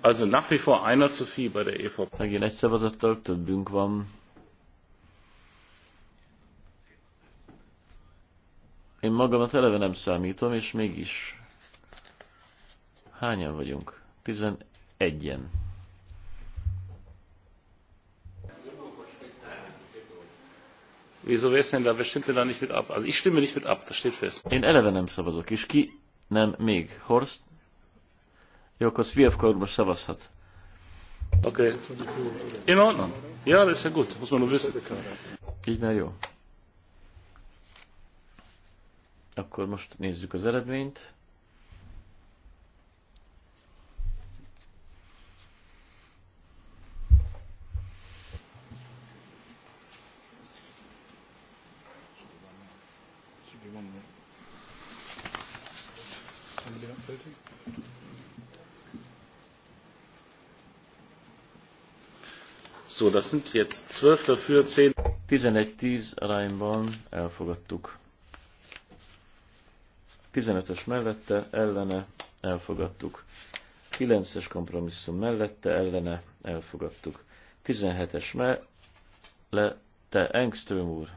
Also nach wie vor einer zu viel bei der EVP. Megint egy szavazattal többünk van, Én magamat eleve nem számítom, és mégis hányan vagyunk? 11-en. Wieso wäre denn da bestimmte da nicht mit ab? Also ich stimme nicht mit ab, das steht fest. Én eleve nem szavazok, és ki nem még? Horst? Jó, akkor Svievka úr most szavazhat. Oké. Okay. In Ordnung. Ja, das ist ja gut, muss man nur wissen. Így már jó. Akkor most nézzük az eredményt. So, das sind jetzt 12 dafür, 10. 11-10 Reihenbahn elfogadtuk. 15-ös mellette ellene elfogadtuk. 9-es kompromisszum mellette ellene elfogadtuk. 17-es mellette Engström úr.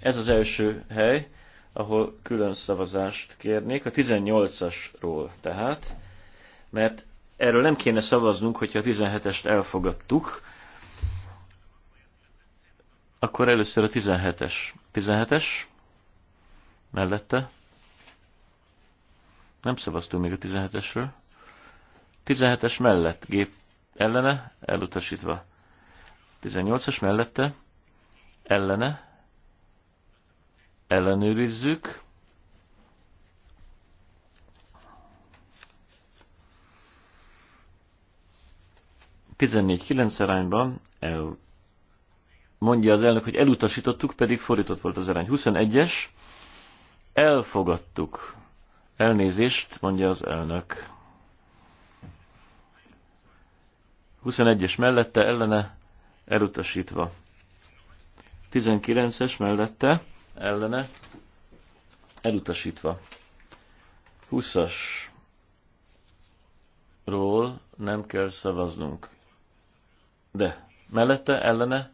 Ez az első hely, ahol külön szavazást kérnék, a 18-asról tehát, mert erről nem kéne szavaznunk, hogyha a 17-est elfogadtuk, akkor először a 17-es. 17-es mellette. Nem szavaztunk még a 17-esről. 17-es mellett gép ellene, elutasítva. 18-as mellette, ellene, ellenőrizzük. Tizennégy kilenc arányban el, mondja az elnök, hogy elutasítottuk, pedig fordított volt az arány. 21-es Elfogadtuk. Elnézést, mondja az elnök. 21-es mellette, ellene, elutasítva. 19-es mellette, ellene, elutasítva. 20-as ról nem kell szavaznunk. De mellette, ellene,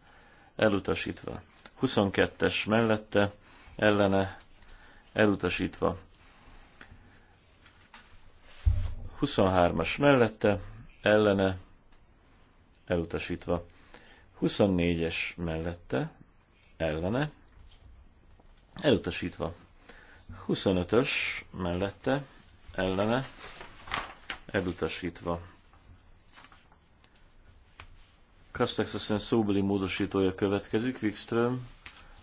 elutasítva. 22-es mellette, ellene, elutasítva. 23-as mellette, ellene, elutasítva. 24-es mellette, ellene, elutasítva. 25-ös mellette, ellene, elutasítva. Kastex asszony szóbeli módosítója következik, Wikström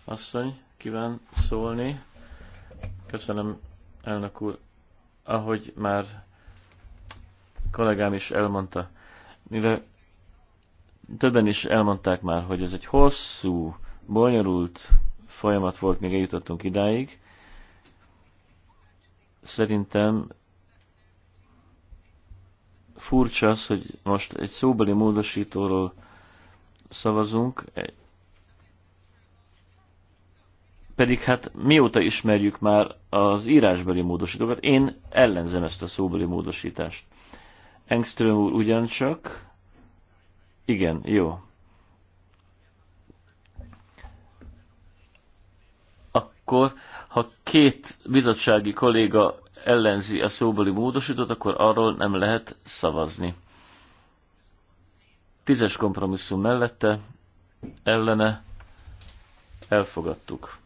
asszony kíván szólni. Köszönöm, elnök úr. Ahogy már kollégám is elmondta, mivel többen is elmondták már, hogy ez egy hosszú, bonyolult folyamat volt, még eljutottunk idáig. Szerintem furcsa az, hogy most egy szóbeli módosítóról szavazunk, pedig hát mióta ismerjük már az írásbeli módosítókat, én ellenzem ezt a szóbeli módosítást. Engström úr ugyancsak, igen, jó. Akkor, ha két bizottsági kolléga ellenzi a szóbeli módosítót, akkor arról nem lehet szavazni. Tízes kompromisszum mellette, ellene, elfogadtuk.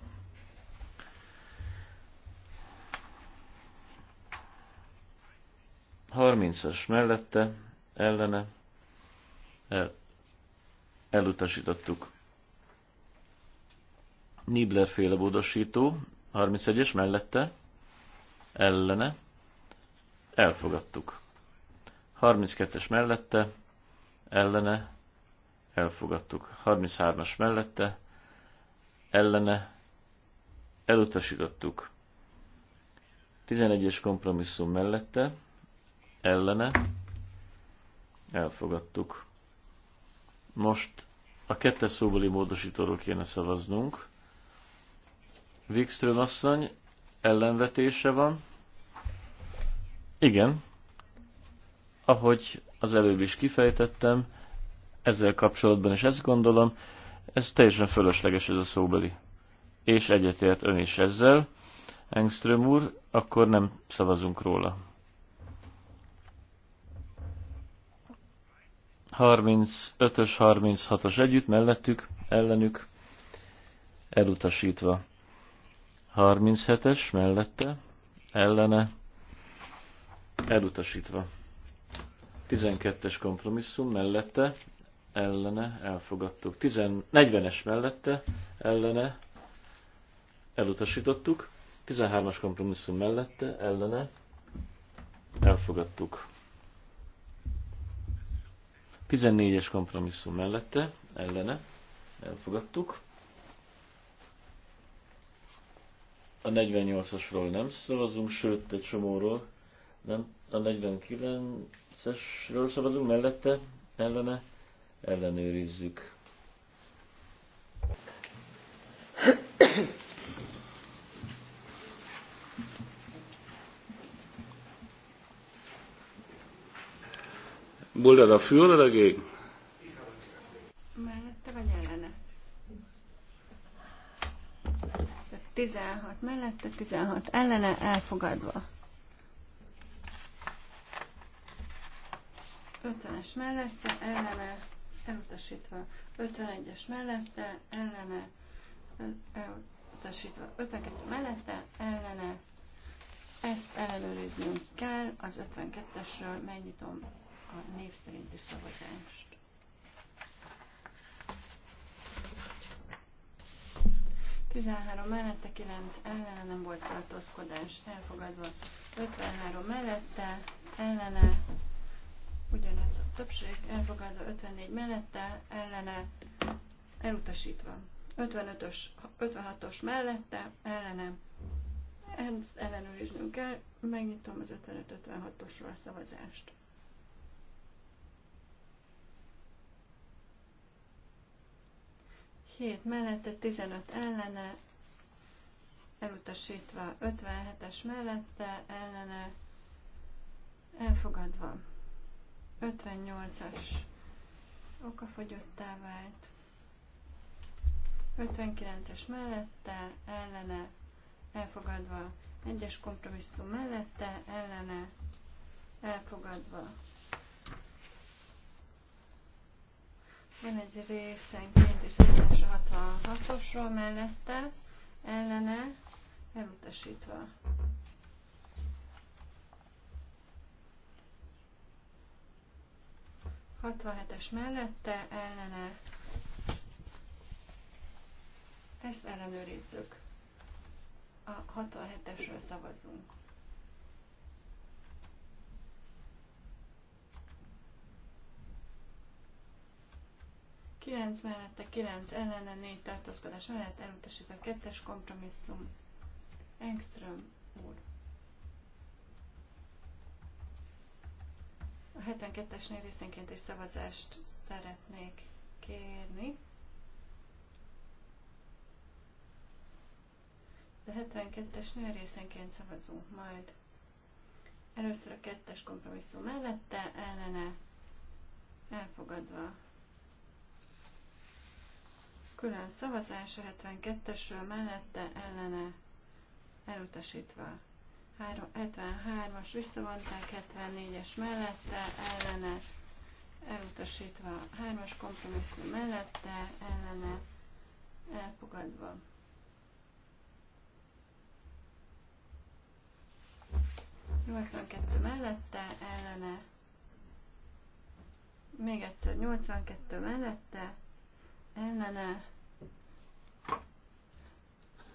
30-as mellette, ellene, el, elutasítottuk. Nibler féle módosító, 31-es mellette, ellene, elfogadtuk. 32-es mellette, ellene, elfogadtuk. 33-as mellette, ellene, elutasítottuk. 11-es kompromisszum mellette, ellene elfogadtuk. Most a kettes szóbeli módosítóról kéne szavaznunk. Wikström asszony ellenvetése van. Igen. Ahogy az előbb is kifejtettem, ezzel kapcsolatban is ezt gondolom, ez teljesen fölösleges ez a szóbeli. És egyetért ön is ezzel, Engström úr, akkor nem szavazunk róla. 35-ös, 36-os együtt, mellettük, ellenük, elutasítva. 37-es mellette, ellene, elutasítva. 12-es kompromisszum mellette, ellene, elfogadtuk. 40-es mellette, ellene, elutasítottuk. 13-as kompromisszum mellette, ellene, elfogadtuk. 14-es kompromisszum mellette, ellene, elfogadtuk. A 48-asról nem szavazunk, sőt, egy csomóról nem. A 49-esről szavazunk mellette, ellene, ellenőrizzük. Mulder dafür oder dagegen? Mellette vagy ellene? 16 mellette, 16 ellene, elfogadva. 50-es mellette, ellene, elutasítva. 51-es mellette, ellene, elutasítva. 52 mellette, ellene. Ezt ellenőriznünk kell, az 52-esről megnyitom a név szerinti szavazást. Tizenhárom mellette, kilenc ellene nem volt tartózkodás elfogadva. 53 mellette, ellene, ugyanez a többség, elfogadva 54 mellette, ellene, elutasítva. 55-ös, 56-os mellette, ellene, ezt ellenőriznünk kell, megnyitom az 55-56-osról a szavazást. 7 mellette, 15 ellene, elutasítva 57-es mellette, ellene, elfogadva. 58-as okafogyottá vált. 59-es mellette, ellene, elfogadva. 1-es kompromisszum mellette, ellene, elfogadva. Van egy részenkénti szavazás a 66-osról mellette, ellene, elutasítva. es mellette, ellene, ezt ellenőrizzük. A 67-esről szavazunk. 9 mellette, 9 ellene, 4 tartózkodás mellett elutasított kettes kompromisszum. Engström úr. A 72-esnél részenként is szavazást szeretnék kérni. De 72-esnél részenként szavazunk majd. Először a kettes kompromisszum mellette, ellene, elfogadva Külön szavazás a 72-esről mellette ellene elutasítva. 73-as visszavonták, 74-es mellette ellene elutasítva. 3-as kompromisszum mellette ellene elfogadva. Nyolcvankettő mellette, ellene, még egyszer kettő mellette, ellene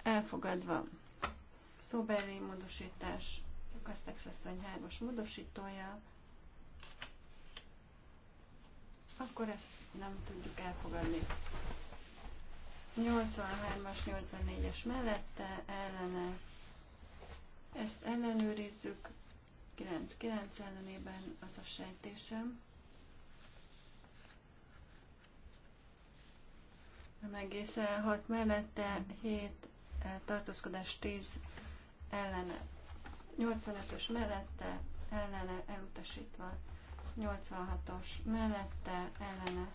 elfogadva szóbeli módosítás, Kasztex asszony 3-as módosítója, akkor ezt nem tudjuk elfogadni. 83-as, 84-es mellette, ellene, ezt ellenőrizzük, 9-9 ellenében az a sejtésem. Nem egészen eh, 6 mellette, 7 eh, tartózkodás 10 ellene. 85-ös mellette, ellene elutasítva. 86-os mellette, ellene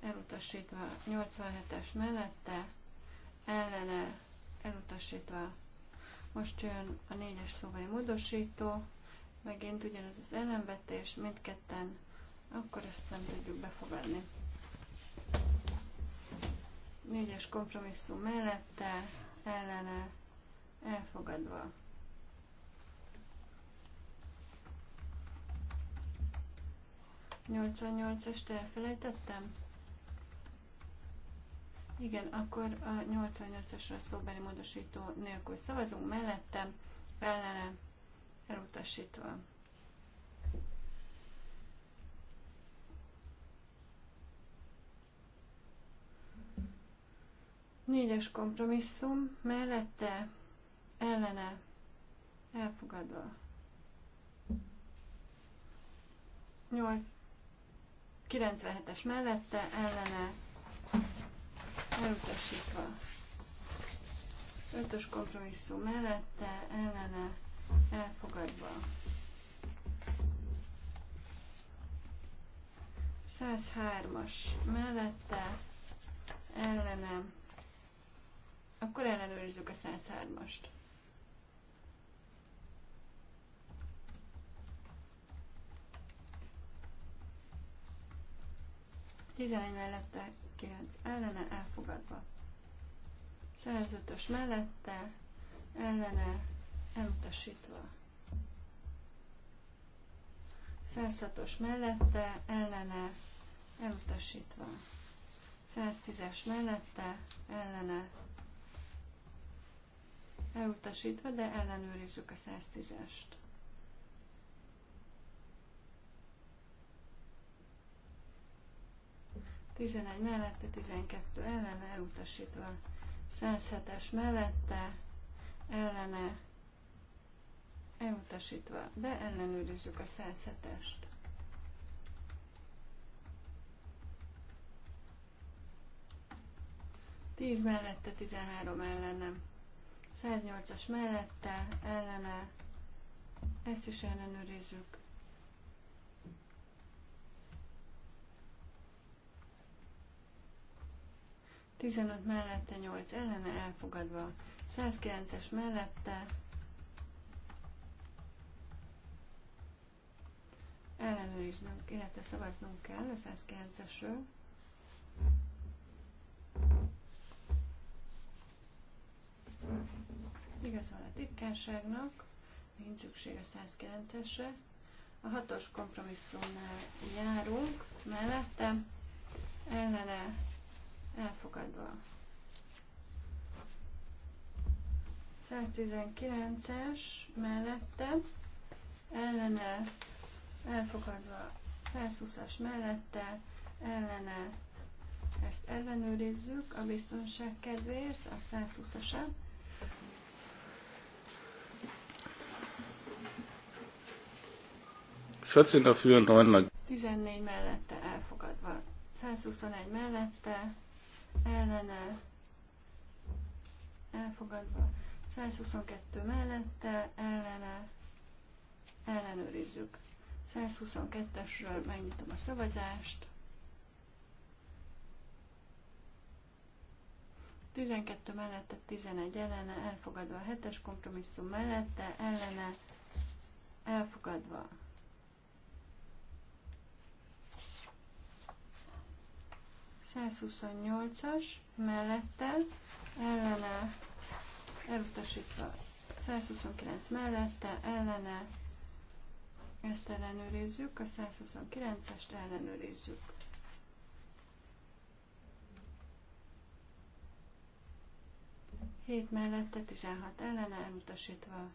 elutasítva. 87-es mellette, ellene elutasítva. Most jön a négyes szóbeli módosító, megint ugyanaz az ellenvetés, mindketten, akkor ezt nem tudjuk befogadni. Négyes kompromisszum mellette, ellene, elfogadva. Nyolcvannyolcast elfelejtettem? Igen, akkor a 88-asra szóbeli módosító nélkül szavazunk, mellettem, ellene, elutasítva. Négyes kompromisszum mellette ellene elfogadva. Nyolc, 97-es mellette ellene elutasítva. 5-ös kompromisszum mellette ellene elfogadva. 103-as mellette ellenem akkor ellenőrizzük a 103-ast. Tizenegy mellette, 9 ellene, elfogadva. 105-ös mellette, ellene, elutasítva. 106-os mellette, ellene, elutasítva. 110-es mellette, ellene, elutasítva, de ellenőrizzük a 110-est. Tizenegy mellette, 12 ellene, elutasítva. 107-es mellette, ellene, elutasítva, de ellenőrizzük a 107-est. Tíz mellette, 13 ellene. 108-as mellette, ellene, ezt is ellenőrizzük. Tizenöt mellette, nyolc ellene, elfogadva. 109-es mellette, ellenőriznünk, illetve szavaznunk kell a 109-esről. Thank you. Igazol a titkárságnak, nincs szükség a 109-esre. A hatos kompromisszumnál járunk, mellette ellene elfogadva. 119-es mellette ellene elfogadva 120-as mellette ellene ezt ellenőrizzük a biztonság kedvéért, a 120-asát. 14 dafür, 9 14 mellette elfogadva. 121 mellette, ellene, elfogadva. 122 mellette, ellene, ellenőrizzük. 122-esről megnyitom a szavazást. 12 mellette, 11 ellene, elfogadva a 7-es kompromisszum mellette, ellene, elfogadva 128-as mellette ellene elutasítva 129 mellette ellene ezt ellenőrizzük, a 129-est ellenőrizzük. Hét mellette, 16 ellene, elutasítva.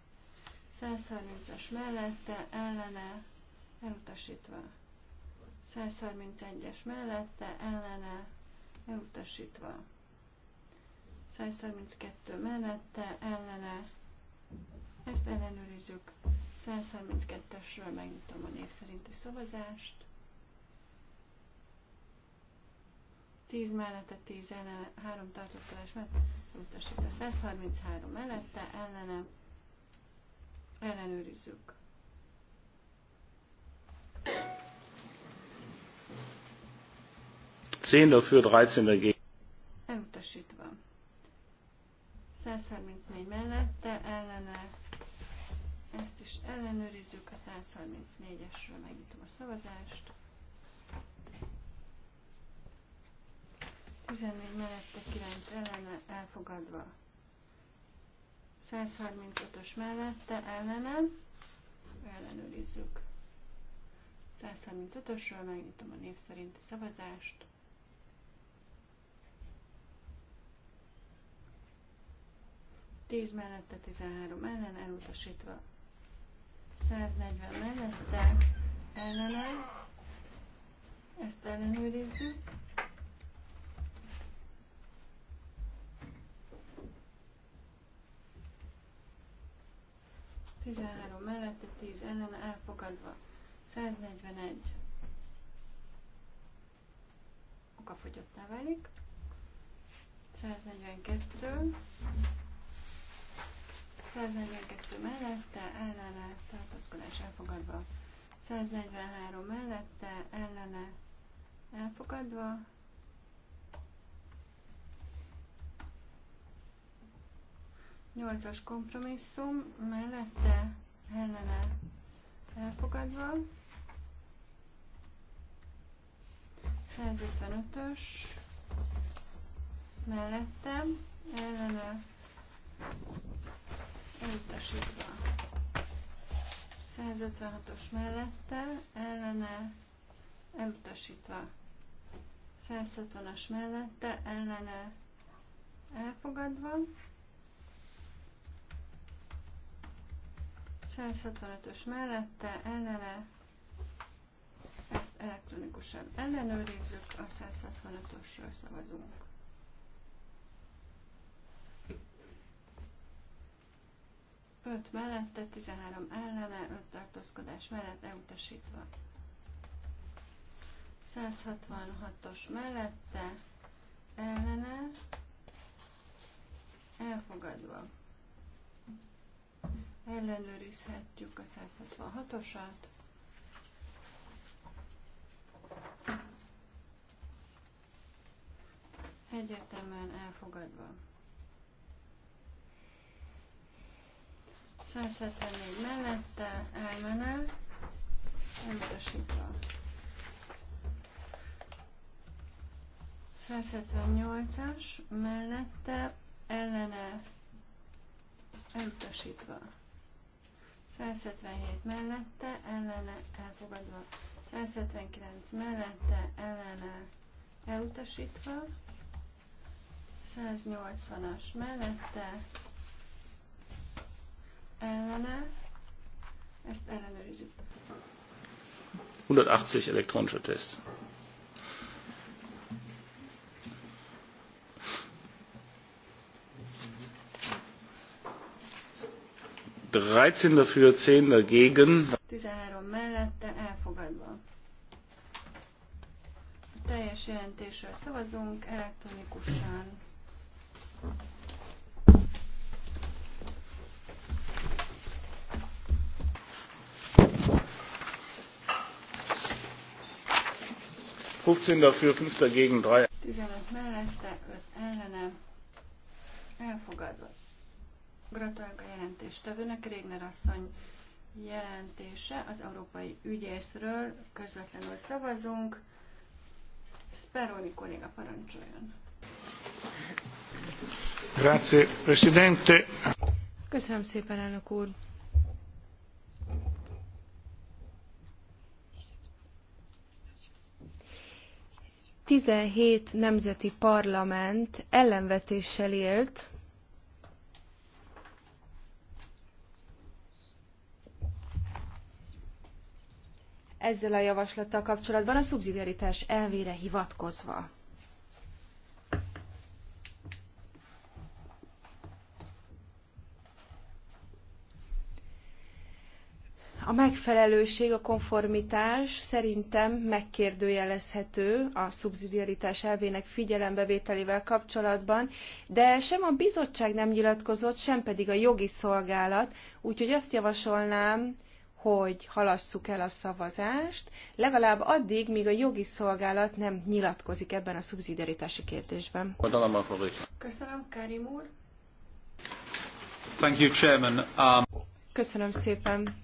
130-as mellette, ellene, elutasítva. 131-es mellette ellene elutasítva. 132 mellette ellene, ezt ellenőrizzük. 132-esről megnyitom a név szerinti szavazást. 10 mellette, 10 ellene, 3 tartózkodás mellett, elutasítva. 133 mellette, ellene, ellenőrizzük. 10 dafür, 13 dagegen. Elutasítva. 134 mellette, ellene. Ezt is ellenőrizzük a 134-esről. Megnyitom a szavazást. 14 mellette, 9 ellene, elfogadva. 135-ös mellette, ellene. Ellenőrizzük. 135-ösről megnyitom a név szerinti szavazást. 10 mellette, 13 ellen, elutasítva. 140 mellette, ellene, ezt ellenőrizzük. Tizenhárom mellette, 10 ellene, elfogadva. 141. Oka Okafogyottá válik. 142. 142 mellette, ellene, tartózkodás elfogadva. 143 mellette, ellene, elfogadva. Nyolcas kompromisszum, mellette, ellene, elfogadva. 155-ös, mellette, ellene, elutasítva. 156-os mellette, ellene, elutasítva. 160-as mellette, ellene, elfogadva. 165-ös mellette, ellene, ezt elektronikusan ellenőrizzük, a 165-ösről szavazunk. 5 mellette, 13 ellene, 5 tartózkodás mellett elutasítva. 166-os mellette, ellene, elfogadva. Ellenőrizhetjük a 166-osat. Egyértelműen elfogadva. 174 mellette elmene, elutasítva. 178-as mellette ellene elutasítva. 177 mellette ellene elfogadva. 179 mellette ellene elutasítva. 180-as mellette ellene. Ezt ellenőrizzük. 180 elektronischer Test. Dreizehn dafür, zehn dagegen. 13 mellette elfogadva. teljes jelentésről szavazunk elektronikusan. 15 dafür, 5 dagegen, 3. 15 mellette, 5 ellene. Elfogadva. Gratulálok a jelentéstevőnek, Régner asszony jelentése az európai ügyészről. Közvetlenül szavazunk. Speroni kolléga parancsoljon. Grazie, Presidente. Köszönöm szépen, elnök úr. 17 nemzeti parlament ellenvetéssel élt, ezzel a javaslattal kapcsolatban a szubszidiaritás elvére hivatkozva. A megfelelőség, a konformitás szerintem megkérdőjelezhető a szubszidiaritás elvének figyelembevételével kapcsolatban, de sem a bizottság nem nyilatkozott, sem pedig a jogi szolgálat, úgyhogy azt javasolnám, hogy halasszuk el a szavazást, legalább addig, míg a jogi szolgálat nem nyilatkozik ebben a szubszidiaritási kérdésben. Köszönöm, Karim úr. Thank you, Chairman. Um... Köszönöm szépen.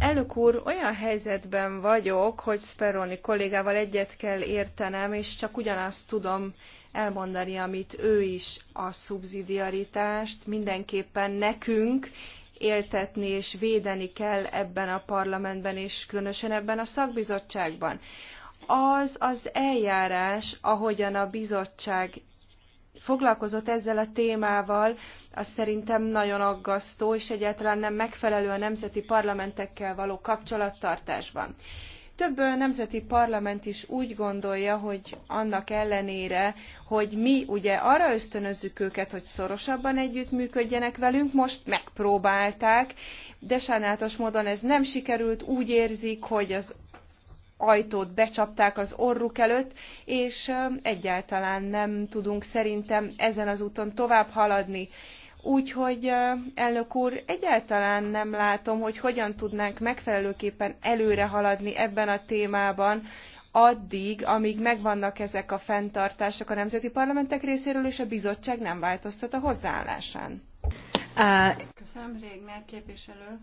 Elnök úr, olyan helyzetben vagyok, hogy Speroni kollégával egyet kell értenem, és csak ugyanazt tudom elmondani, amit ő is, a szubszidiaritást mindenképpen nekünk éltetni és védeni kell ebben a parlamentben, és különösen ebben a szakbizottságban. Az az eljárás, ahogyan a bizottság foglalkozott ezzel a témával, az szerintem nagyon aggasztó, és egyáltalán nem megfelelő a nemzeti parlamentekkel való kapcsolattartásban. Több nemzeti parlament is úgy gondolja, hogy annak ellenére, hogy mi ugye arra ösztönözzük őket, hogy szorosabban együttműködjenek velünk, most megpróbálták, de sajnálatos módon ez nem sikerült, úgy érzik, hogy az ajtót becsapták az orruk előtt, és egyáltalán nem tudunk szerintem ezen az úton tovább haladni. Úgyhogy, elnök úr, egyáltalán nem látom, hogy hogyan tudnánk megfelelőképpen előre haladni ebben a témában, addig, amíg megvannak ezek a fenntartások a nemzeti parlamentek részéről, és a bizottság nem változtat a hozzáállásán. Köszönöm, Régner képviselő,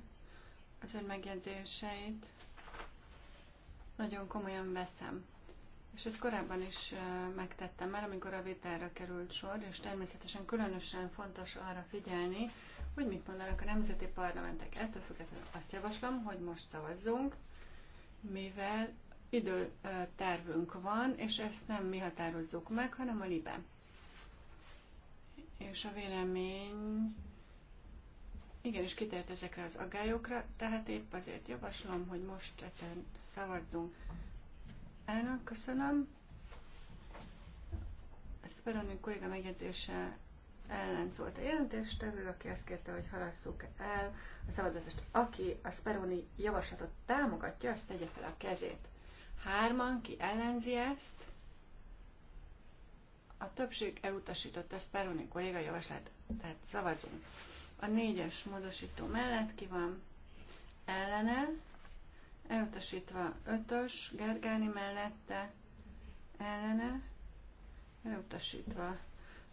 az ön megjegyzéseit nagyon komolyan veszem. És ezt korábban is megtettem már, amikor a vételre került sor, és természetesen különösen fontos arra figyelni, hogy mit mondanak a nemzeti parlamentek. Ettől függetlenül azt javaslom, hogy most szavazzunk, mivel időtervünk van, és ezt nem mi határozzuk meg, hanem a libe. És a vélemény igen, és kitért ezekre az aggályokra, tehát épp azért javaslom, hogy most egyszerűen szavazzunk. Elnök, köszönöm. Speroni kolléga megjegyzése ellen szólt a jelentéstevő, aki azt kérte, hogy halasszuk el a szavazást. Aki a Speroni javaslatot támogatja, azt tegye fel a kezét. Hárman, ki ellenzi ezt, a többség elutasította a Speroni kolléga javaslatát, tehát szavazunk. A négyes módosító mellett ki van ellene, elutasítva ötös, Gergáni mellette ellene, elutasítva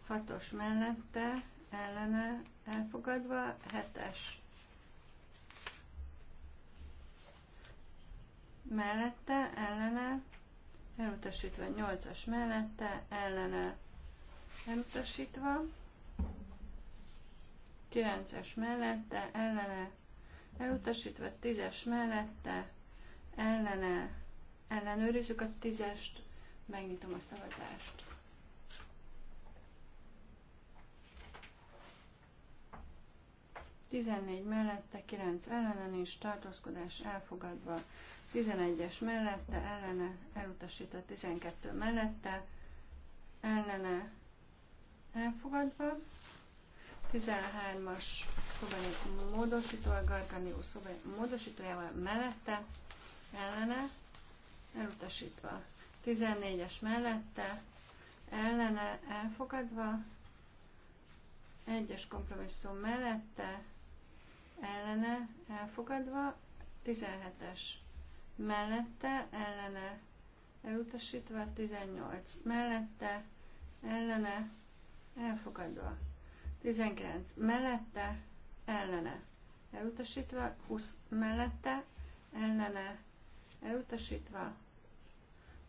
hatos mellette ellene, elfogadva hetes mellette ellene, elutasítva nyolcas mellette, ellene elutasítva, 9-es mellette, ellene, elutasítva 10-es mellette, ellene, ellenőrizzük a 10-est, megnyitom a szavazást. Tizennégy mellette, kilenc ellene nincs, tartózkodás elfogadva, tizenegyes mellette, ellene, elutasítva, tizenkettő mellette, ellene, elfogadva, 13-as szobai módosító, a Garganió szobani módosítójával mellette, ellene, elutasítva. 14-es mellette, ellene, elfogadva. 1-es kompromisszum mellette, ellene, elfogadva. 17-es mellette, ellene, elutasítva. 18 mellette, ellene, elfogadva. 19 mellette, ellene, elutasítva, 20 mellette, ellene, elutasítva,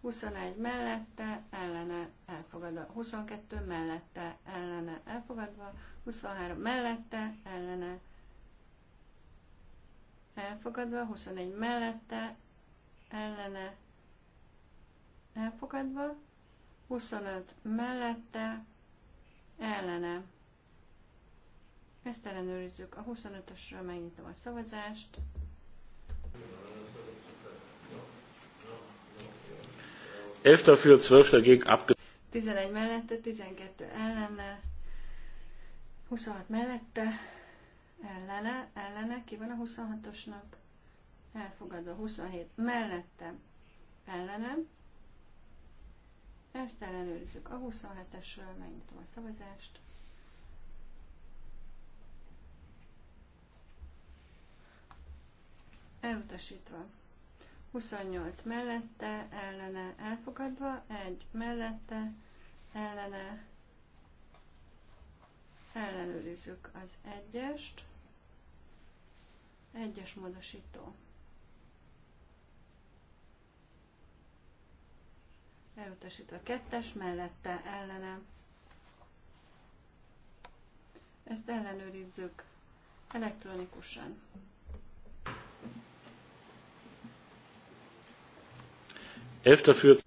21 mellette, ellene, elfogadva, 22 mellette, ellene, elfogadva, 23 mellette, ellene, elfogadva, 21 mellette, ellene, elfogadva, 25 mellette, ellene, ezt ellenőrizzük. A 25-ösről megnyitom a szavazást. Elfter für 12 dagegen abge 11 mellette, 12 ellene, 26 mellette, ellene, ellene, ki van a 26-osnak? Elfogadva, 27 mellette, ellene. Ezt ellenőrizzük. A 27-esről megnyitom a szavazást. elutasítva. 28 mellette, ellene elfogadva, 1 mellette, ellene ellenőrizzük az egyest, egyes módosító. Elutasítva kettes, mellette ellene. Ezt ellenőrizzük elektronikusan. 11 dafür.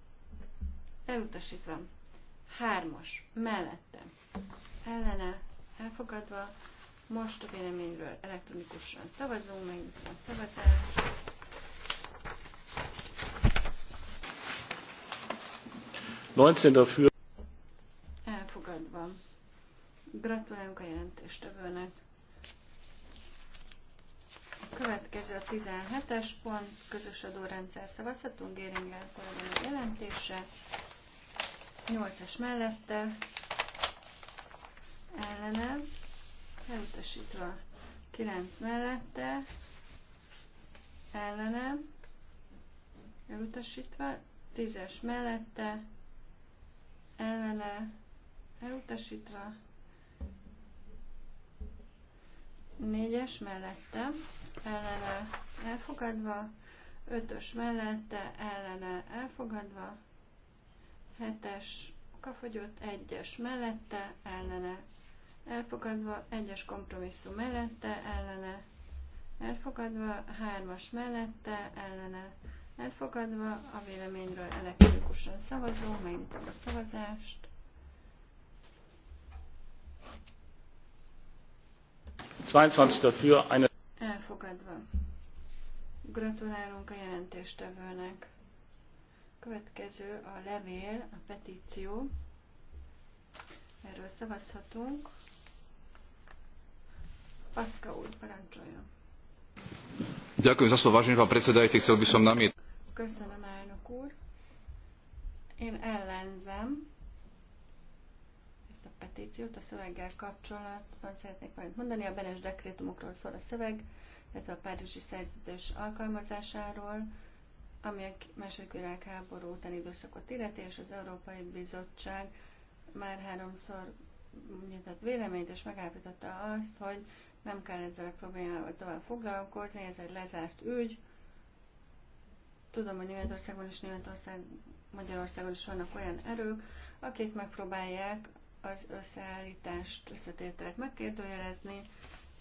Elutasítva. Hármas. Mellette. Ellene. Elfogadva. Most a véleményről elektronikusan szavazunk, megnyitom a szavazást. Elfogadva. Gratulálunk a jelentéstevőnek. Következő a 17-es pont, közös adórendszer szavazhatunk, Géringel a jelentése, 8-es mellette, ellenem, elutasítva 9 mellette, ellenem, elutasítva, 10-es mellette, ellene, elutasítva, 4-es mellette, ellene elfogadva, 5-ös mellette ellene elfogadva, 7-es kafogyott, 1-es mellette ellene elfogadva, 1-es kompromisszum mellette ellene elfogadva, 3-as mellette ellene elfogadva, a véleményről elektronikusan szavazó, megnyitom a szavazást. dafür, Elfogadva. Gratulálunk a jelentéstevőnek. Következő a levél, a petíció. Erről szavazhatunk. Paszka úr, parancsoljon. Ďakujem za slovo, vážený pán predsedajúci, chcel by som namiet. Köszönöm, elnök úr. Én ellenzem petíciót a szöveggel kapcsolatban szeretnék valamit mondani. A Benes dekrétumokról szól a szöveg, illetve a Párizsi szerződés alkalmazásáról, ami a második világháború utáni időszakot illeti, és az Európai Bizottság már háromszor nyitott véleményt, és megállapította azt, hogy nem kell ezzel a problémával tovább foglalkozni, ez egy lezárt ügy. Tudom, hogy Németországban és Németország Magyarországon is vannak olyan erők, akik megpróbálják az összeállítást, összetételt megkérdőjelezni,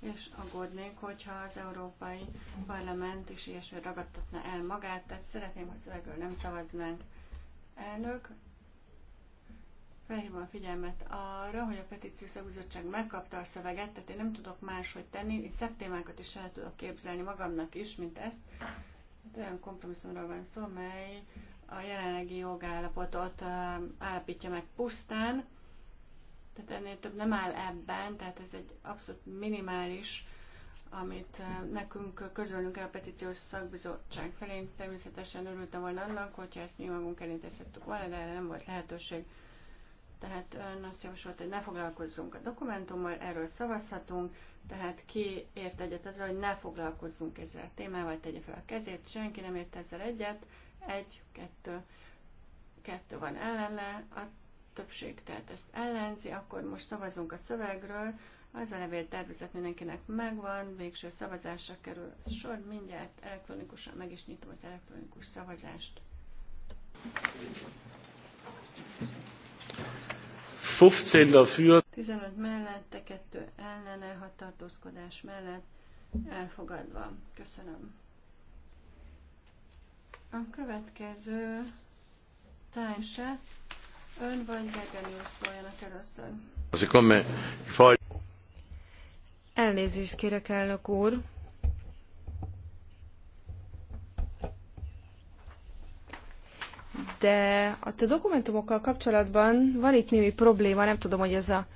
és aggódnék, hogyha az Európai Parlament is ilyesmi ragadtatna el magát, tehát szeretném, hogy szövegről nem szavaznánk. Elnök, felhívom a figyelmet arra, hogy a petíciós szakbizottság megkapta a szöveget, tehát én nem tudok máshogy tenni, én szaktémákat is el tudok képzelni magamnak is, mint ezt. Hát olyan kompromisszumról van szó, mely a jelenlegi jogállapotot állapítja meg pusztán, tehát ennél több nem áll ebben, tehát ez egy abszolút minimális, amit nekünk közölnünk kell a petíciós szakbizottság felé. természetesen örültem volna annak, hogyha ezt mi magunk elintézhettük volna, de erre nem volt lehetőség. Tehát ön azt javasolt, hogy ne foglalkozzunk a dokumentummal, erről szavazhatunk, tehát ki ért egyet azzal, hogy ne foglalkozzunk ezzel a témával, tegye fel a kezét, senki nem ért ezzel egyet, egy, kettő, kettő van ellene, a többség tehát ezt ellenzi, akkor most szavazunk a szövegről, az a levél tervezet mindenkinek megvan, végső szavazásra kerül sor, mindjárt elektronikusan meg is nyitom az elektronikus szavazást. 15 dafür. 15 mellette, 2 ellene, 6 tartózkodás mellett elfogadva. Köszönöm. A következő társa Ön vagy Degen úr szóljanak először. Elnézést kérek, elnök úr. De a te dokumentumokkal kapcsolatban van itt némi probléma, nem tudom, hogy ez a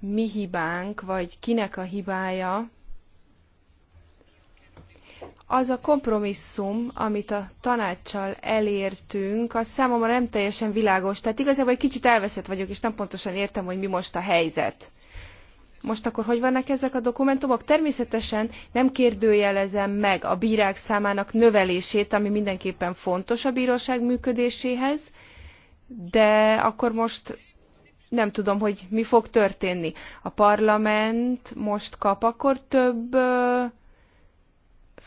mi hibánk, vagy kinek a hibája az a kompromisszum, amit a tanácssal elértünk, az számomra nem teljesen világos. Tehát igazából egy kicsit elveszett vagyok, és nem pontosan értem, hogy mi most a helyzet. Most akkor hogy vannak ezek a dokumentumok? Természetesen nem kérdőjelezem meg a bírák számának növelését, ami mindenképpen fontos a bíróság működéséhez, de akkor most nem tudom, hogy mi fog történni. A parlament most kap akkor több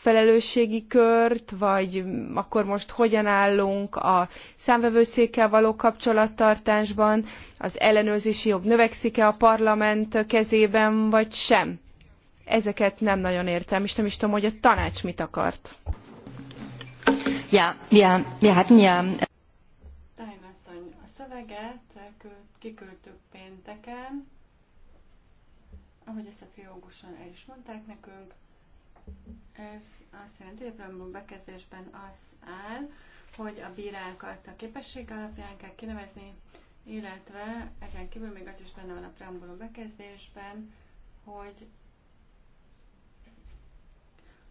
felelősségi kört, vagy akkor most hogyan állunk a számvevőszékkel való kapcsolattartásban, az ellenőrzési jog növekszik-e a parlament kezében, vagy sem. Ezeket nem nagyon értem, és nem is tudom, hogy a tanács mit akart. Ja, ja, ja, hát mi a... asszony, a szöveget kiküldtük pénteken, ahogy ezt a triógusan el is mondták nekünk, ez azt jelenti, hogy a programban bekezdésben az áll, hogy a bírákat a képesség alapján kell kinevezni, illetve ezen kívül még az is benne van a preambulum bekezdésben, hogy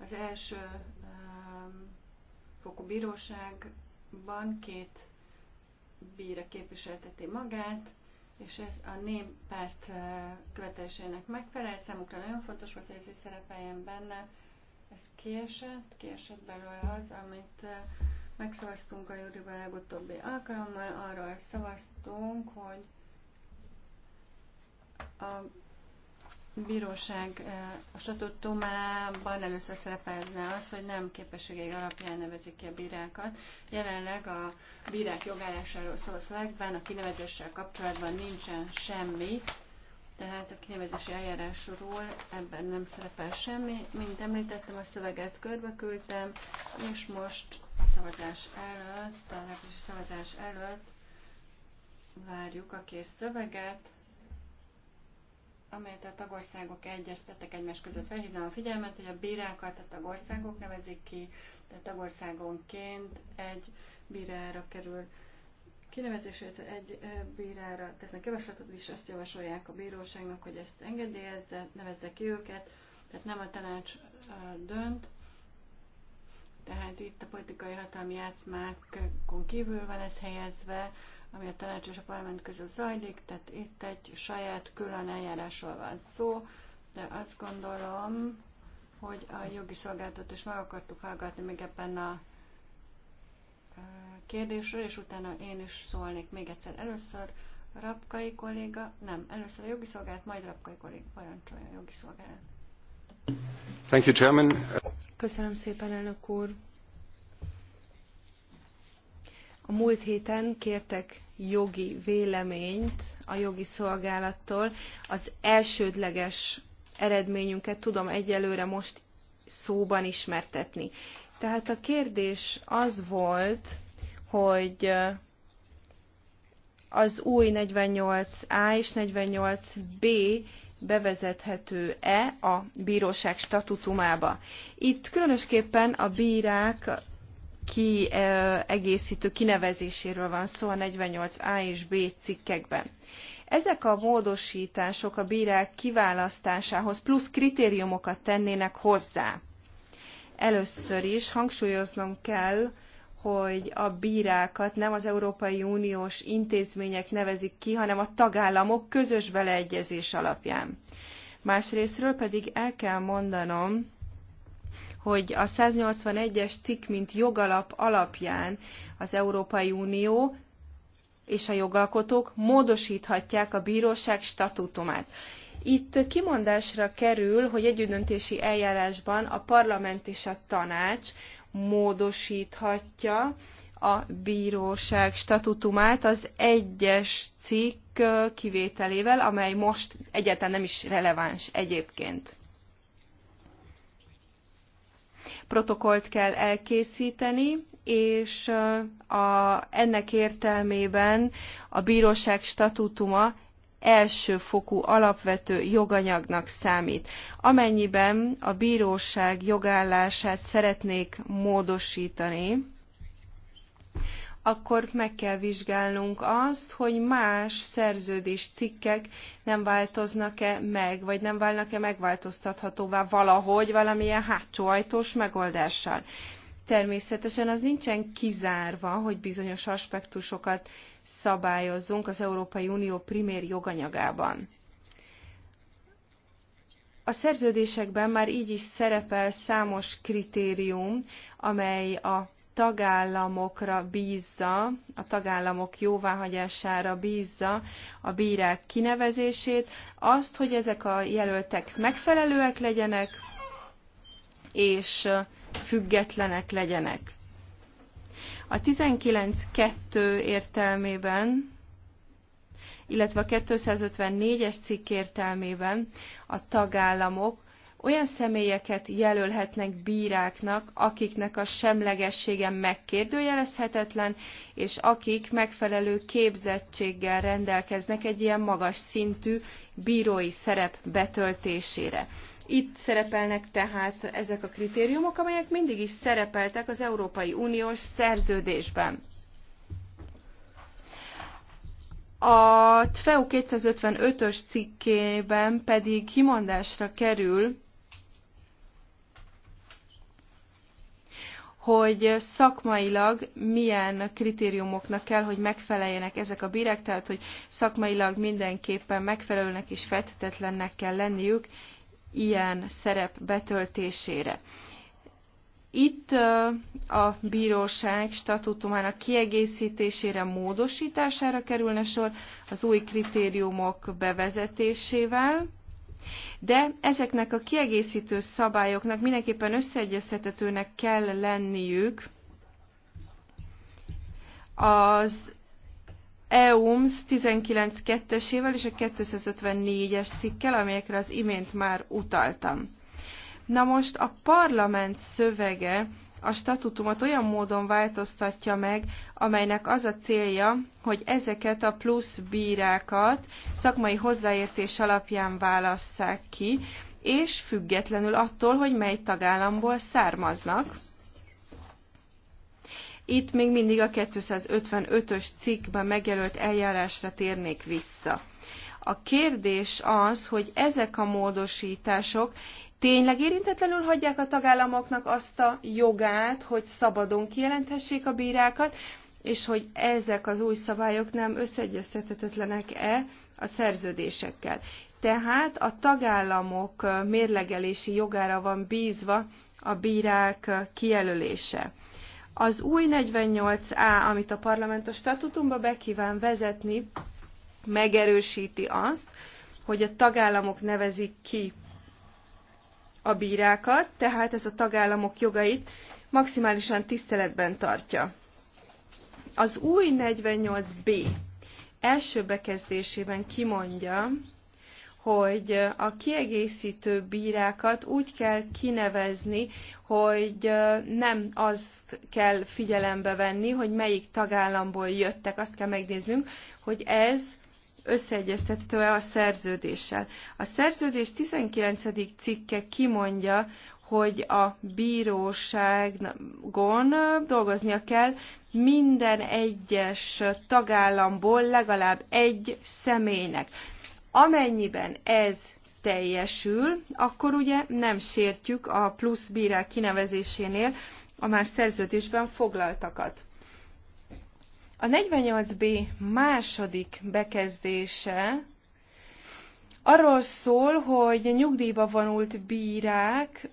az első um, fokú bíróságban két bíra képviselteti magát, és ez a néppárt eh, követésének megfelelt. Számukra nagyon fontos volt, hogy ez is szerepeljen benne. Ez kiesett, kiesett belőle az, amit eh, megszavaztunk a Júriban legutóbbi alkalommal. Arról szavaztunk, hogy a bíróság eh, a statutumában először szerepelne az, hogy nem képességei alapján nevezik ki a bírákat. Jelenleg a bírák jogállásáról szóló szövegben a kinevezéssel kapcsolatban nincsen semmi, tehát a kinevezési eljárásról ebben nem szerepel semmi. Mint említettem, a szöveget körbeküldtem, és most a szavazás előtt, a szavazás előtt várjuk a kész szöveget amelyet a tagországok egyeztettek egymás között. Felhívnám a figyelmet, hogy a bírákat a tagországok nevezik ki, tehát tagországonként egy bírára kerül kinevezését egy bírára tesznek javaslatot, és azt javasolják a bíróságnak, hogy ezt engedélyezze, nevezze ki őket, tehát nem a tanács dönt, tehát itt a politikai hatalmi játszmákon kívül van ez helyezve, ami a tanács és a parlament között zajlik, tehát itt egy saját külön eljárásról van szó, de azt gondolom, hogy a jogi szolgáltatót is meg akartuk hallgatni még ebben a kérdésről, és utána én is szólnék még egyszer. Először Rapkai kolléga, nem, először a jogi szolgált, majd Rapkai kolléga parancsolja a jogi szolgálat. Thank you, Chairman. Köszönöm szépen, elnök úr. A múlt héten kértek jogi véleményt a jogi szolgálattól. Az elsődleges eredményünket tudom egyelőre most szóban ismertetni. Tehát a kérdés az volt, hogy az új 48A és 48B bevezethető-e a bíróság statutumába. Itt különösképpen a bírák kiegészítő kinevezéséről van szó a 48A és B cikkekben. Ezek a módosítások a bírák kiválasztásához plusz kritériumokat tennének hozzá. Először is hangsúlyoznom kell, hogy a bírákat nem az Európai Uniós intézmények nevezik ki, hanem a tagállamok közös beleegyezés alapján. Másrésztről pedig el kell mondanom, hogy a 181-es cikk, mint jogalap alapján az Európai Unió és a jogalkotók módosíthatják a bíróság statutumát. Itt kimondásra kerül, hogy együttdöntési eljárásban a parlament és a tanács módosíthatja a bíróság statutumát az egyes cikk kivételével, amely most egyáltalán nem is releváns egyébként. protokollt kell elkészíteni, és a, ennek értelmében a bíróság statútuma elsőfokú alapvető joganyagnak számít. Amennyiben a bíróság jogállását szeretnék módosítani, akkor meg kell vizsgálnunk azt, hogy más szerződés cikkek nem változnak-e meg, vagy nem válnak-e megváltoztathatóvá valahogy valamilyen hátsó ajtós megoldással. Természetesen az nincsen kizárva, hogy bizonyos aspektusokat szabályozzunk az Európai Unió primér joganyagában. A szerződésekben már így is szerepel számos kritérium, amely a tagállamokra bízza, a tagállamok jóváhagyására bízza a bírák kinevezését, azt, hogy ezek a jelöltek megfelelőek legyenek, és függetlenek legyenek. A 19.2 értelmében, illetve a 254-es cikk értelmében a tagállamok olyan személyeket jelölhetnek bíráknak, akiknek a semlegessége megkérdőjelezhetetlen, és akik megfelelő képzettséggel rendelkeznek egy ilyen magas szintű bírói szerep betöltésére. Itt szerepelnek tehát ezek a kritériumok, amelyek mindig is szerepeltek az Európai Uniós szerződésben. A TFEU 255-ös cikkében pedig kimondásra kerül, hogy szakmailag milyen kritériumoknak kell, hogy megfeleljenek ezek a bírek, tehát hogy szakmailag mindenképpen megfelelőnek és fethetetlennek kell lenniük ilyen szerep betöltésére. Itt a bíróság statutumának kiegészítésére, módosítására kerülne sor az új kritériumok bevezetésével de ezeknek a kiegészítő szabályoknak mindenképpen összeegyeztethetőnek kell lenniük az EUMS 19.2-esével és a 254-es cikkel, amelyekre az imént már utaltam. Na most a parlament szövege a statutumot olyan módon változtatja meg, amelynek az a célja, hogy ezeket a plusz bírákat szakmai hozzáértés alapján válasszák ki, és függetlenül attól, hogy mely tagállamból származnak. Itt még mindig a 255-ös cikkben megjelölt eljárásra térnék vissza. A kérdés az, hogy ezek a módosítások tényleg érintetlenül hagyják a tagállamoknak azt a jogát, hogy szabadon kijelenthessék a bírákat, és hogy ezek az új szabályok nem összeegyeztethetetlenek-e a szerződésekkel. Tehát a tagállamok mérlegelési jogára van bízva a bírák kijelölése. Az új 48A, amit a parlament a statutumba bekíván vezetni, megerősíti azt, hogy a tagállamok nevezik ki a bírákat, tehát ez a tagállamok jogait maximálisan tiszteletben tartja. Az új 48b első bekezdésében kimondja, hogy a kiegészítő bírákat úgy kell kinevezni, hogy nem azt kell figyelembe venni, hogy melyik tagállamból jöttek, azt kell megnéznünk, hogy ez összeegyeztethető-e a szerződéssel. A szerződés 19. cikke kimondja, hogy a bíróságon dolgoznia kell minden egyes tagállamból legalább egy személynek. Amennyiben ez teljesül, akkor ugye nem sértjük a plusz bírák kinevezésénél a már szerződésben foglaltakat. A 48B második bekezdése arról szól, hogy nyugdíjba vonult bírák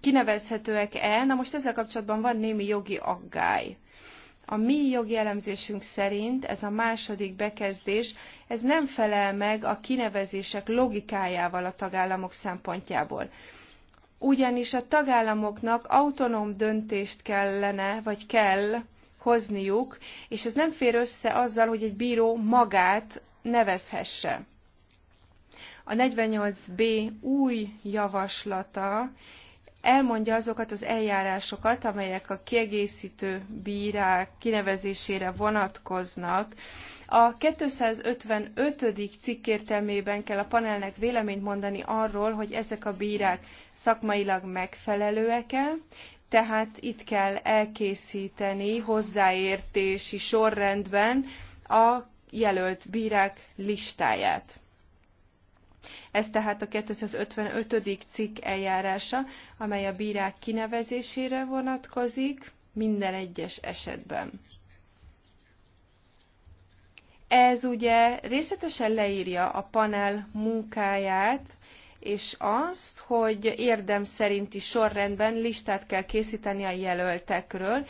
kinevezhetőek el. Na most ezzel kapcsolatban van némi jogi aggály. A mi jogi elemzésünk szerint ez a második bekezdés, ez nem felel meg a kinevezések logikájával a tagállamok szempontjából. Ugyanis a tagállamoknak autonóm döntést kellene, vagy kell hozniuk, és ez nem fér össze azzal, hogy egy bíró magát nevezhesse. A 48B új javaslata elmondja azokat az eljárásokat, amelyek a kiegészítő bírák kinevezésére vonatkoznak. A 255. cikk értelmében kell a panelnek véleményt mondani arról, hogy ezek a bírák szakmailag megfelelőek-e, tehát itt kell elkészíteni hozzáértési sorrendben a jelölt bírák listáját. Ez tehát a 255. cikk eljárása, amely a bírák kinevezésére vonatkozik minden egyes esetben. Ez ugye részletesen leírja a panel munkáját, és azt, hogy érdem szerinti sorrendben listát kell készíteni a jelöltekről.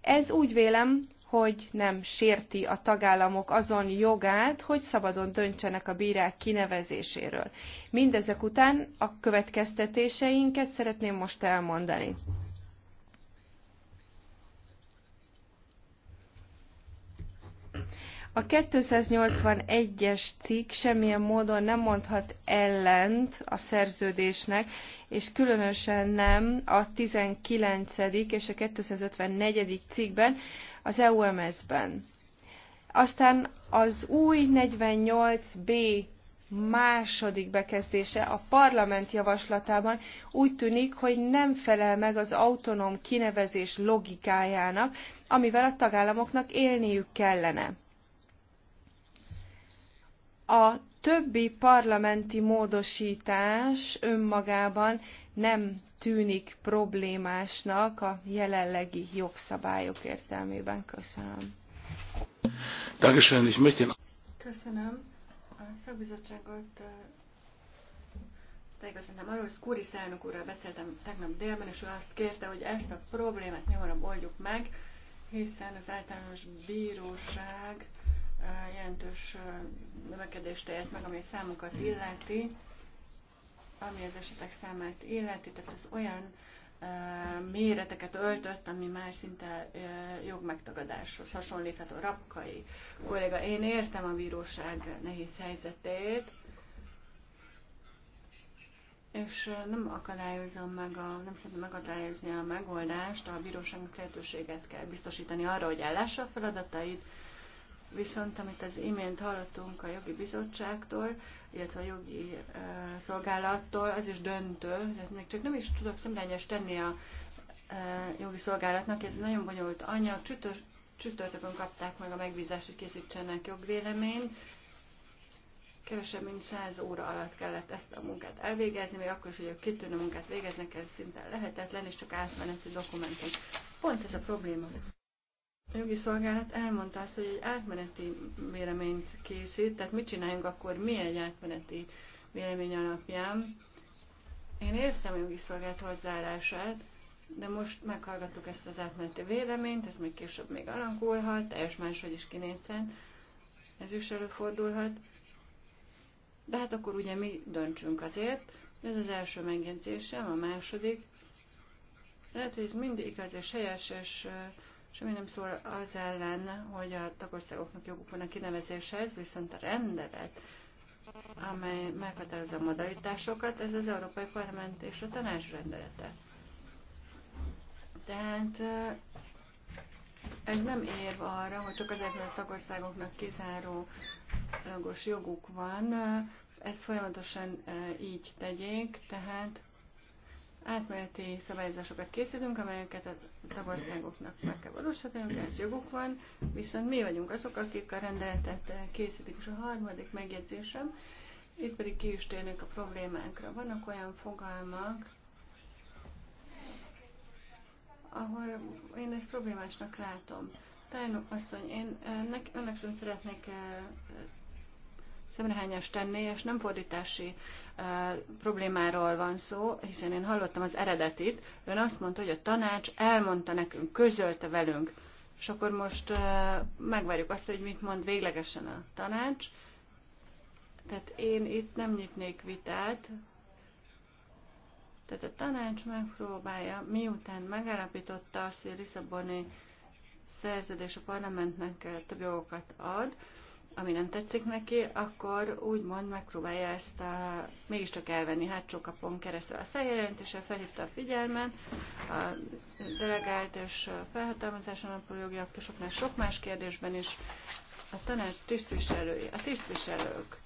Ez úgy vélem, hogy nem sérti a tagállamok azon jogát, hogy szabadon döntsenek a bírák kinevezéséről. Mindezek után a következtetéseinket szeretném most elmondani. A 281-es cikk semmilyen módon nem mondhat ellent a szerződésnek, és különösen nem a 19. és a 254. cikkben, az EUMS-ben. Aztán az új 48B második bekezdése a parlament javaslatában úgy tűnik, hogy nem felel meg az autonóm kinevezés logikájának, amivel a tagállamoknak élniük kellene. A többi parlamenti módosítás önmagában nem tűnik problémásnak a jelenlegi jogszabályok értelmében. Köszönöm. Köszönöm. A szakbizottságot tájékoztatnám arról, hogy Skúris elnök úrral beszéltem tegnap délben, és ő azt kérte, hogy ezt a problémát nyomorra oldjuk meg, hiszen az általános bíróság jelentős növekedést élt meg, ami számokat illeti, ami az esetek számát illeti, tehát ez olyan méreteket öltött, ami már szinte jogmegtagadáshoz hasonlítható. Rapkai kolléga, én értem a bíróság nehéz helyzetét, és nem akadályozom meg, a, nem szeretném megakadályozni a megoldást, a bíróságnak lehetőséget kell biztosítani arra, hogy ellássa a feladatait, Viszont amit az imént hallottunk a jogi bizottságtól, illetve a jogi eh, szolgálattól, az is döntő, még csak nem is tudok szemlányos tenni a eh, jogi szolgálatnak, ez nagyon bonyolult anyag, csütör, csütörtökön kapták meg a megbízást, hogy készítsenek jogvéleményt, kevesebb mint 100 óra alatt kellett ezt a munkát elvégezni, még akkor is, hogy a kitűnő munkát végeznek, ez szinte lehetetlen, és csak átmeneti dokumentum. Pont ez a probléma. A jogi szolgálat elmondta azt, hogy egy átmeneti véleményt készít, tehát mit csináljunk akkor mi egy átmeneti vélemény alapján. Én értem a jogi szolgálat hozzáállását, de most meghallgattuk ezt az átmeneti véleményt, ez még később még alakulhat, teljes máshogy is kinézhet, ez is előfordulhat. De hát akkor ugye mi döntsünk azért. Ez az első megjegyzésem, a második. Lehet, hogy ez mindig igaz és helyes, és uh, Semmi nem szól az ellen, hogy a tagországoknak joguk van a kinevezéshez, viszont a rendelet, amely meghatározza a modalitásokat, ez az Európai Parlament és a Tanács rendelete. Tehát ez nem érv arra, hogy csak ezeknek a tagországoknak kizárólagos joguk van, ezt folyamatosan így tegyék, tehát átmeneti szabályozásokat készítünk, amelyeket a tagországoknak meg kell valósítani, ez joguk van, viszont mi vagyunk azok, akik a rendeletet készítik, és a harmadik megjegyzésem, itt pedig ki is térnek a problémánkra. Vannak olyan fogalmak, ahol én ezt problémásnak látom. Tájnó asszony, én eh, nek, önnek sem szeretnék eh, szemrehányást tenni, és nem fordítási problémáról van szó, hiszen én hallottam az eredetit, ön azt mondta, hogy a tanács elmondta nekünk, közölte velünk, és akkor most megvárjuk azt, hogy mit mond véglegesen a tanács. Tehát én itt nem nyitnék vitát, tehát a tanács megpróbálja, miután megállapította azt, hogy a Lisszaboni szerződés a parlamentnek több jogokat ad, ami nem tetszik neki, akkor úgymond megpróbálja ezt a, mégiscsak elvenni hátsó kapon keresztül. A szájjelentéssel felhívta a figyelmet, a delegált és felhatalmazáson a jogi aktusoknál sok más kérdésben is a tanács tisztviselői, a tisztviselők,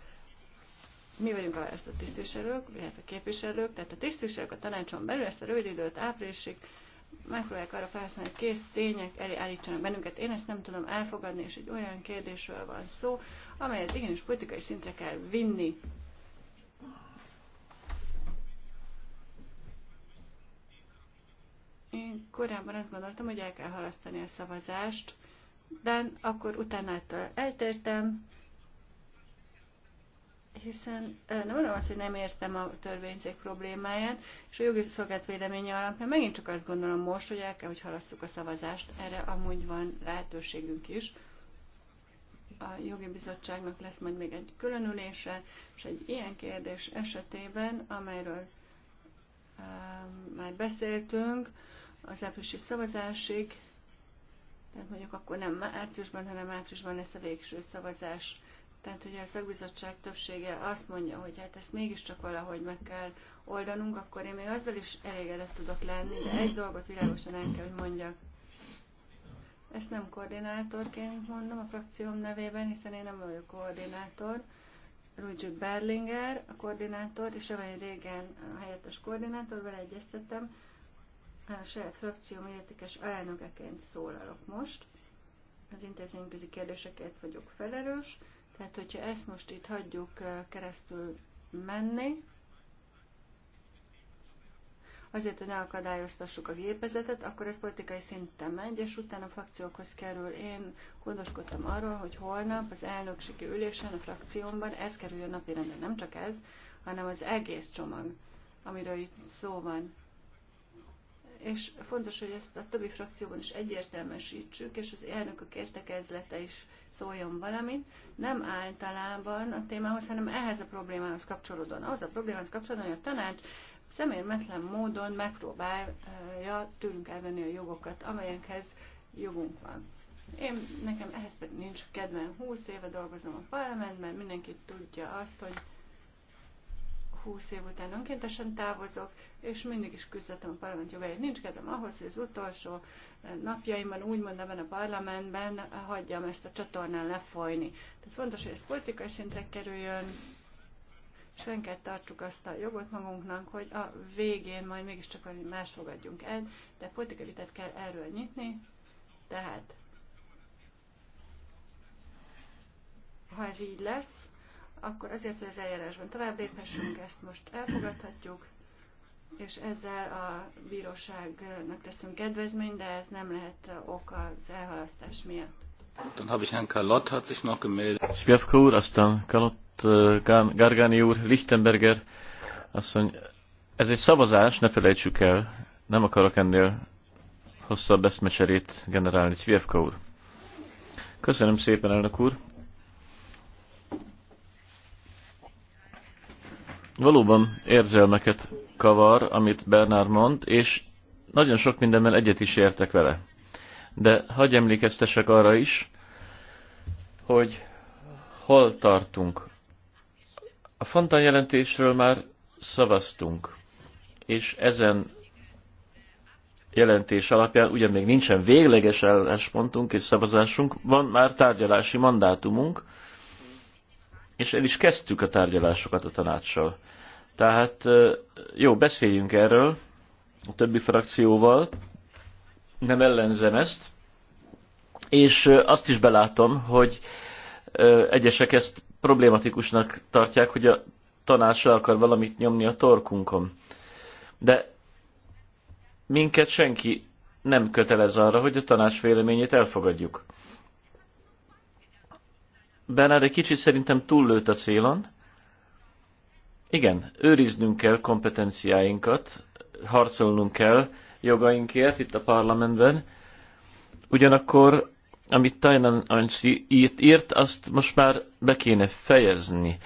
mi vagyunk a választott tisztviselők, illetve képviselők, tehát a tisztviselők a tanácson belül ezt a rövid időt áprilisig megpróbálják arra felhasználni, hogy kész tények elé állítsanak bennünket. Én ezt nem tudom elfogadni, és egy olyan kérdésről van szó, amelyet igenis politikai szintre kell vinni. Én korábban azt gondoltam, hogy el kell halasztani a szavazást, de akkor utána ettől eltértem, hiszen nem mondom azt, hogy nem értem a törvényszék problémáját, és a jogi szolgált véleménye alapján megint csak azt gondolom most, hogy el kell, hogy halasszuk a szavazást, erre amúgy van lehetőségünk is. A jogi bizottságnak lesz majd még egy különülése, és egy ilyen kérdés esetében, amelyről uh, már beszéltünk, az áprilisi szavazásig, tehát mondjuk akkor nem márciusban, hanem áprilisban lesz a végső szavazás tehát, hogy a szakbizottság többsége azt mondja, hogy hát ezt mégiscsak valahogy meg kell oldanunk, akkor én még azzal is elégedett tudok lenni, de egy dolgot világosan el kell, hogy mondjak. Ezt nem koordinátorként mondom a frakcióm nevében, hiszen én nem vagyok koordinátor. Luigi Berlinger a koordinátor, és Evelyn régen a helyettes koordinátorval egyeztettem. A saját frakcióm értékes alelnökeként szólalok most. Az intézményközi kérdésekért vagyok felelős tehát, hogyha ezt most itt hagyjuk keresztül menni, azért, hogy ne akadályoztassuk a gépezetet, akkor ez politikai szinten megy, és utána a frakciókhoz kerül. Én gondoskodtam arról, hogy holnap az elnökségi ülésen, a frakciómban ez kerüljön napirendre. Nem csak ez, hanem az egész csomag, amiről itt szó van és fontos, hogy ezt a többi frakcióban is egyértelműsítsük, és az elnökök értekezlete is szóljon valamit, nem általában a témához, hanem ehhez a problémához kapcsolódóan. Ahhoz a problémához kapcsolódóan, hogy a tanács szemérmetlen módon megpróbálja tőlünk elvenni a jogokat, amelyekhez jogunk van. Én nekem ehhez pedig nincs kedvem. 20 éve dolgozom a parlamentben, mindenki tudja azt, hogy 20 év után önkéntesen távozok, és mindig is küzdöttem a parlament jogáért. Nincs kedvem ahhoz, hogy az utolsó eh, napjaimban, úgymond ebben a parlamentben hagyjam ezt a csatornán lefolyni. Tehát fontos, hogy ez politikai szintre kerüljön, és önként tartsuk azt a jogot magunknak, hogy a végén majd mégiscsak valami más fogadjunk el, de politikai vitát kell erről nyitni, tehát ha ez így lesz, akkor azért, hogy az eljárásban tovább léphessünk, ezt most elfogadhatjuk, és ezzel a bíróságnak teszünk kedvezményt, de ez nem lehet ok az elhalasztás miatt. Dann habe ich Herrn Kalott hat sich noch gemeldet. Szpjavka úr, aztán Kalott, Gargani úr, Lichtenberger mondja, Ez egy szavazás, ne felejtsük el. Nem akarok ennél hosszabb eszmecserét generálni. Szpjavka úr. Köszönöm szépen, elnök úr. valóban érzelmeket kavar, amit Bernard mond, és nagyon sok mindenben egyet is értek vele. De hagyj emlékeztessek arra is, hogy hol tartunk. A Fontan jelentésről már szavaztunk, és ezen jelentés alapján ugyan még nincsen végleges álláspontunk és szavazásunk, van már tárgyalási mandátumunk, és el is kezdtük a tárgyalásokat a tanácssal. Tehát jó, beszéljünk erről a többi frakcióval, nem ellenzem ezt, és azt is belátom, hogy egyesek ezt problématikusnak tartják, hogy a tanács akar valamit nyomni a torkunkon. De minket senki nem kötelez arra, hogy a tanács véleményét elfogadjuk. Bernard egy kicsit szerintem túllőtt a célon. Igen, őriznünk kell kompetenciáinkat, harcolnunk kell jogainkért itt a parlamentben. Ugyanakkor, amit Tajnan Ansi írt, írt, azt most már be kéne fejezni.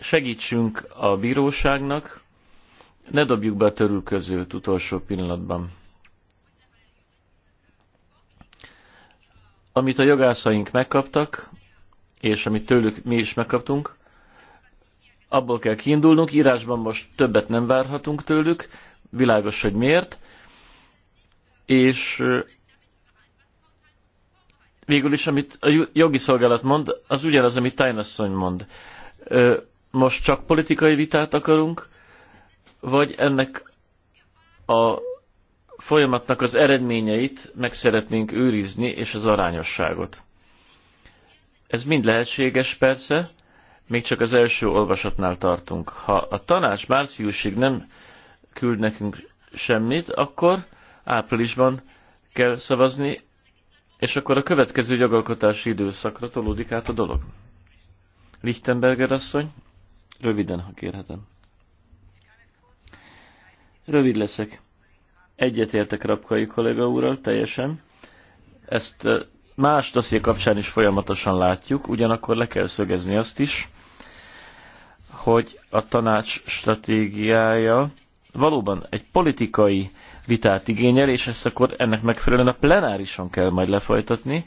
Segítsünk a bíróságnak, ne dobjuk be a törülközőt utolsó pillanatban. Amit a jogászaink megkaptak, és amit tőlük mi is megkaptunk, abból kell kiindulnunk, írásban most többet nem várhatunk tőlük, világos, hogy miért, és végül is, amit a jogi szolgálat mond, az ugyanaz, amit Tájnasszony mond. Most csak politikai vitát akarunk, vagy ennek a folyamatnak az eredményeit meg szeretnénk őrizni, és az arányosságot. Ez mind lehetséges persze, még csak az első olvasatnál tartunk. Ha a tanács márciusig nem küld nekünk semmit, akkor áprilisban kell szavazni, és akkor a következő jogalkotási időszakra tolódik át a dolog. Lichtenberger asszony, röviden, ha kérhetem. Rövid leszek. Egyetértek Rapkai kollega úrral teljesen. Ezt eh, más dosszié kapcsán is folyamatosan látjuk, ugyanakkor le kell szögezni azt is, hogy a tanács stratégiája valóban egy politikai vitát igényel, és ezt akkor ennek megfelelően a plenárison kell majd lefolytatni.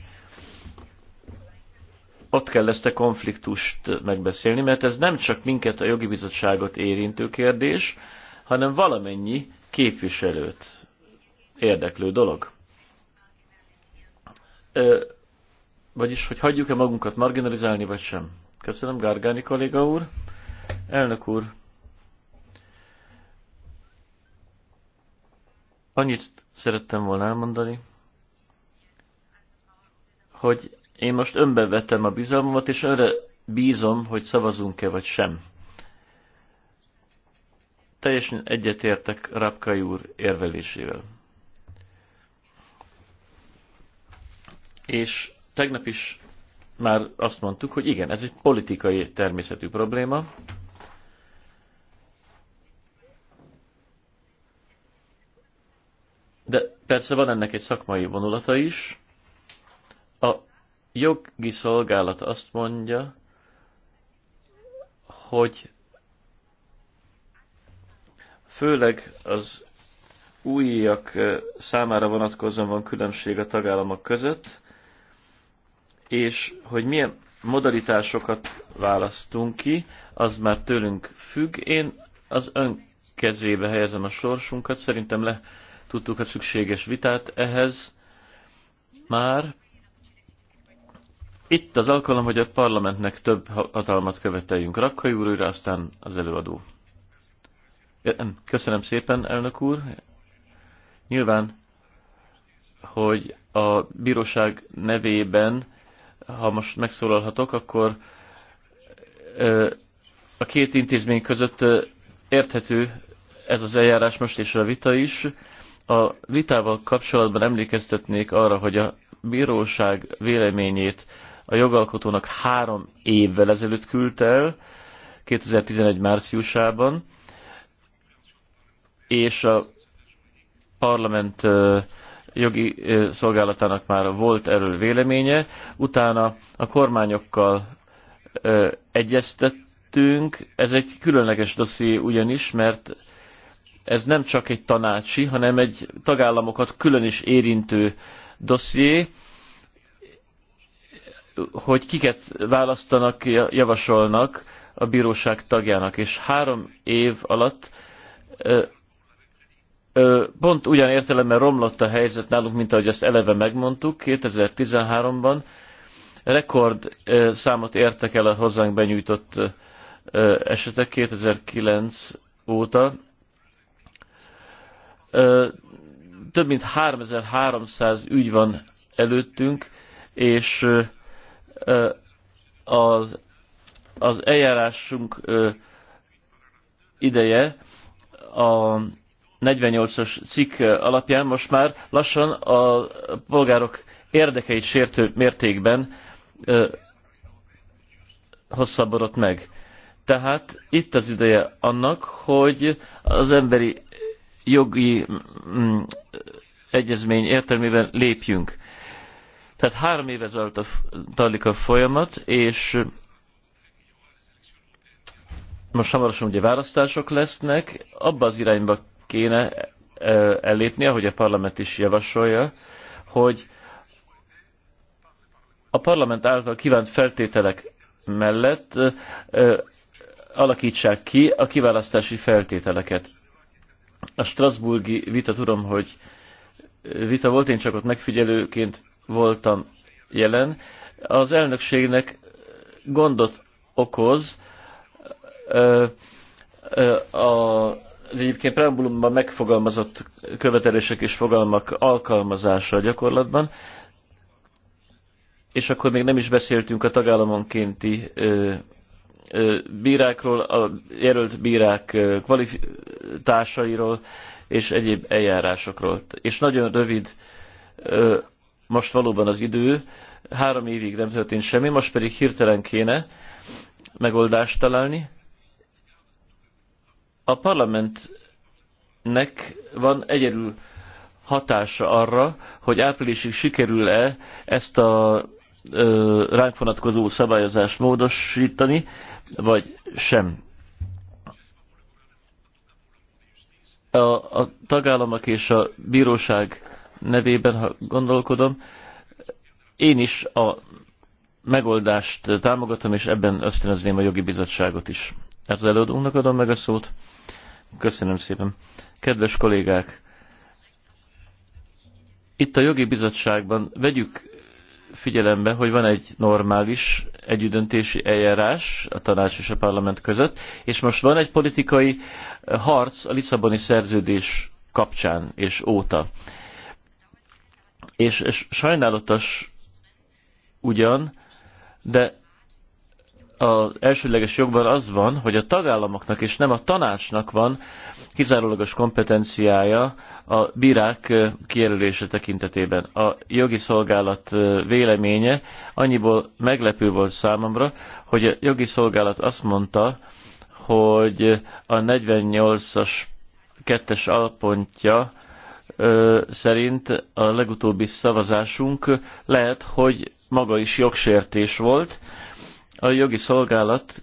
Ott kell ezt a konfliktust megbeszélni, mert ez nem csak minket, a jogi bizottságot érintő kérdés, hanem valamennyi képviselőt érdeklő dolog vagyis, hogy hagyjuk-e magunkat marginalizálni, vagy sem. Köszönöm, Gárgáni kolléga úr. Elnök úr, annyit szerettem volna elmondani, hogy én most önbe vettem a bizalmamat, és önre bízom, hogy szavazunk-e vagy sem. Teljesen egyetértek Rapkai úr érvelésével. és tegnap is már azt mondtuk, hogy igen, ez egy politikai természetű probléma. De persze van ennek egy szakmai vonulata is. A jogi szolgálat azt mondja, hogy főleg az újjak számára vonatkozóan van különbség a tagállamok között, és hogy milyen modalitásokat választunk ki, az már tőlünk függ. Én az ön kezébe helyezem a sorsunkat, szerintem le tudtuk a szükséges vitát ehhez már. Itt az alkalom, hogy a parlamentnek több hatalmat követeljünk. Rakkai úr, újra aztán az előadó. Köszönöm szépen, elnök úr. Nyilván, hogy a bíróság nevében ha most megszólalhatok, akkor a két intézmény között érthető ez az eljárás most és a vita is. A vitával kapcsolatban emlékeztetnék arra, hogy a bíróság véleményét a jogalkotónak három évvel ezelőtt küldte el, 2011 márciusában, és a parlament jogi szolgálatának már volt erről véleménye, utána a kormányokkal egyeztettünk, ez egy különleges dosszi ugyanis, mert ez nem csak egy tanácsi, hanem egy tagállamokat külön is érintő dosszié, hogy kiket választanak, javasolnak a bíróság tagjának, és három év alatt pont ugyan értelemben romlott a helyzet nálunk, mint ahogy azt eleve megmondtuk 2013-ban. Rekord számot értek el a hozzánk benyújtott esetek 2009 óta. Több mint 3300 ügy van előttünk, és az, az eljárásunk ideje a 48-as cikk alapján most már lassan a polgárok érdekeit sértő mértékben ö, hosszabbodott meg. Tehát itt az ideje annak, hogy az emberi jogi mm, egyezmény értelmében lépjünk. Tehát három éve zajlik a folyamat, és most hamarosan ugye választások lesznek, abba az irányba kéne ellépnie, hogy a parlament is javasolja, hogy a parlament által kívánt feltételek mellett alakítsák ki a kiválasztási feltételeket. A Strasburgi vita tudom, hogy vita volt, én csak ott megfigyelőként voltam jelen. Az elnökségnek gondot okoz ö, ö, a az egyébként preambulumban megfogalmazott követelések és fogalmak alkalmazása a gyakorlatban, és akkor még nem is beszéltünk a tagállamonkénti ö, ö, bírákról, a jelölt bírák kvalitásairól és egyéb eljárásokról. És nagyon rövid ö, most valóban az idő, három évig nem történt semmi, most pedig hirtelen kéne megoldást találni, a parlamentnek van egyedül hatása arra, hogy áprilisig sikerül-e ezt a ö, ránk vonatkozó szabályozást módosítani, vagy sem. A, a tagállamok és a bíróság nevében, ha gondolkodom, én is a megoldást támogatom, és ebben ösztönözném a jogi bizottságot is. Ezzel előadónak adom meg a szót. Köszönöm szépen. Kedves kollégák, itt a jogi bizottságban vegyük figyelembe, hogy van egy normális együttdöntési eljárás a tanács és a parlament között, és most van egy politikai harc a Lisszaboni szerződés kapcsán és óta. És, és sajnálatos ugyan, de az elsődleges jogban az van, hogy a tagállamoknak és nem a tanácsnak van kizárólagos kompetenciája a bírák kijelölése tekintetében. A jogi szolgálat véleménye annyiból meglepő volt számomra, hogy a jogi szolgálat azt mondta, hogy a 48-as kettes alpontja szerint a legutóbbi szavazásunk lehet, hogy maga is jogsértés volt, a jogi szolgálat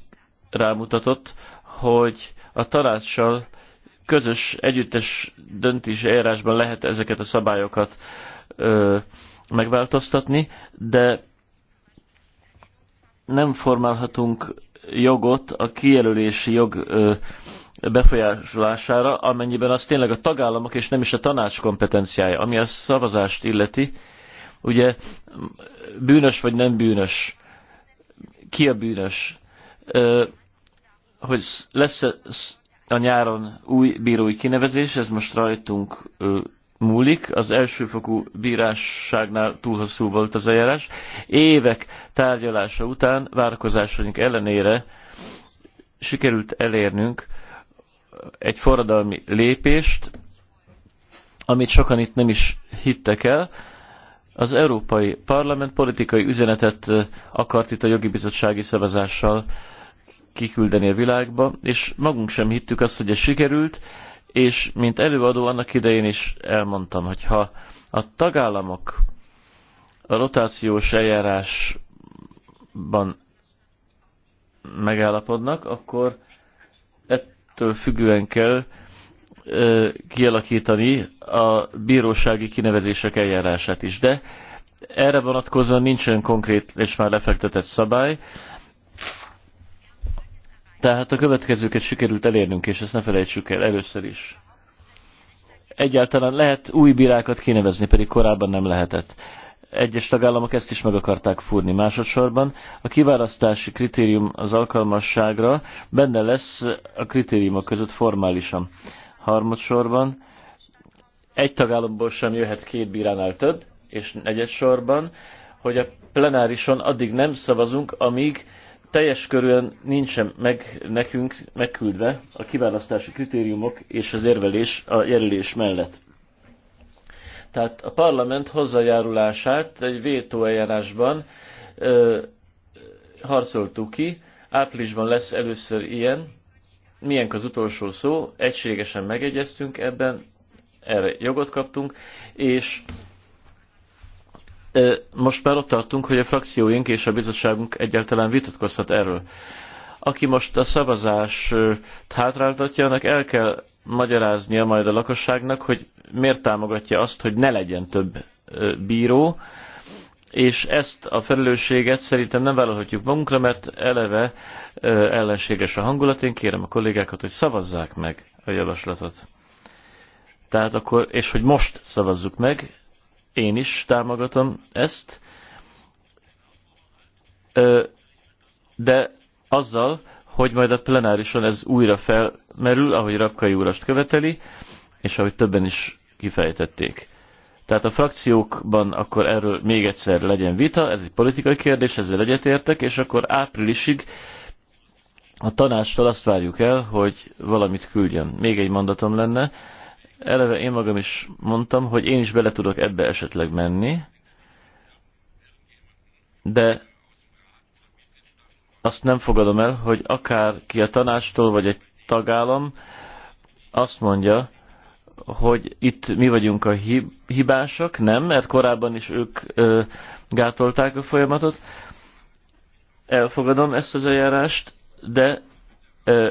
rámutatott, hogy a tanácssal közös, együttes döntési eljárásban lehet ezeket a szabályokat ö, megváltoztatni, de nem formálhatunk jogot a kijelölési jog ö, befolyásolására, amennyiben az tényleg a tagállamok és nem is a tanács kompetenciája, ami a szavazást illeti, ugye bűnös vagy nem bűnös ki a bűnös, hogy lesz -e a nyáron új bírói kinevezés, ez most rajtunk múlik, az elsőfokú bírásságnál túl hosszú volt az eljárás. Évek tárgyalása után várakozásaink ellenére sikerült elérnünk egy forradalmi lépést, amit sokan itt nem is hittek el, az Európai Parlament politikai üzenetet akart itt a jogi bizottsági szavazással kiküldeni a világba, és magunk sem hittük azt, hogy ez sikerült, és mint előadó annak idején is elmondtam, hogy ha a tagállamok a rotációs eljárásban megállapodnak, akkor ettől függően kell kialakítani a bírósági kinevezések eljárását is, de erre vonatkozóan nincsen konkrét és már lefektetett szabály, tehát a következőket sikerült elérnünk, és ezt ne felejtsük el először is. Egyáltalán lehet új bírákat kinevezni, pedig korábban nem lehetett. Egyes tagállamok ezt is meg akarták fúrni másodszorban. A kiválasztási kritérium az alkalmasságra benne lesz a kritériumok között formálisan harmadsorban. Egy tagállamból sem jöhet két bíránál több, és negyedsorban, hogy a plenárison addig nem szavazunk, amíg teljes körülön nincsen meg nekünk megküldve a kiválasztási kritériumok és az érvelés a jelölés mellett. Tehát a parlament hozzájárulását egy vétóeljárásban harcoltuk ki. Áprilisban lesz először ilyen, milyen az utolsó szó, egységesen megegyeztünk ebben, erre jogot kaptunk, és most már ott tartunk, hogy a frakcióink és a bizottságunk egyáltalán vitatkozhat erről. Aki most a szavazás hátráltatja, annak el kell magyaráznia majd a lakosságnak, hogy miért támogatja azt, hogy ne legyen több bíró, és ezt a felelősséget szerintem nem vállalhatjuk magunkra, mert eleve ö, ellenséges a hangulat. Én kérem a kollégákat, hogy szavazzák meg a javaslatot. Tehát akkor, és hogy most szavazzuk meg, én is támogatom ezt, ö, de azzal, hogy majd a plenárison ez újra felmerül, ahogy Rakkai úrast követeli, és ahogy többen is kifejtették. Tehát a frakciókban akkor erről még egyszer legyen vita, ez egy politikai kérdés, ezzel egyetértek, és akkor áprilisig a tanástól azt várjuk el, hogy valamit küldjön. Még egy mondatom lenne. Eleve én magam is mondtam, hogy én is bele tudok ebbe esetleg menni, de azt nem fogadom el, hogy akár ki a tanástól, vagy egy tagállam azt mondja, hogy itt mi vagyunk a hibásak, nem, mert korábban is ők ö, gátolták a folyamatot. Elfogadom ezt az eljárást, de ö,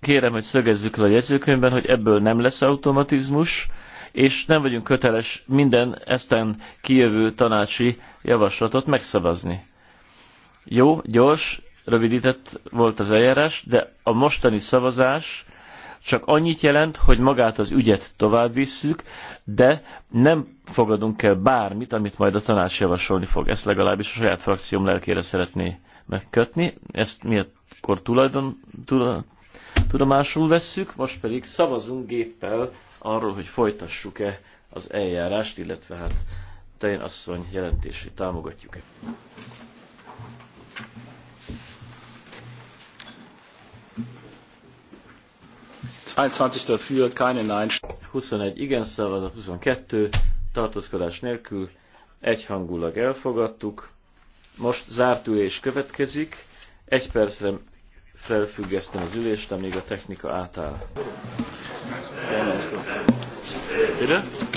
kérem, hogy szögezzük le a jegyzőkönyvben, hogy ebből nem lesz automatizmus, és nem vagyunk köteles minden eztán kijövő tanácsi javaslatot megszavazni. Jó, gyors, rövidített volt az eljárás, de a mostani szavazás csak annyit jelent, hogy magát az ügyet tovább visszük, de nem fogadunk el bármit, amit majd a tanács javasolni fog. Ezt legalábbis a saját frakcióm lelkére szeretné megkötni. Ezt miért akkor tulajdon, tula, tudomásul vesszük, most pedig szavazunk géppel arról, hogy folytassuk-e az eljárást, illetve hát Tején asszony jelentését támogatjuk-e. 22 dafür, keine Nein. 21 igen szavazat, 22 tartózkodás nélkül egyhangulag elfogadtuk. Most zárt ülés következik. Egy percre felfüggesztem az ülést, amíg a technika átáll. Köszönöm.